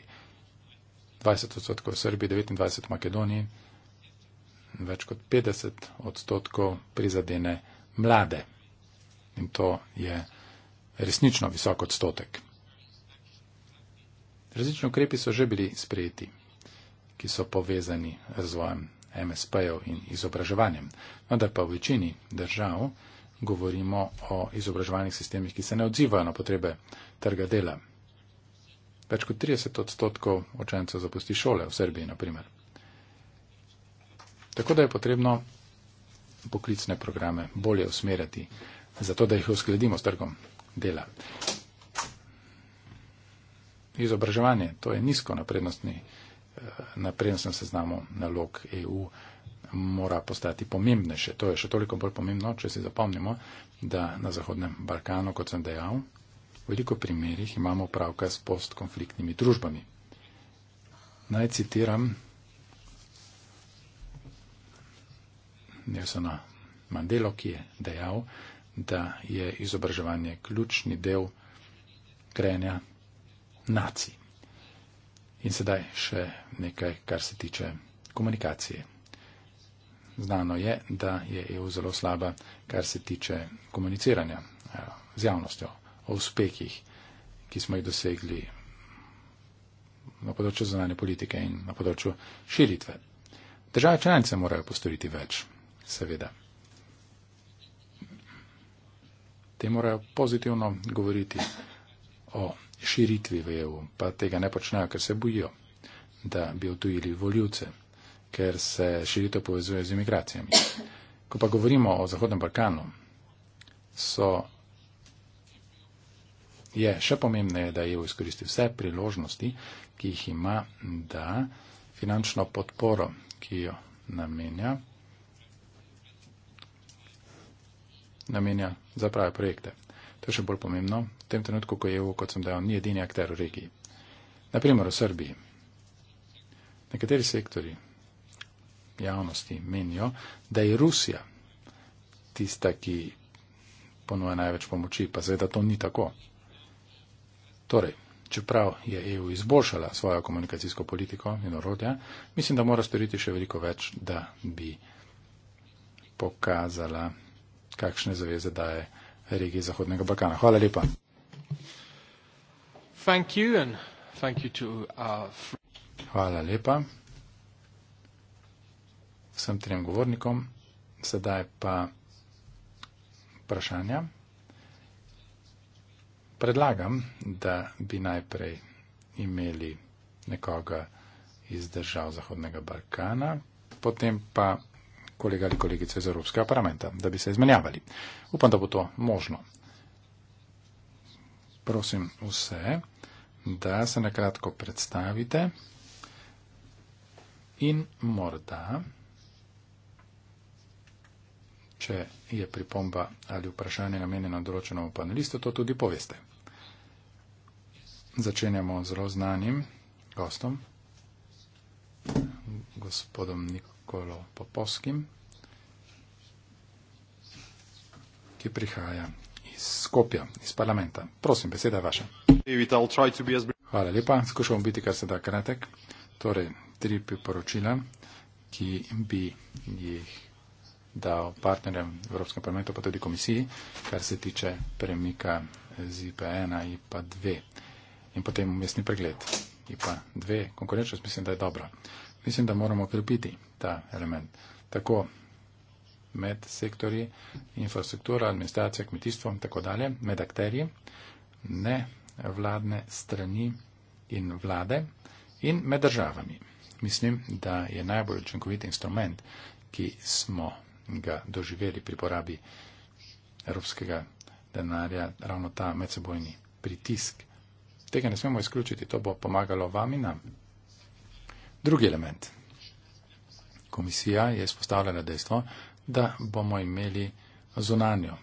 20 odstotkov v Srbiji, 29 v Makedoniji, več kot 50 odstotkov prizadene mlade. In to je resnično visok odstotek. Različni ukrepi so že bili sprejeti, ki so povezani z razvojem MSP-jev in izobraževanjem. Vendar pa v večini držav govorimo o izobraževalnih sistemih, ki se ne odzivajo na potrebe trga dela. Več kot 30 odstotkov učencev zapusti šole v Srbiji, na primer. Tako da je potrebno poklicne programe bolje usmerjati, zato da jih uskladimo s trgom dela. Izobraževanje, to je nizko naprednostno eh, seznamo nalog EU, mora postati pomembnejše. To je še toliko bolj pomembno, če si zapomnimo, da na Zahodnem Balkanu, kot sem dejal, v veliko primerjih imamo pravka s postkonfliktnimi družbami. Naj citiram Nelsona Mandelo, ki je dejal, da je izobraževanje ključni del krenja nacij. In sedaj še nekaj, kar se tiče komunikacije. Znano je, da je EU zelo slaba, kar se tiče komuniciranja eh, z javnostjo o uspehih, ki smo jih dosegli na področju zunanje politike in na področju širitve. Države članice morajo postoriti več, seveda. te morajo pozitivno govoriti o širitvi v EU, pa tega ne počnejo, ker se bojijo, da bi otujili voljivce, ker se širitev povezuje z imigracijami. Ko pa govorimo o Zahodnem Balkanu, so, je še pomembneje, da EU izkoristi vse priložnosti, ki jih ima, da finančno podporo, ki jo namenja, namenja za prave projekte. To je še bolj pomembno v tem trenutku, ko EU, e kot sem dejal, ni edini akter v regiji. Naprimer v Srbiji. Nekateri sektori javnosti menijo, da je Rusija tista, ki ponuja največ pomoči, pa seveda to ni tako. Torej, čeprav je EU izboljšala svojo komunikacijsko politiko in orodja, mislim, da mora storiti še veliko več, da bi pokazala kakšne zaveze daje regiji Zahodnega Balkana. Hvala lepa. Thank you and thank you to our... Uh, Hvala lepa vsem trem govornikom. Sedaj pa vprašanja. Predlagam, da bi najprej imeli nekoga iz držav Zahodnega Balkana, potem pa kolega ali kolegica iz Evropskega parlamenta, da bi se izmenjavali. Upam, da bo to možno. Prosim vse, da se nakratko predstavite in morda, če je pripomba ali vprašanje namenjeno določenemu panelistu, to tudi poveste. Začenjamo z zelo znanim gostom, gospodom Nikolom. Nikolo Popovskim, ki prihaja iz Skopja, iz parlamenta. Prosim, beseda je vaša. Hvala lepa, skušal bom biti kar se da kratek. Torej, tri priporočila, ki bi jih dal partnerjem v Evropskem parlamentu, pa tudi komisiji, kar se tiče premika z IP1 in IP2. In potem umestni pregled IP2, konkurenčnost mislim, da je dobra mislim, da moramo krepiti ta element. Tako med sektori, infrastruktura, administracija, kmetijstvo in tako dalje, med akterji, ne vladne strani in vlade in med državami. Mislim, da je najbolj učinkovit instrument, ki smo ga doživeli pri porabi evropskega denarja, ravno ta medsebojni pritisk. Tega ne smemo izključiti, to bo pomagalo vam in nam. Drugi element. Komisija je spostavljala dejstvo, da bomo imeli zunanjo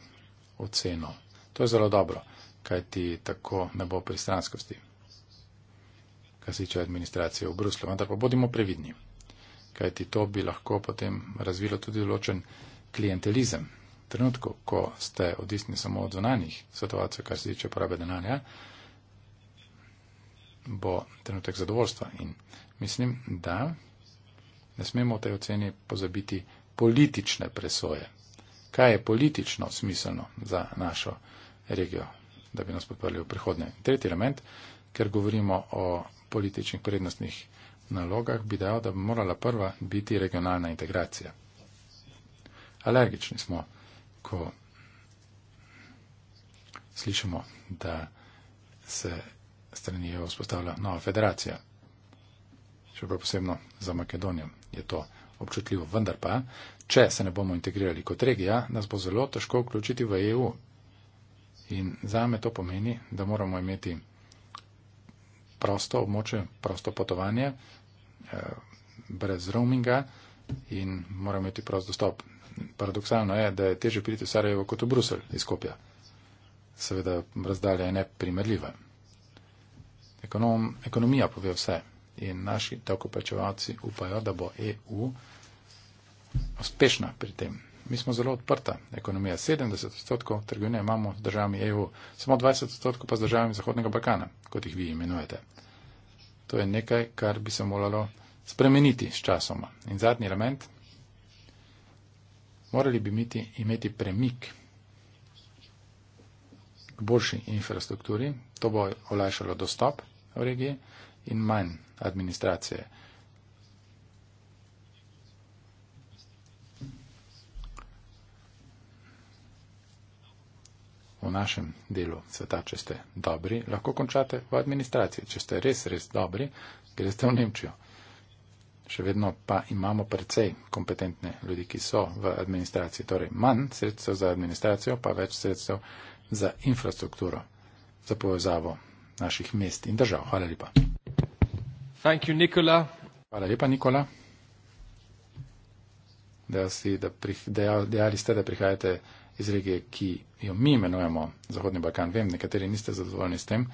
oceno. To je zelo dobro, kajti tako ne bo pristranskosti, kar se tiče administracije v Bruslju. Vendar pa bodimo previdni, kajti to bi lahko potem razvilo tudi določen klientelizem. Trenutku, ko ste odvisni samo od zunanjih svetovalcev, kar se tiče porabe denarja, ja, bo trenutek zadovoljstva. In mislim, da ne smemo v tej oceni pozabiti politične presoje. Kaj je politično smiselno za našo regijo, da bi nas podprli v prihodnje? Tretji element, ker govorimo o političnih prednostnih nalogah, bi dejal, da bi morala prva biti regionalna integracija. Alergični smo, ko slišimo, da se strani je vzpostavila nova federacija. Še prav posebno za Makedonijo je to občutljivo. Vendar pa, če se ne bomo integrirali kot regija, nas bo zelo težko vključiti v EU. In zame to pomeni, da moramo imeti prosto območje, prosto potovanje, eh, brez roaminga in moramo imeti prost dostop. Paradoksalno je, da je teže priti v Sarajevo kot v Bruselj iz Kopja. Seveda razdalja je neprimerljiva. Ekonom, ekonomija pove vse in naši takopračevalci upajo, da bo EU uspešna pri tem. Mi smo zelo odprta ekonomija. 70 odstotkov trgovine imamo z državami EU, samo 20 odstotkov pa z državami Zahodnega Balkana, kot jih vi imenujete. To je nekaj, kar bi se moralo spremeniti s časoma. In zadnji element, morali bi imeti, imeti premik k boljši infrastrukturi, to bo olajšalo dostop v regiji in manj administracije. V našem delu sveta, če ste dobri, lahko končate v administraciji. Če ste res, res dobri, greste v Nemčijo. Še vedno pa imamo precej kompetentne ljudi, ki so v administraciji. Torej, manj sredstev za administracijo, pa več sredstev za infrastrukturo, za povezavo naših mest in držav. Hvala lepa. You, Hvala lepa, Nikola. Dejali da ste, da prihajate iz regije, ki jo mi imenujemo Zahodni Balkan. Vem, nekateri niste zadovoljni s tem.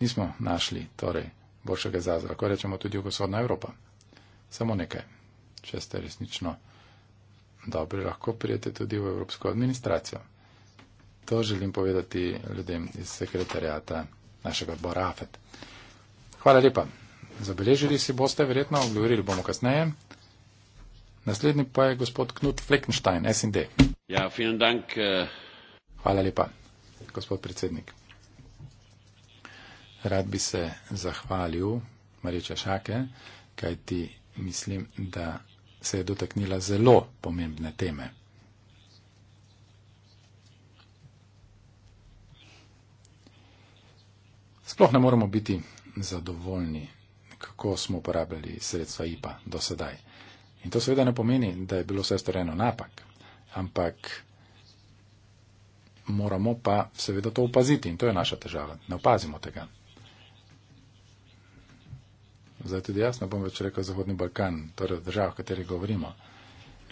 Nismo našli torej, boljšega zazora, ko rečemo tudi Jugosodna Evropa. Samo nekaj. Če ste resnično dobri, lahko prijete tudi v Evropsko administracijo. To želim povedati ljudem iz sekretarjata našega Borafet. Hvala lepa. Zabeležili si boste, verjetno, govorili bomo kasneje. Naslednji pa je gospod Knut Fleckenstein, SND. Ja, dank, uh... Hvala lepa, gospod predsednik. Rad bi se zahvalil Mareča Šake, kaj ti mislim, da se je dotaknila zelo pomembne teme. Sploh ne moremo biti zadovoljni, kako smo uporabljali sredstva IPA do sedaj. In to seveda ne pomeni, da je bilo vse storjeno napak, ampak moramo pa seveda to opaziti in to je naša težava. Ne opazimo tega. Zdaj tudi jaz ne bom več rekel Zahodni Balkan, torej v državah, o katerih govorimo.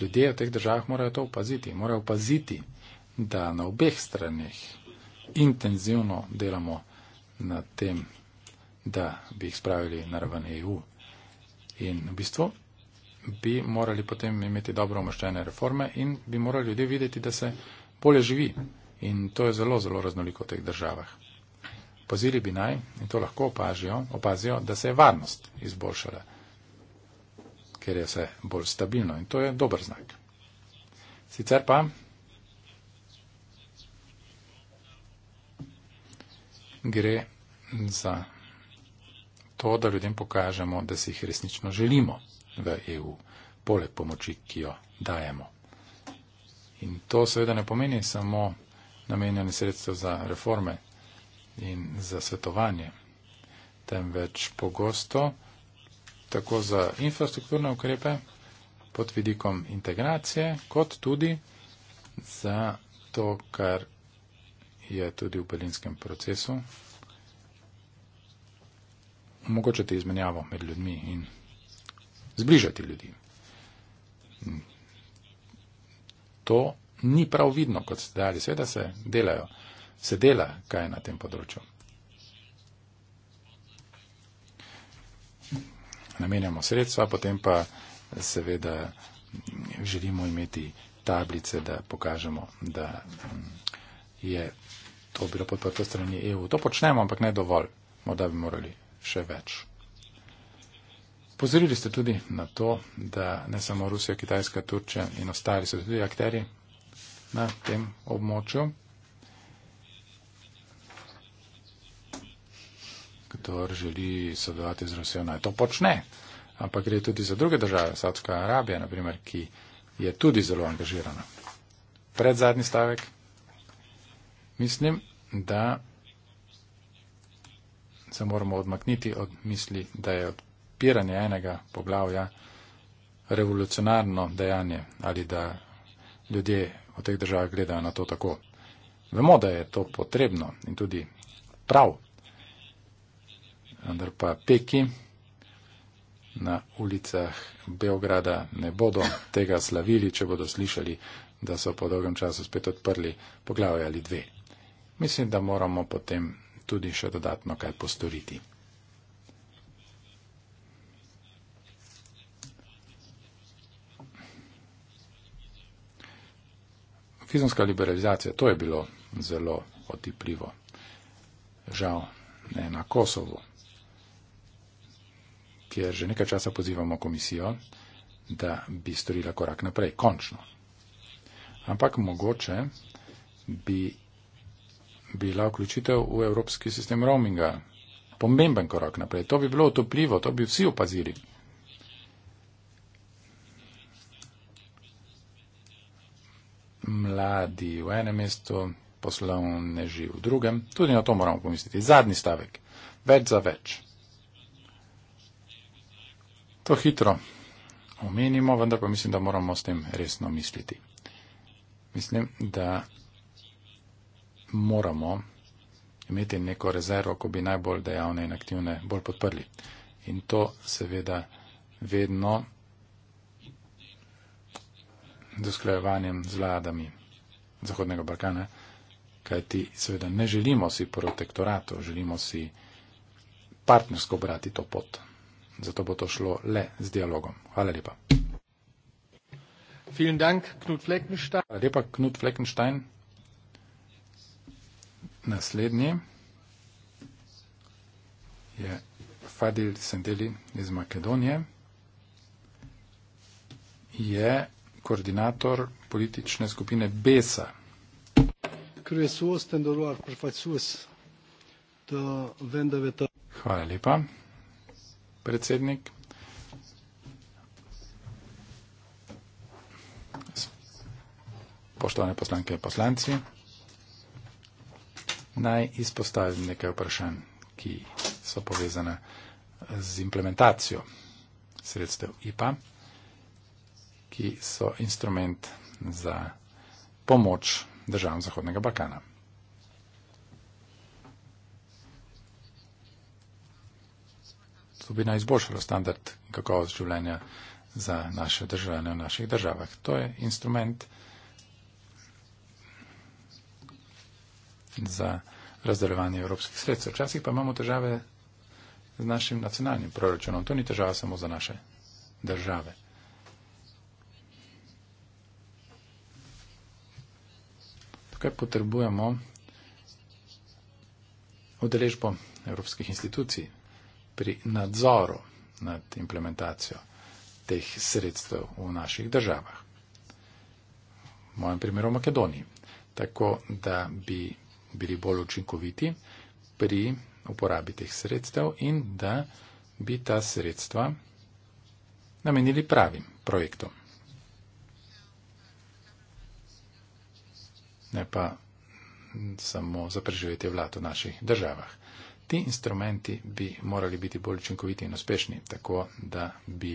Ljudje v teh državah morajo to opaziti. Morajo opaziti, da na obeh stranih intenzivno delamo na tem, da bi jih spravili na raven EU. In v bistvu bi morali potem imeti dobro omoščene reforme in bi morali ljudje videti, da se bolje živi. In to je zelo, zelo raznoliko v teh državah. Pozili bi naj, in to lahko opazijo, opazijo, da se je varnost izboljšala, ker je vse bolj stabilno. In to je dober znak. Sicer pa gre za to, da ljudem pokažemo, da si jih resnično želimo v EU, poleg pomoči, ki jo dajemo. In to seveda ne pomeni samo namenjanje sredstev za reforme in za svetovanje, temveč pogosto tako za infrastrukturne ukrepe pod vidikom integracije, kot tudi za to, kar je tudi v belinskem procesu. Omogočati izmenjavo med ljudmi in zbližati ljudi. To ni prav vidno, kot ste dejali. Sveda se delajo, se dela kaj na tem področju. Namenjamo sredstva, potem pa seveda želimo imeti tablice, da pokažemo, da je to bilo podprto strani EU. To počnemo, ampak ne dovolj. Morda bi morali še več. Pozorili ste tudi na to, da ne samo Rusija, Kitajska, Turčja in ostali so tudi akteri na tem območju. Kdor želi sodelovati z Rusijo, naj to počne. Ampak gre tudi za druge države, Saudska Arabija, naprimer, ki je tudi zelo angažirana. Pred zadnji stavek. Mislim, da se moramo odmakniti od misli, da je odpiranje enega poglavja revolucionarno dejanje ali da ljudje v teh državah gledajo na to tako. Vemo, da je to potrebno in tudi prav. Vendar pa peki na ulicah Beograda ne bodo tega slavili, če bodo slišali, da so po dolgem času spet odprli poglavje ali dve mislim, da moramo potem tudi še dodatno kaj postoriti. Fizonska liberalizacija, to je bilo zelo otipljivo. Žal, ne na Kosovo, kjer že nekaj časa pozivamo komisijo, da bi storila korak naprej, končno. Ampak mogoče bi bila vključitev v evropski sistem roaminga. Pomemben korak naprej. To bi bilo otopljivo, to bi vsi opazili. Mladi v enem mestu, poslovneži v drugem. Tudi na to moramo pomisliti. Zadnji stavek. Več za več. To hitro omenimo, vendar pa mislim, da moramo s tem resno misliti. Mislim, da moramo imeti neko rezervo, ko bi najbolj dejavne in aktivne bolj podprli. In to seveda vedno z usklajevanjem z vladami Zahodnega Balkana, kajti seveda ne želimo si protektorato, želimo si partnersko brati to pot. Zato bo to šlo le z dialogom. Hvala lepa. Vielen Dank, Knut Fleckenstein. Hvala lepa, Knut Fleckenstein. Naslednji je Fadil Sendeli iz Makedonije, je koordinator politične skupine BESA. Hvala lepa, predsednik. Poštovane poslanke in poslanci naj izpostavim nekaj vprašanj, ki so povezane z implementacijo sredstev IPA, ki so instrument za pomoč državam Zahodnega Balkana. To bi naj izboljšalo standard kakovost življenja za naše države v naših državah. To je instrument, ki je za razdeljevanje evropskih sredstev. Včasih pa imamo težave z našim nacionalnim proračunom. To ni težava samo za naše države. Tukaj potrebujemo udeležbo evropskih institucij pri nadzoru nad implementacijo teh sredstev v naših državah. V mojem primeru v Makedoniji. Tako da bi bili bolj učinkoviti pri uporabi teh sredstev in da bi ta sredstva namenili pravim projektom. Ne pa samo za preživetje vlad v naših državah. Ti instrumenti bi morali biti bolj učinkoviti in uspešni, tako da bi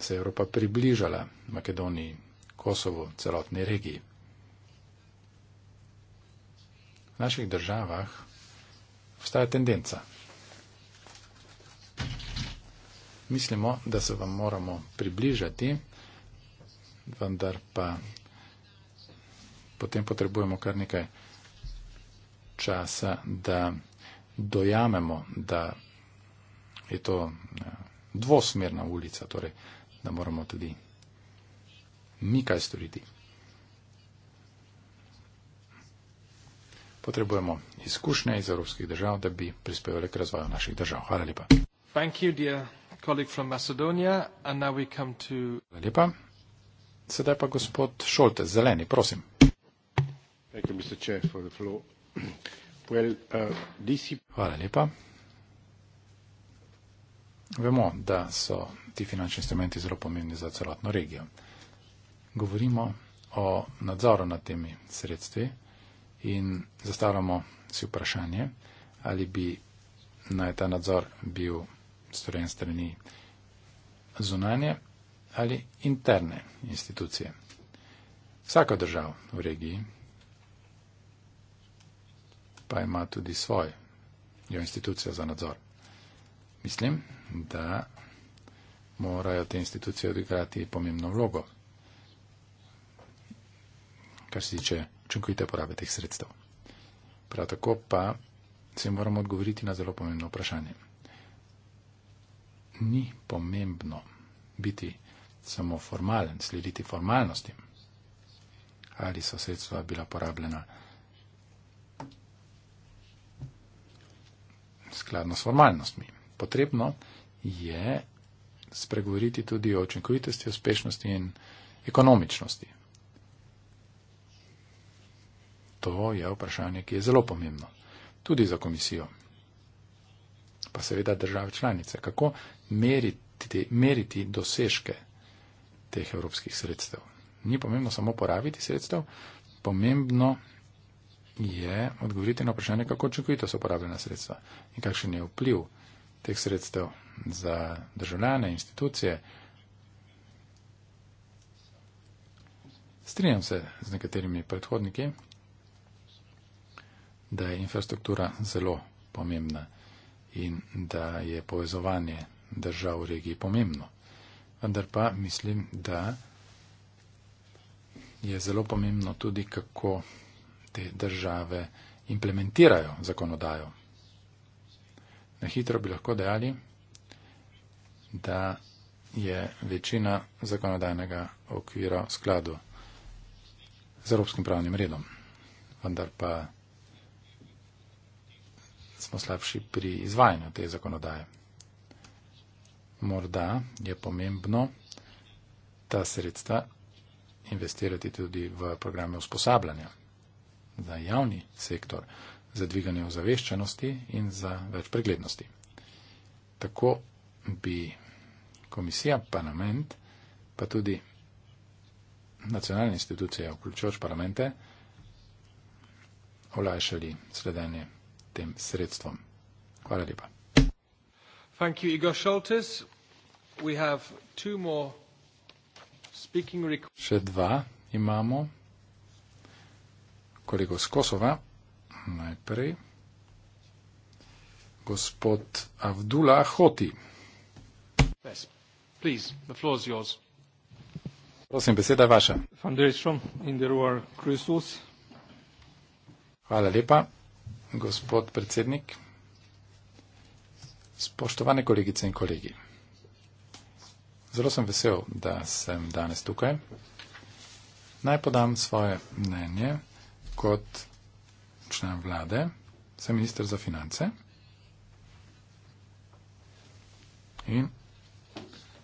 se Evropa približala Makedoniji, Kosovo, celotni regiji. naših državah obstaja tendenca. Mislimo, da se vam moramo približati, vendar pa potem potrebujemo kar nekaj časa, da dojamemo, da je to dvosmerna ulica, torej da moramo tudi mi kaj storiti. potrebujemo izkušnje iz evropskih držav, da bi prispevali k razvoju naših držav. Hvala lepa. Hvala lepa. Sedaj pa gospod Šolte, zeleni, prosim. Uh, e- Hvala lepa. Vemo, da so ti finančni instrumenti zelo pomembni za celotno regijo. Govorimo o nadzoru nad temi sredstvi in zastavljamo si vprašanje, ali bi naj ta nadzor bil storjen strani zunanje ali interne institucije. Vsaka država v regiji pa ima tudi svojo institucijo za nadzor. Mislim, da morajo te institucije odigrati pomembno vlogo. Kar se tiče učinkovite porabe teh sredstev. Prav tako pa se moramo odgovoriti na zelo pomembno vprašanje. Ni pomembno biti samo formalen, slediti formalnostim, ali so sredstva bila porabljena skladno s formalnostmi. Potrebno je spregovoriti tudi o učinkovitosti, uspešnosti in ekonomičnosti. To je vprašanje, ki je zelo pomembno. Tudi za komisijo. Pa seveda države članice. Kako meriti, meriti dosežke teh evropskih sredstev? Ni pomembno samo porabiti sredstev, pomembno je odgovoriti na vprašanje, kako očekovito so porabljena sredstva in kakšen je vpliv teh sredstev za državljane, institucije. Strinjam se z nekaterimi predhodniki, da je infrastruktura zelo pomembna in da je povezovanje držav v regiji pomembno. Vendar pa mislim, da je zelo pomembno tudi, kako te države implementirajo zakonodajo. Na hitro bi lahko dejali, da je večina zakonodajnega okvira v skladu z evropskim pravnim redom. Vendar pa smo slabši pri izvajanju te zakonodaje. Morda je pomembno ta sredstva investirati tudi v programe usposabljanja za javni sektor, za dviganje ozaveščenosti in za več preglednosti. Tako bi komisija, parlament, pa tudi nacionalne institucije, vključujoč parlamente, olajšali sledenje tem sredstvom. Hvala lepa. Thank you, Igor Šoltes. We have two more speaking requests. Še dva imamo. Kolego z Kosova najprej. Gospod Avdullah Hoti. Yes. Please, the floor is yours. Prosim, beseda je vaša. Hvala lepa gospod predsednik, spoštovane kolegice in kolegi. Zelo sem vesel, da sem danes tukaj. Naj podam svoje mnenje kot član vlade, sem minister za finance in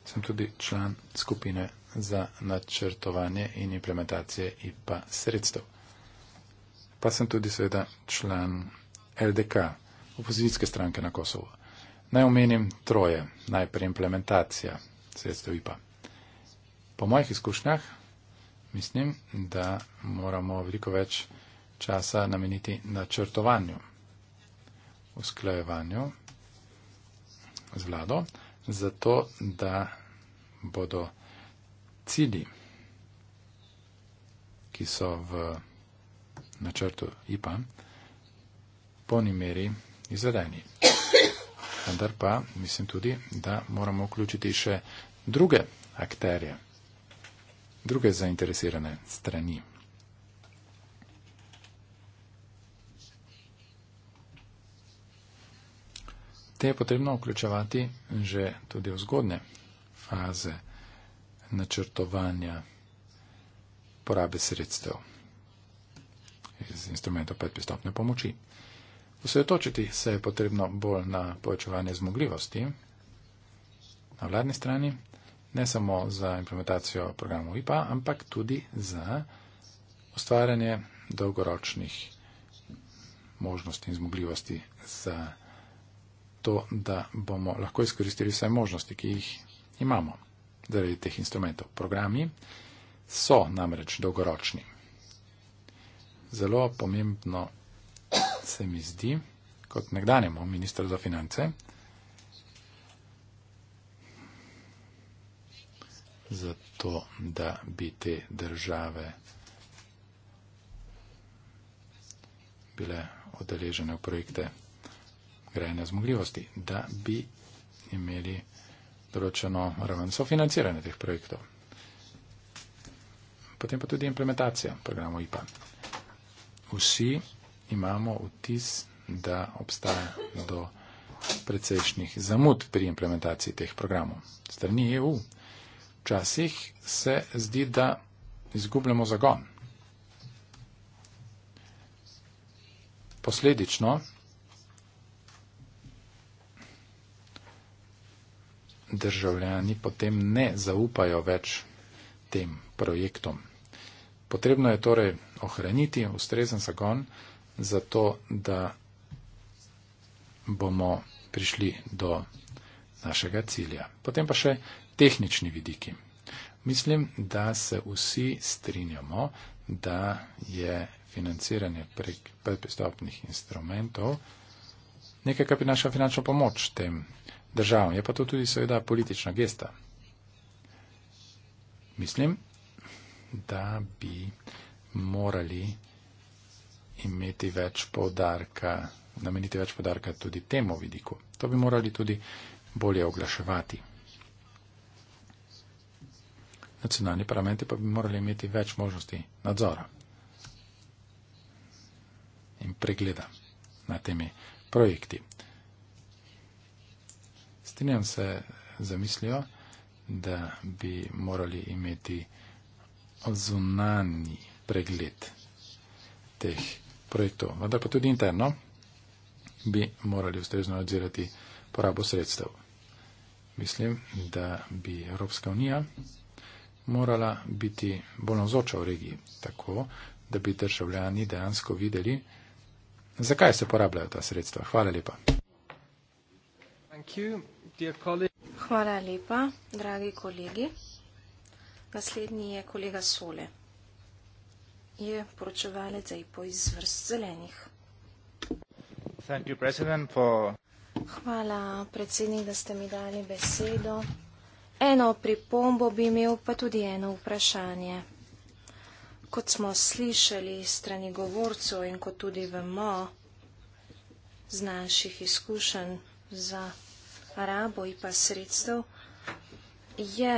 sem tudi član skupine za načrtovanje in implementacije IPA sredstev pa sem tudi seveda član LDK, opozicijske stranke na Kosovo. Naj omenim troje. Najprej implementacija sredstev IPA. Po mojih izkušnjah mislim, da moramo veliko več časa nameniti načrtovanju, usklajevanju z vlado, zato da bodo cili, ki so v načrtu IPA, polni meri izvedeni. Vendar pa mislim tudi, da moramo vključiti še druge akterje, druge zainteresirane strani. Te je potrebno vključevati že tudi v zgodne faze načrtovanja porabe sredstev iz instrumentov predpristopne pomoči. Usredotočiti se je potrebno bolj na povečevanje zmogljivosti na vladni strani, ne samo za implementacijo programov IPA, ampak tudi za ustvarjanje dolgoročnih možnosti in zmogljivosti za to, da bomo lahko izkoristili vse možnosti, ki jih imamo zaradi teh instrumentov. Programi so namreč dolgoročni zelo pomembno se mi zdi, kot nekdanjemu ministru za finance, zato da bi te države bile odeležene v projekte grajene zmogljivosti, da bi imeli določeno raven sofinanciranja teh projektov. Potem pa tudi implementacija programov IPA vsi imamo vtis, da obstaja do precejšnjih zamud pri implementaciji teh programov strani EU. Včasih se zdi, da izgubljamo zagon. Posledično državljani potem ne zaupajo več tem projektom. Potrebno je torej ohraniti ustrezen zagon, zato da bomo prišli do našega cilja. Potem pa še tehnični vidiki. Mislim, da se vsi strinjamo, da je financiranje prek predpristopnih instrumentov nekaj, kar prinaša finančno pomoč tem državam. Je pa to tudi seveda politična gesta. Mislim, da bi morali imeti več podarka, nameniti več podarka tudi temu vidiku. To bi morali tudi bolje oglaševati. Nacionalni parlamenti pa bi morali imeti več možnosti nadzora in pregleda na temi projekti. Strinjam se z mislijo, da bi morali imeti zunanji pregled teh projektov, vendar pa tudi interno bi morali ustrezno nadzirati porabo sredstev. Mislim, da bi Evropska unija morala biti bolj nazoča v regiji, tako da bi državljani dejansko videli, zakaj se porabljajo ta sredstva. Hvala lepa. Hvala lepa, dragi kolegi. Naslednji je kolega Sole. Je poročevalec za IPO iz vrst zelenih. Thank you, for... Hvala, predsednik, da ste mi dali besedo. Eno pripombo bi imel pa tudi eno vprašanje. Kot smo slišali strani govorcev in kot tudi vemo z naših izkušenj za rabo in pa sredstev, je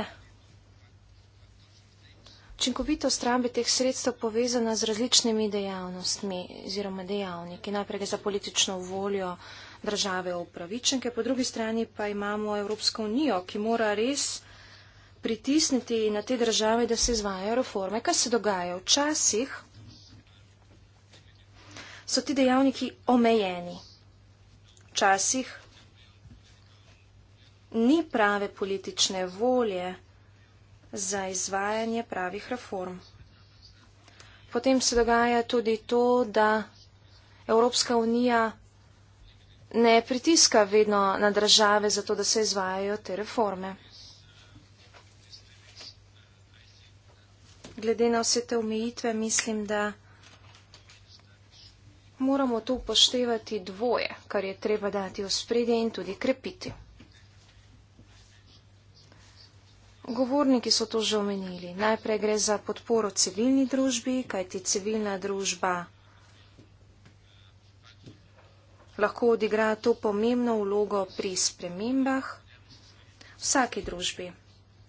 Učinkovitost rabe teh sredstev povezana z različnimi dejavnostmi oziroma dejavniki. Najprej za politično voljo države upravičenke, po drugi strani pa imamo Evropsko unijo, ki mora res pritisniti na te države, da se izvajajo reforme. Kaj se dogaja? Včasih so ti dejavniki omejeni. Včasih ni prave politične volje za izvajanje pravih reform. Potem se dogaja tudi to, da Evropska unija ne pritiska vedno na države za to, da se izvajajo te reforme. Glede na vse te omejitve mislim, da moramo to upoštevati dvoje, kar je treba dati v spredje in tudi krepiti. Govorniki so to že omenili. Najprej gre za podporo civilni družbi, kajti civilna družba lahko odigra to pomembno vlogo pri spremembah vsaki družbi.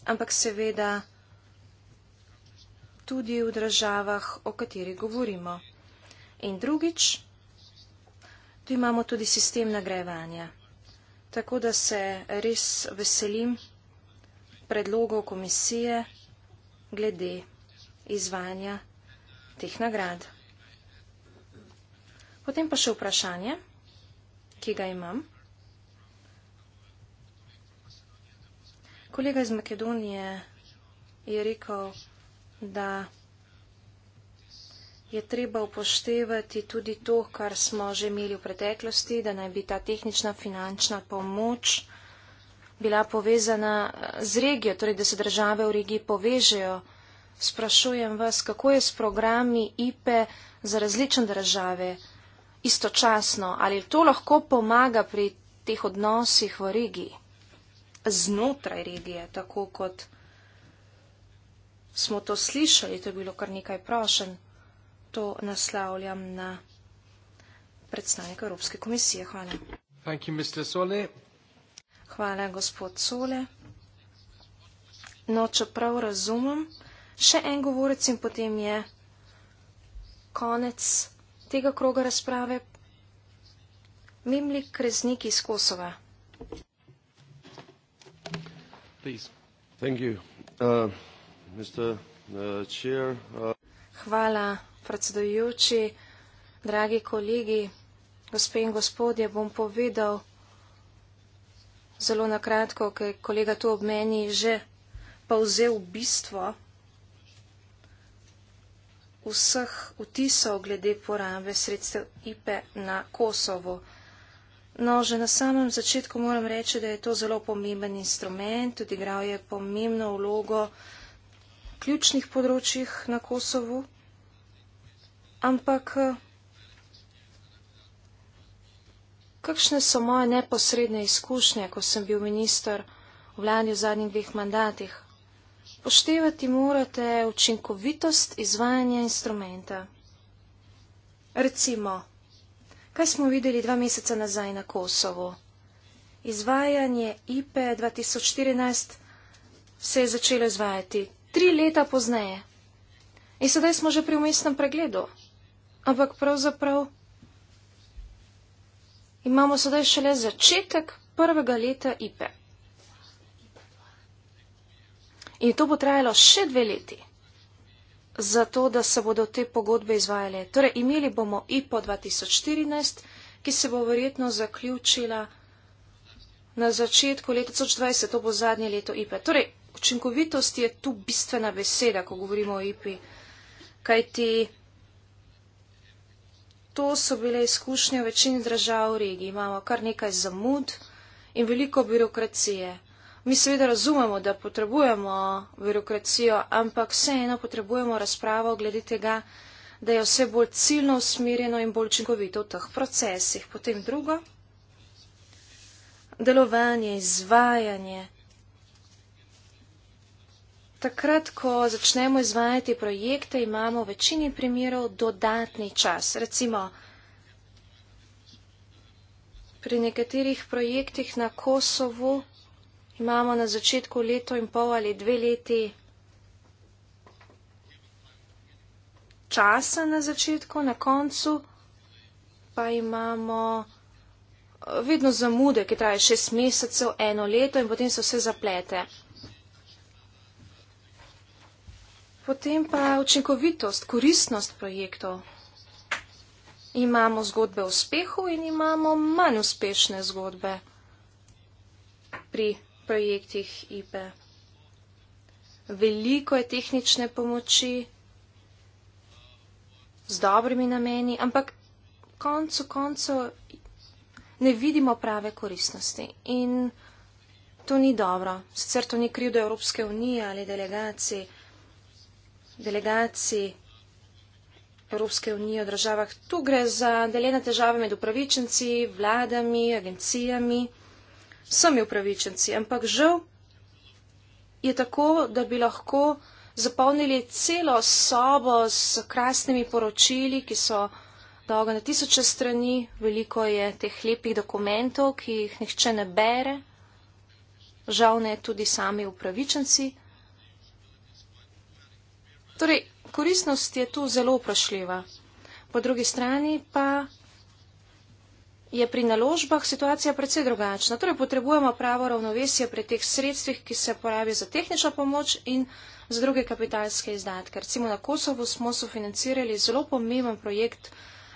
Ampak seveda tudi v državah, o kateri govorimo. In drugič, tu imamo tudi sistem nagrajevanja. Tako da se res veselim predlogov komisije glede izvajanja teh nagrad. Potem pa še vprašanje, ki ga imam. Kolega iz Makedonije je rekel, da je treba upoštevati tudi to, kar smo že imeli v preteklosti, da naj bi ta tehnična finančna pomoč bila povezana eh, z regijo, torej da se države v regiji povežejo. Sprašujem vas, kako je s programi IPE za različne države istočasno, ali to lahko pomaga pri teh odnosih v regiji, znotraj regije, tako kot smo to slišali, to je bilo kar nekaj prošen, to naslavljam na predstavnika Evropske komisije. Hvala. Thank you, Mr. Sole. Hvala, gospod Sole. No, čeprav razumem, še en govorec in potem je konec tega kroga razprave. Mimlik Kreznik iz Kosova. Uh, uh, uh, Hvala, predsedujoči, dragi kolegi, gospe in gospodje, bom povedal, zelo na kratko, ker kolega to ob meni že povzel bistvo vseh vtisov glede porabe sredstev IPE na Kosovo. No, že na samem začetku moram reči, da je to zelo pomemben instrument, tudi igral je pomembno vlogo v ključnih področjih na Kosovu, ampak kakšne so moje neposredne izkušnje, ko sem bil minister v vladi v zadnjih dveh mandatih. Poštevati morate učinkovitost izvajanja instrumenta. Recimo, kaj smo videli dva meseca nazaj na Kosovo? Izvajanje IPE 2014 se je začelo izvajati tri leta pozneje. In sedaj smo že pri umestnem pregledu. Ampak pravzaprav imamo sedaj šele začetek prvega leta IPE. In to bo trajalo še dve leti, zato da se bodo te pogodbe izvajale. Torej, imeli bomo IPO e 2014, ki se bo verjetno zaključila na začetku leta 2020, to bo zadnje leto IPE. Torej, učinkovitost je tu bistvena beseda, ko govorimo o IPE. Kaj ti to so bile izkušnje v večini držav v regiji. Imamo kar nekaj zamud in veliko birokracije. Mi seveda razumemo, da potrebujemo birokracijo, ampak vseeno potrebujemo razpravo glede tega, da je vse bolj ciljno usmerjeno in bolj učinkovito v teh procesih. Potem drugo. Delovanje, izvajanje. Takrat, ko začnemo izvajati projekte, imamo v večini primerov dodatni čas. Recimo, pri nekaterih projektih na Kosovu imamo na začetku leto in pol ali dve leti časa na začetku, na koncu pa imamo eh, vedno zamude, ki traje šest mesecev, eno leto in potem se vse zaplete. Potem pa učinkovitost, koristnost projektov. Imamo zgodbe o uspehu in imamo manj uspešne zgodbe pri projektih IPE. Veliko je tehnične pomoči z dobrimi nameni, ampak koncu koncu ne vidimo prave koristnosti in to ni dobro. Sicer to ni krivdo Evropske unije ali delegacije delegacij Evropske unije v državah. Tu gre za deljene težave med upravičenci, vladami, agencijami, vsemi upravičenci. Ampak žal je tako, da bi lahko zapolnili celo sobo s krasnimi poročili, ki so dolga na tisoče strani, veliko je teh lepih dokumentov, ki jih nihče ne bere, žal ne tudi sami upravičenci. Torej, koristnost je tu zelo vprašljiva. Po drugi strani pa je pri naložbah situacija predvsej drugačna. Torej, potrebujemo pravo ravnovesje pri teh sredstvih, ki se porabijo za tehnično pomoč in za druge kapitalske izdatke. Recimo na Kosovo smo sofinancirali zelo pomemben projekt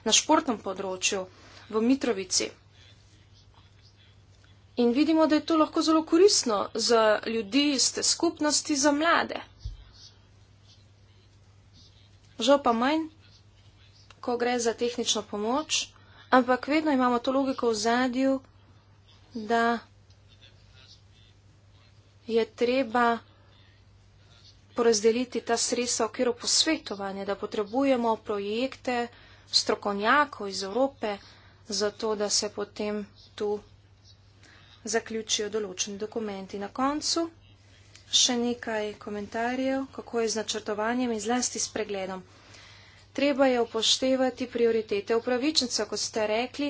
na športnem področju v Mitrovici. In vidimo, da je to lahko zelo koristno za ljudi iz te skupnosti, za mlade žal pa manj, ko gre za tehnično pomoč, ampak vedno imamo to logiko v zadju, da je treba porazdeliti ta sredstva v okviru posvetovanja, da potrebujemo projekte strokovnjakov iz Evrope, zato da se potem tu zaključijo določeni dokumenti na koncu še nekaj komentarjev, kako je z načrtovanjem in zlasti s pregledom. Treba je upoštevati prioritete upravičencev, kot ste rekli,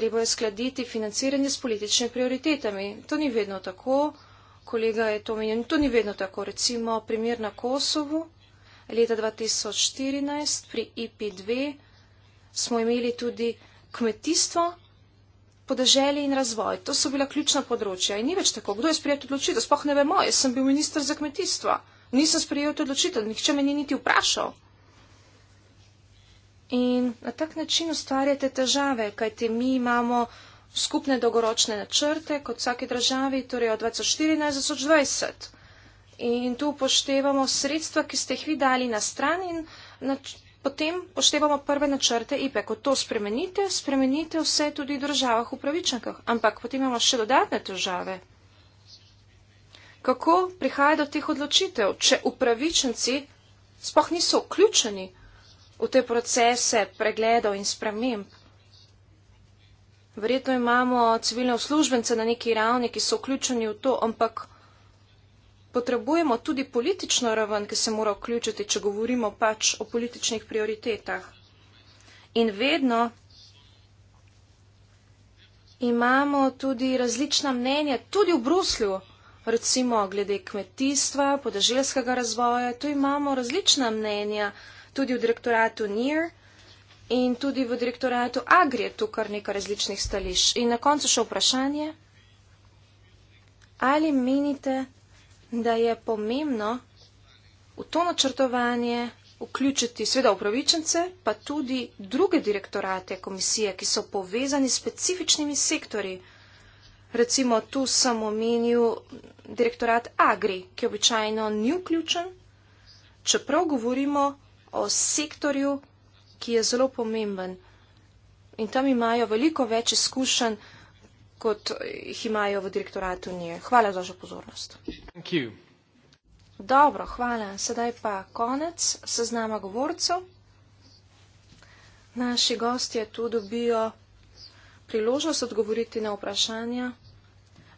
treba je skladiti financiranje s političnimi prioritetami. To ni vedno tako, kolega je to menil, to ni vedno tako. Recimo primer na Kosovu leta 2014 pri IP2 smo imeli tudi kmetijstvo, podeželje in razvoj. To so bila ključna področja in ni več tako. Kdo je sprejel to odločitev? Spoh ne vemo, jaz sem bil ministr za kmetijstvo. Nisem sprejel to odločitev, nihče me ni niti vprašal. In na tak način ustvarjate težave, kajte mi imamo skupne dolgoročne načrte kot vsake državi, torej od 2014 do 2020. In tu upoštevamo sredstva, ki ste jih vi dali na stran in Potem poštevamo prve načrte IPE. Ko to spremenite, spremenite vse tudi v državah upravičankah. Ampak potem imamo še dodatne težave. Kako prihaja do teh odločitev, če upravičenci spoh niso vključeni v te procese pregledov in sprememb? Verjetno imamo civilne uslužbence na neki ravni, ki so vključeni v to, ampak potrebujemo tudi politično raven, ki se mora vključiti, če govorimo pač o političnih prioritetah. In vedno imamo tudi različna mnenja, tudi v Bruslju, recimo glede kmetijstva, podeželskega razvoja, tu imamo različna mnenja tudi v direktoratu NIR in tudi v direktoratu AGRI je tu kar nekaj različnih stališč. In na koncu še vprašanje, ali menite, da je pomembno v to načrtovanje vključiti sveda upravičence, pa tudi druge direktorate komisije, ki so povezani s specifičnimi sektori. Recimo tu sem omenil direktorat Agri, ki običajno ni vključen, čeprav govorimo o sektorju, ki je zelo pomemben. In tam imajo veliko več izkušenj, kot jih imajo v direktoratu nje. Hvala za vašo pozornost. Dobro, hvala. Sedaj pa konec seznama govorcev. Naši gostje tu dobijo priložnost odgovoriti na vprašanja.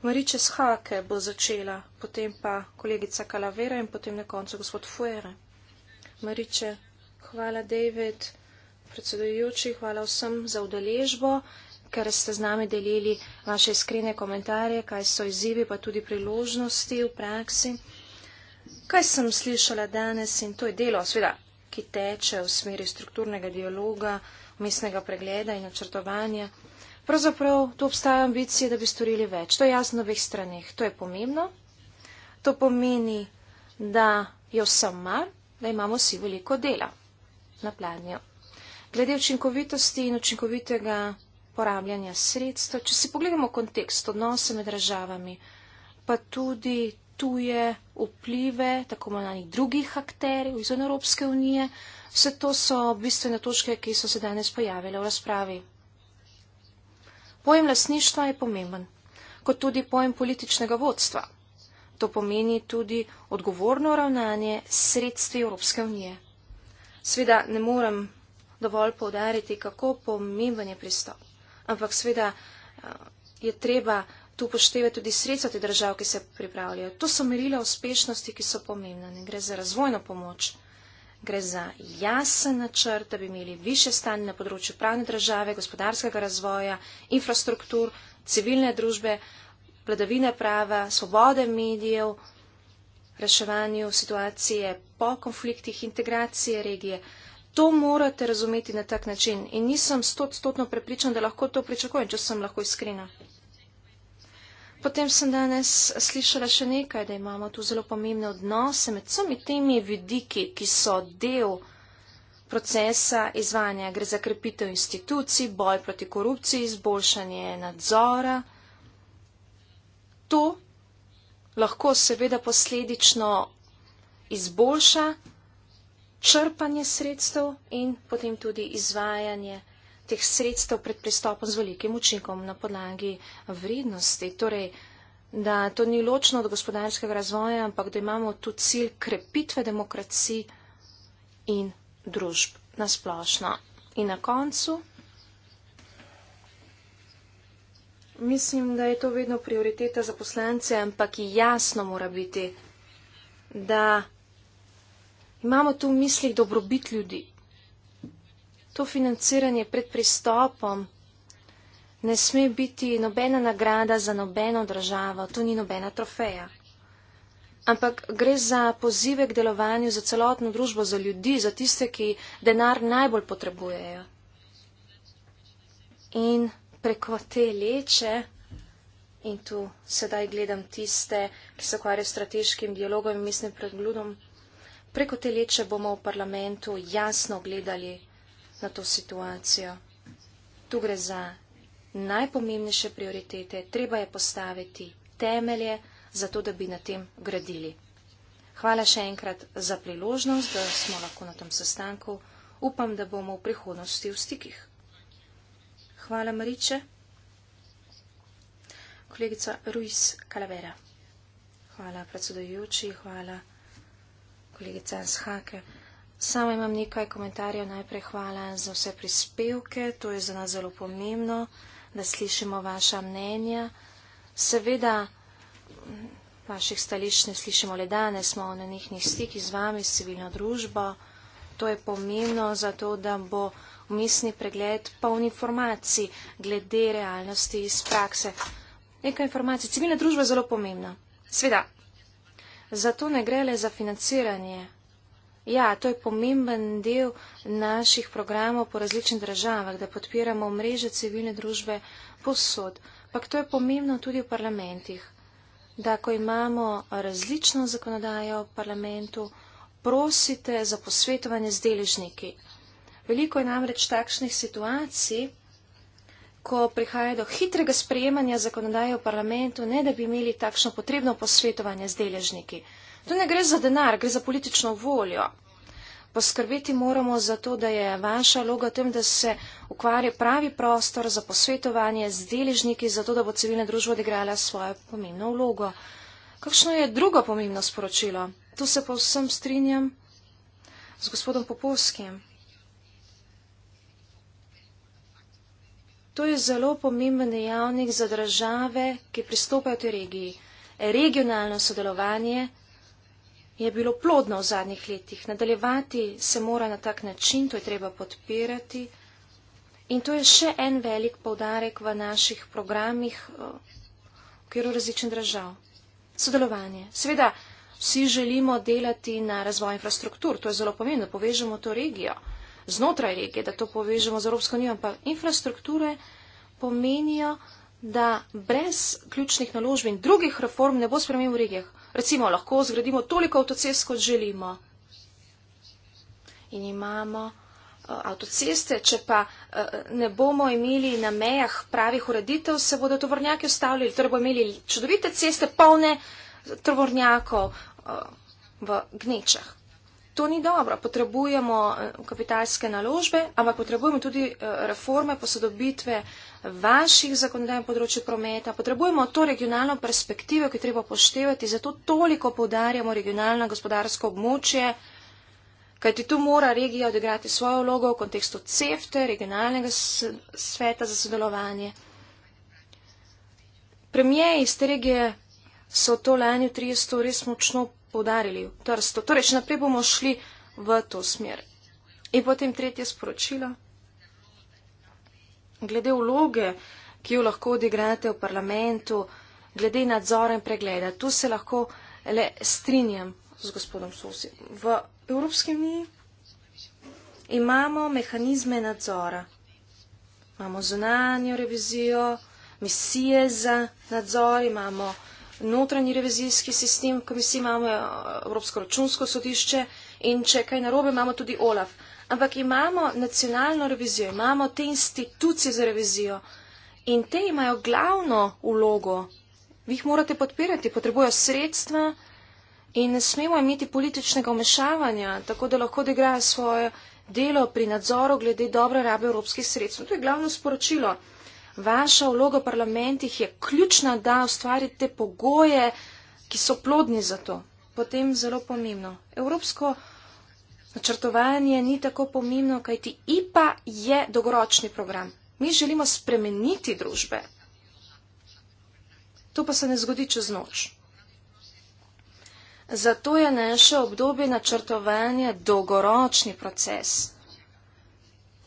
Mariče Schake bo začela, potem pa kolegica Kalavera in potem na koncu gospod Fuere. Mariče, hvala David, predsedujoči, hvala vsem za udeležbo ker ste z nami delili vaše iskrene komentarje, kaj so izzivi, pa tudi priložnosti v praksi. Kaj sem slišala danes in to je delo, sveda, ki teče v smeri strukturnega dialoga, mestnega pregleda in načrtovanja. Pravzaprav tu obstaja ambicija, da bi storili več. To je jasno na obeh straneh. To je pomembno. To pomeni, da jo sem mar, da imamo vsi veliko dela na planju. Glede učinkovitosti in učinkovitega porabljanja sredstev, če si pogledamo kontekst odnose med državami, pa tudi tuje vplive tako imenovanih drugih akterjev iz Evropske unije, vse to so bistvene točke, ki so se danes pojavile v razpravi. Pojem lasništva je pomemben, kot tudi pojem političnega vodstva. To pomeni tudi odgovorno ravnanje sredstvi Evropske unije. Sveda ne morem dovolj povdariti, kako pomemben je pristop ampak sveda eh, je treba tu poštevati tudi sredstva te držav, ki se pripravljajo. To so merila uspešnosti, ki so pomembna. Ne gre za razvojno pomoč, gre za jasen načrt, da bi imeli više stanje na področju pravne države, gospodarskega razvoja, infrastruktur, civilne družbe, vladavine prava, svobode medijev, reševanju situacije po konfliktih integracije regije. To morate razumeti na tak način in nisem stotstotno prepričan, da lahko to pričakujem, če sem lahko iskrena. Potem sem danes slišala še nekaj, da imamo tu zelo pomembne odnose med vsemi temi vidiki, ki so del procesa izvanja. Gre za krepitev institucij, boj proti korupciji, izboljšanje nadzora. To lahko seveda posledično izboljša črpanje sredstev in potem tudi izvajanje teh sredstev pred pristopom z velikim učinkom na podlagi vrednosti. Torej, da to ni ločno od gospodarskega razvoja, ampak da imamo tu cilj krepitve demokracij in družb na splošno. In na koncu. Mislim, da je to vedno prioriteta za poslance, ampak jasno mora biti, da Imamo tu v mislih dobrobit ljudi. To financiranje pred pristopom ne sme biti nobena nagrada za nobeno državo, to ni nobena trofeja. Ampak gre za pozive k delovanju za celotno družbo, za ljudi, za tiste, ki denar najbolj potrebujejo. In preko te leče, in tu sedaj gledam tiste, ki se ukvarjajo s strateškim dialogom in mislim pred gludom, preko teleče bomo v parlamentu jasno gledali na to situacijo. Tu gre za najpomembnejše prioritete, treba je postaviti temelje za to, da bi na tem gradili. Hvala še enkrat za priložnost, da smo lahko na tem sestanku. Upam, da bomo v prihodnosti v stikih. Hvala, Mariče. Kolegica Ruiz Calavera. Hvala, predsedojoči. Hvala kolegica Zhake. Sama imam nekaj komentarjev, najprej hvala za vse prispevke, to je za nas zelo pomembno, da slišimo vaša mnenja. Seveda, vaših stališč ne slišimo le danes, smo na njih njih stik z vami, s civilno družbo. To je pomembno zato, da bo umestni pregled poln informacij glede realnosti iz prakse. Nekaj informacij. Civilna družba je zelo pomembna. Sveda, zato ne gre le za financiranje. Ja, to je pomemben del naših programov po različnih državah, da podpiramo mreže civilne družbe posod. Pak to je pomembno tudi v parlamentih, da ko imamo različno zakonodajo v parlamentu, prosite za posvetovanje z deležniki. Veliko je namreč takšnih situacij, ko prihaja do hitrega sprejemanja zakonodaje v parlamentu, ne da bi imeli takšno potrebno posvetovanje z deležniki. Tu ne gre za denar, gre za politično voljo. Poskrbeti moramo za to, da je vaša loga tem, da se ukvarja pravi prostor za posvetovanje z deležniki, zato da bo civilna družba odigrala svojo pomembno vlogo. Kakšno je drugo pomembno sporočilo? Tu se povsem strinjam z gospodom Popovskim. To je zelo pomemben dejavnik za države, ki pristopajo v tej regiji. Regionalno sodelovanje je bilo plodno v zadnjih letih. Nadaljevati se mora na tak način, to je treba podpirati. In to je še en velik povdarek v naših programih eh, v okviru različnih držav. Sodelovanje. Seveda, vsi želimo delati na razvoj infrastruktur, to je zelo pomembno, povežemo to regijo znotraj regije, da to povežemo z Evropsko unijo, ampak infrastrukture pomenijo, da brez ključnih naložb in drugih reform ne bo spremenil v regijah. Recimo lahko zgradimo toliko avtocest, kot želimo. In imamo eh, avtoceste, če pa eh, ne bomo imeli na mejah pravih ureditev, se bodo tovornjaki ustavljali, torej bomo imeli čudovite ceste, polne tovornjakov eh, v gnečah. To ni dobro. Potrebujemo eh, kapitalske naložbe, ampak potrebujemo tudi eh, reforme posodobitve vaših zakonodajnih področji prometa. Potrebujemo to regionalno perspektivo, ki treba poštevati. Zato toliko povdarjamo regionalno gospodarsko območje, kajti tu mora regija odigrati svojo vlogo v kontekstu CEFTE, regionalnega sveta za sodelovanje. Premijeji iz te regije so to lani v 30. res močno poudarili v Trsto. Torej, še naprej bomo šli v to smer. In potem tretje sporočilo. Glede vloge, ki jo lahko odigrate v parlamentu, glede nadzora in pregleda. Tu se lahko le strinjam z gospodom Sosi. V Evropski uniji imamo mehanizme nadzora. Imamo zunanjo revizijo, misije za nadzor, imamo notranji revizijski sistem, komisij imamo eh, Evropsko računsko sodišče in če kaj narobe, imamo tudi OLAF. Ampak imamo nacionalno revizijo, imamo te institucije za revizijo in te imajo glavno ulogo. Vi jih morate podpirati, potrebujo sredstva in ne smemo imeti političnega omešavanja, tako da lahko degrajo svoje delo pri nadzoru glede dobre rabe evropskih sredstv. To je glavno sporočilo vaša vloga v parlamentih je ključna, da ustvarite pogoje, ki so plodni za to. Potem zelo pomembno. Evropsko načrtovanje ni tako pomembno, kajti IPA je dolgoročni program. Mi želimo spremeniti družbe. To pa se ne zgodi čez noč. Zato je naše obdobje načrtovanja dolgoročni proces,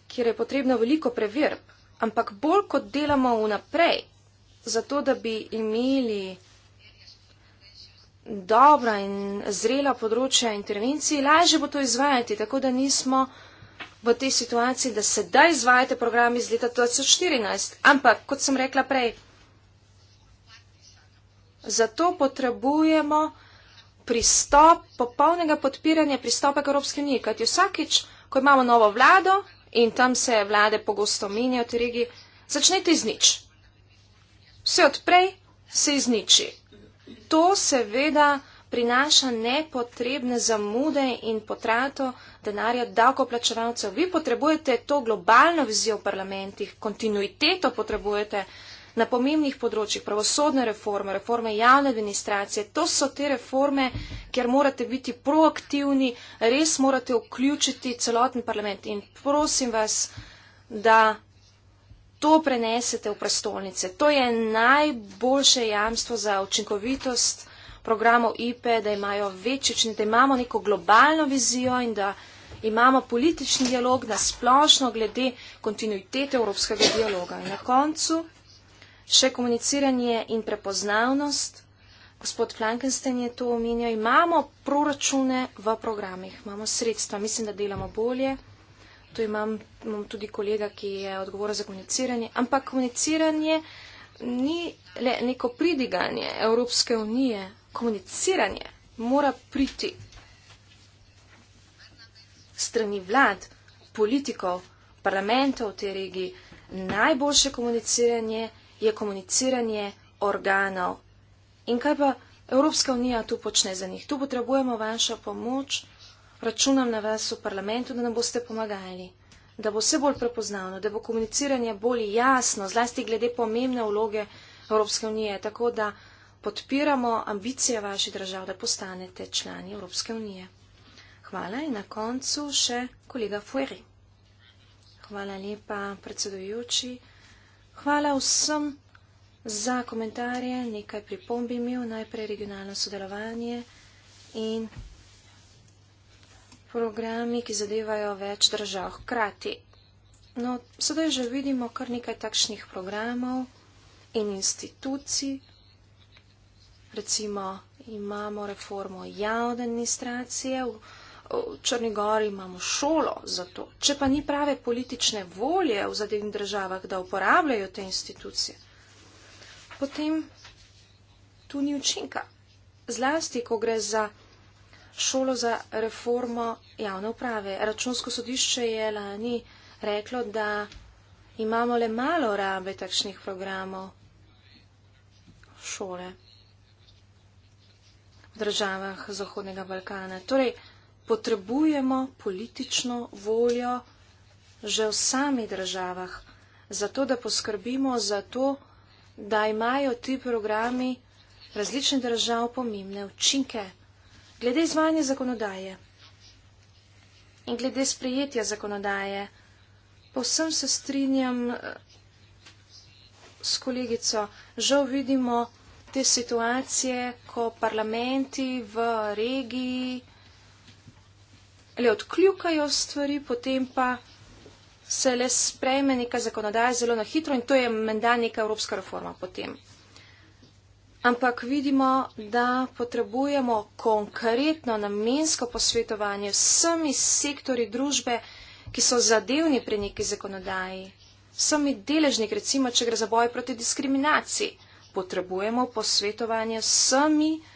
kjer je potrebno veliko preverb, ampak bolj kot delamo vnaprej, zato da bi imeli dobra in zrela področja intervencij, lažje bo to izvajati, tako da nismo v tej situaciji, da sedaj izvajate program iz leta 2014. Ampak, kot sem rekla prej, zato potrebujemo pristop popolnega podpiranja pristopa k Evropski uniji, kajti vsakič, ko imamo novo vlado, in tam se vlade pogosto menijo, ti regi, začnete iz nič. Vse odprej se izniči. To seveda prinaša nepotrebne zamude in potrato denarja davkoplačevalcev. Vi potrebujete to globalno vizijo v parlamentih, kontinuiteto potrebujete na pomembnih področjih, pravosodne reforme, reforme javne administracije, to so te reforme, kjer morate biti proaktivni, res morate vključiti celoten parlament in prosim vas, da to prenesete v prestolnice. To je najboljše jamstvo za učinkovitost programov IPE, da imajo večji učinek, da imamo neko globalno vizijo in da imamo politični dialog na splošno glede kontinuitete evropskega dialoga. In na koncu še komuniciranje in prepoznavnost. Gospod Flankenstein je to omenjal. Imamo proračune v programih, imamo sredstva, mislim, da delamo bolje. Tu imam, imam tudi kolega, ki je odgovoren za komuniciranje. Ampak komuniciranje ni le neko pridiganje Evropske unije. Komuniciranje mora priti strani vlad, politikov, parlamentov v tej regiji. Najboljše komuniciranje je komuniciranje organov. In kaj pa Evropska unija tu počne za njih? Tu potrebujemo vašo pomoč, računam na vas v parlamentu, da nam boste pomagali, da bo vse bolj prepoznavno, da bo komuniciranje bolj jasno, zlasti glede pomembne vloge Evropske unije, tako da podpiramo ambicije vaših držav, da postanete člani Evropske unije. Hvala in na koncu še kolega Fueri. Hvala lepa, predsedujoči. Hvala vsem za komentarje, nekaj pripomb bi imel, najprej regionalno sodelovanje in programi, ki zadevajo več držav hkrati. No, sedaj že vidimo kar nekaj takšnih programov in institucij. Recimo imamo reformo javne administracije v Hrvatskoj v Črni gori imamo šolo za to. Če pa ni prave politične volje v zadevnih državah, da uporabljajo te institucije, potem tu ni učinka. Zlasti, ko gre za šolo za reformo javne uprave. Računsko sodišče je lani reklo, da imamo le malo rabe takšnih programov šole v državah Zahodnega Balkana. Torej, potrebujemo politično voljo že v sami državah, zato da poskrbimo za to, da imajo ti programi različnih držav pomembne učinke. Glede izvajanja zakonodaje in glede sprejetja zakonodaje, posem se strinjam eh, s kolegico, žal vidimo te situacije, ko parlamenti v regiji le odkljukajo stvari, potem pa se le sprejme neka zakonodaja zelo na hitro in to je menda neka evropska reforma potem. Ampak vidimo, da potrebujemo konkretno namensko posvetovanje vsemi sektori družbe, ki so zadevni pri neki zakonodaji, vsemi deležniki, recimo, če gre za boj proti diskriminaciji. Potrebujemo posvetovanje vsemi sektori družbe,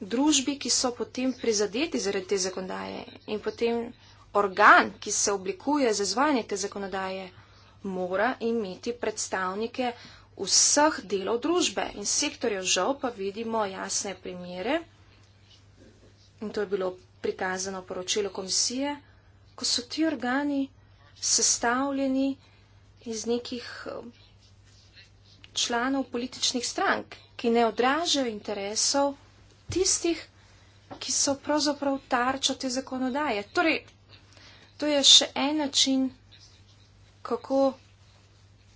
družbi, ki so potem prizadeti zaradi te zakonodaje in potem organ, ki se oblikuje za zvanje te zakonodaje, mora imeti predstavnike vseh delov družbe in sektorjev. Žal pa vidimo jasne primere in to je bilo prikazano poročilo komisije, ko so ti organi sestavljeni iz nekih eh, članov političnih strank, ki ne odražajo interesov tistih, ki so pravzaprav tarča te zakonodaje. Torej, to je še en način, kako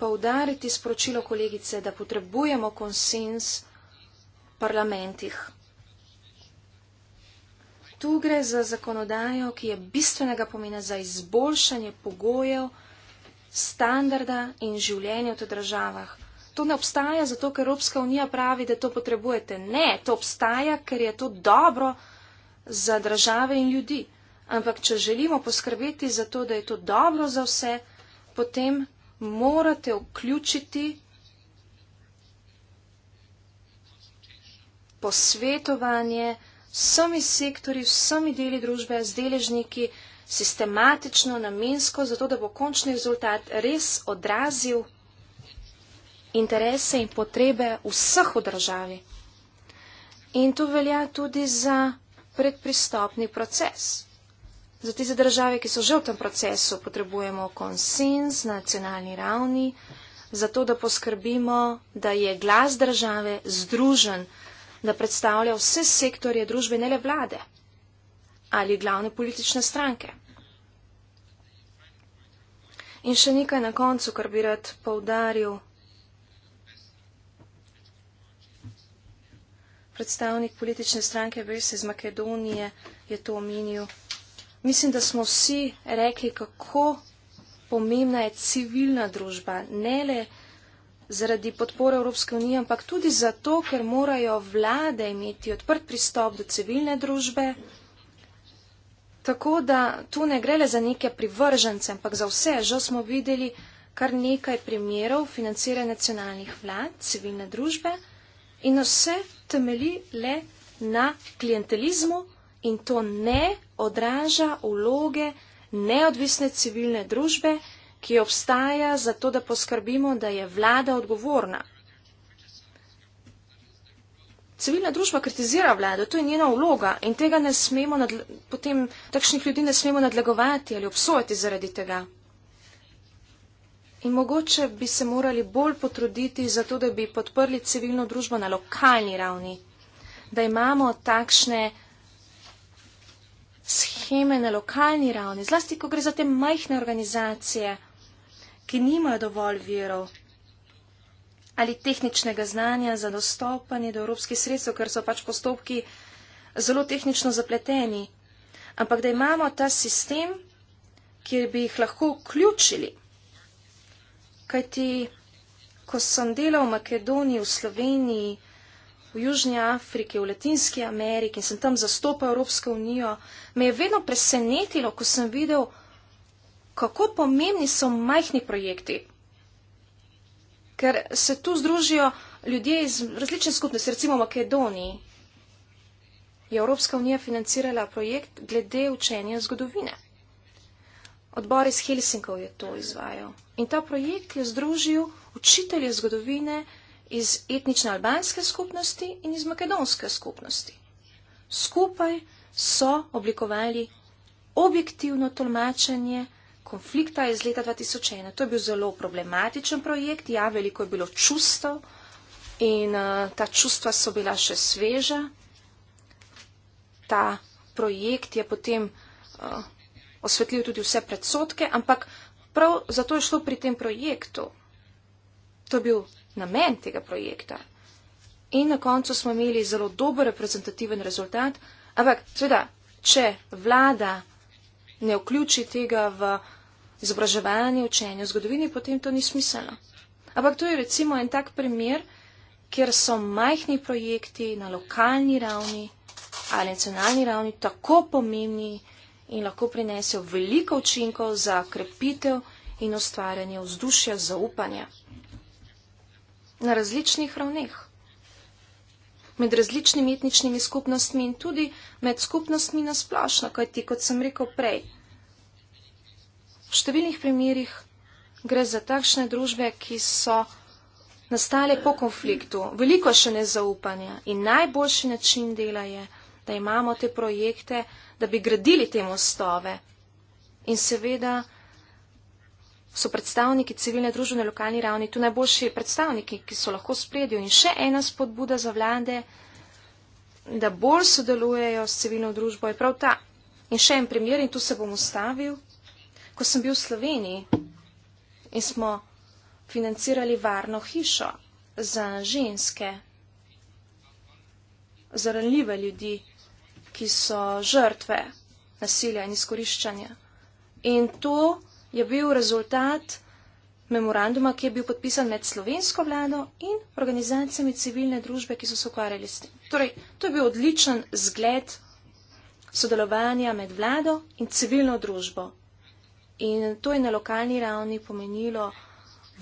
povdariti sporočilo kolegice, da potrebujemo konsens v parlamentih. Tu gre za zakonodajo, ki je bistvenega pomena za izboljšanje pogojev, standarda in življenja v teh državah to ne obstaja zato, ker Evropska unija pravi, da to potrebujete. Ne, to obstaja, ker je to dobro za države in ljudi. Ampak, če želimo poskrbeti za to, da je to dobro za vse, potem morate vključiti posvetovanje vsemi sektori, vsemi deli družbe, z deležniki, sistematično, namensko, zato da bo končni rezultat res odrazil interese in potrebe vseh v državi. In to velja tudi za predpristopni proces. Za tiste države, ki so že v tem procesu, potrebujemo konsens na nacionalni ravni, zato da poskrbimo, da je glas države združen, da predstavlja vse sektorje družbe, ne le vlade ali glavne politične stranke. In še nekaj na koncu, kar bi rad poudaril. predstavnik politične stranke VS iz Makedonije je to omenil. Mislim, da smo vsi rekli, kako pomembna je civilna družba, ne le zaradi podpore Evropske unije, ampak tudi zato, ker morajo vlade imeti odprt pristop do civilne družbe. Tako da tu ne gre le za neke privržence, ampak za vse. Žal smo videli kar nekaj primerov financiranja nacionalnih vlad, civilne družbe in vse temeli le na klientelizmu in to ne odraža vloge neodvisne civilne družbe, ki obstaja zato, da poskrbimo, da je vlada odgovorna. Civilna družba kritizira vlado, to je njena vloga in tega ne smemo, nadle, potem takšnih ljudi ne smemo nadlegovati ali obsojati zaradi tega. In mogoče bi se morali bolj potruditi za to, da bi podprli civilno družbo na lokalni ravni, da imamo takšne scheme na lokalni ravni, zlasti, ko gre za te majhne organizacije, ki nimajo dovolj virov ali tehničnega znanja za dostopanje do evropskih sredstev, ker so pač postopki zelo tehnično zapleteni, ampak da imamo ta sistem, kjer bi jih lahko vključili kajti ko sem delal v Makedoniji, v Sloveniji, v Južnji Afriki, v Latinski Ameriki in sem tam zastopal Evropsko unijo, me je vedno presenetilo, ko sem videl, kako pomembni so majhni projekti. Ker se tu združijo ljudje iz različnih skupnosti, recimo v Makedoniji je Evropska unija financirala projekt glede učenja zgodovine. Odbor iz Helsinkov je to izvajal. In ta projekt je združil učitelje zgodovine iz etnične albanske skupnosti in iz makedonske skupnosti. Skupaj so oblikovali objektivno tolmačenje konflikta iz leta 2001. To je bil zelo problematičen projekt, ja, veliko je bilo čustev in uh, ta čustva so bila še sveža. Ta projekt je potem uh, osvetlil tudi vse predsotke, ampak prav zato je šlo pri tem projektu. To je bil namen tega projekta. In na koncu smo imeli zelo dober reprezentativen rezultat, ampak seveda, če vlada ne vključi tega v izobraževanje, učenje, zgodovini, potem to ni smiselno. Ampak to je recimo en tak primer, kjer so majhni projekti na lokalni ravni ali nacionalni ravni tako pomembni, in lahko prinesel veliko učinkov za krepitev in ustvarjanje vzdušja zaupanja na različnih ravneh, med različnimi etničnimi skupnostmi in tudi med skupnostmi nasplošno, kajti, kot sem rekel prej, v številnih primerjih gre za takšne družbe, ki so nastale po konfliktu, veliko še nezaupanja in najboljši način dela je, da imamo te projekte, da bi gradili te mostove. In seveda so predstavniki civilne družbe na lokalni ravni tu najboljši predstavniki, ki so lahko spredju. In še ena spodbuda za vlade, da bolj sodelujejo s civilno družbo, je prav ta. In še en primer, in tu se bom ustavil, ko sem bil v Sloveniji in smo financirali varno hišo za ženske, za ranljive ljudi ki so žrtve nasilja in izkoriščanja. In to je bil rezultat memoranduma, ki je bil podpisan med slovensko vlado in organizacijami civilne družbe, ki so se ukvarjali s tem. Torej, to je bil odličen zgled sodelovanja med vlado in civilno družbo. In to je na lokalni ravni pomenilo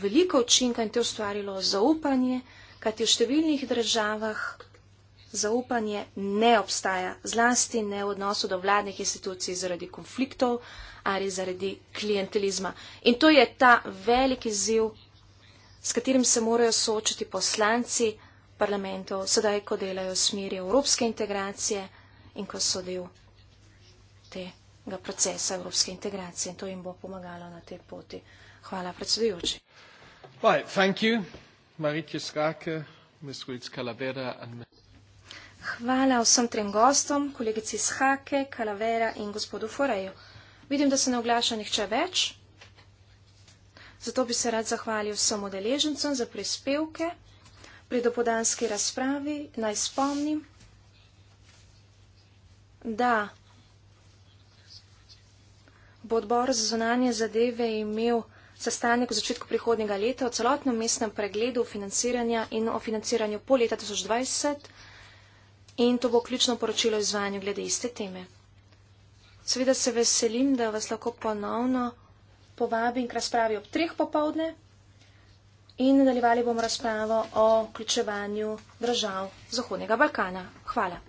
veliko učinka in to je ustvarilo zaupanje, kajti v številnih državah zaupanje ne obstaja, zlasti ne v odnosu do vladnih institucij zaradi konfliktov ali zaradi klientelizma. In to je ta veliki ziv, s katerim se morajo soočiti poslanci parlamentov, sedaj, ko delajo v smeri evropske integracije in ko so del tega procesa evropske integracije. In to jim bo pomagalo na tej poti. Hvala, predsedujoči. Right, thank you. Marietje Skake, Ms. Ruiz Calavera and Ms. Hvala vsem trem gostom, kolegici Shake, Kalavera in gospodu Foreju. Vidim, da se ne oglaša nihče več. Zato bi se rad zahvalil vsem udeležencem za prispevke. Pri dopodanski razpravi naj spomnim, da bo odbor za zunanje zadeve imel sestanek v začetku prihodnega leta o celotnem mestnem pregledu financiranja in o financiranju po leta 2020 in to bo ključno poročilo izvajanju glede iste teme. Seveda se veselim, da vas lahko ponovno povabim k razpravi ob treh popovdne in nadaljevali bomo razpravo o vključevanju držav Zahodnega Balkana. Hvala.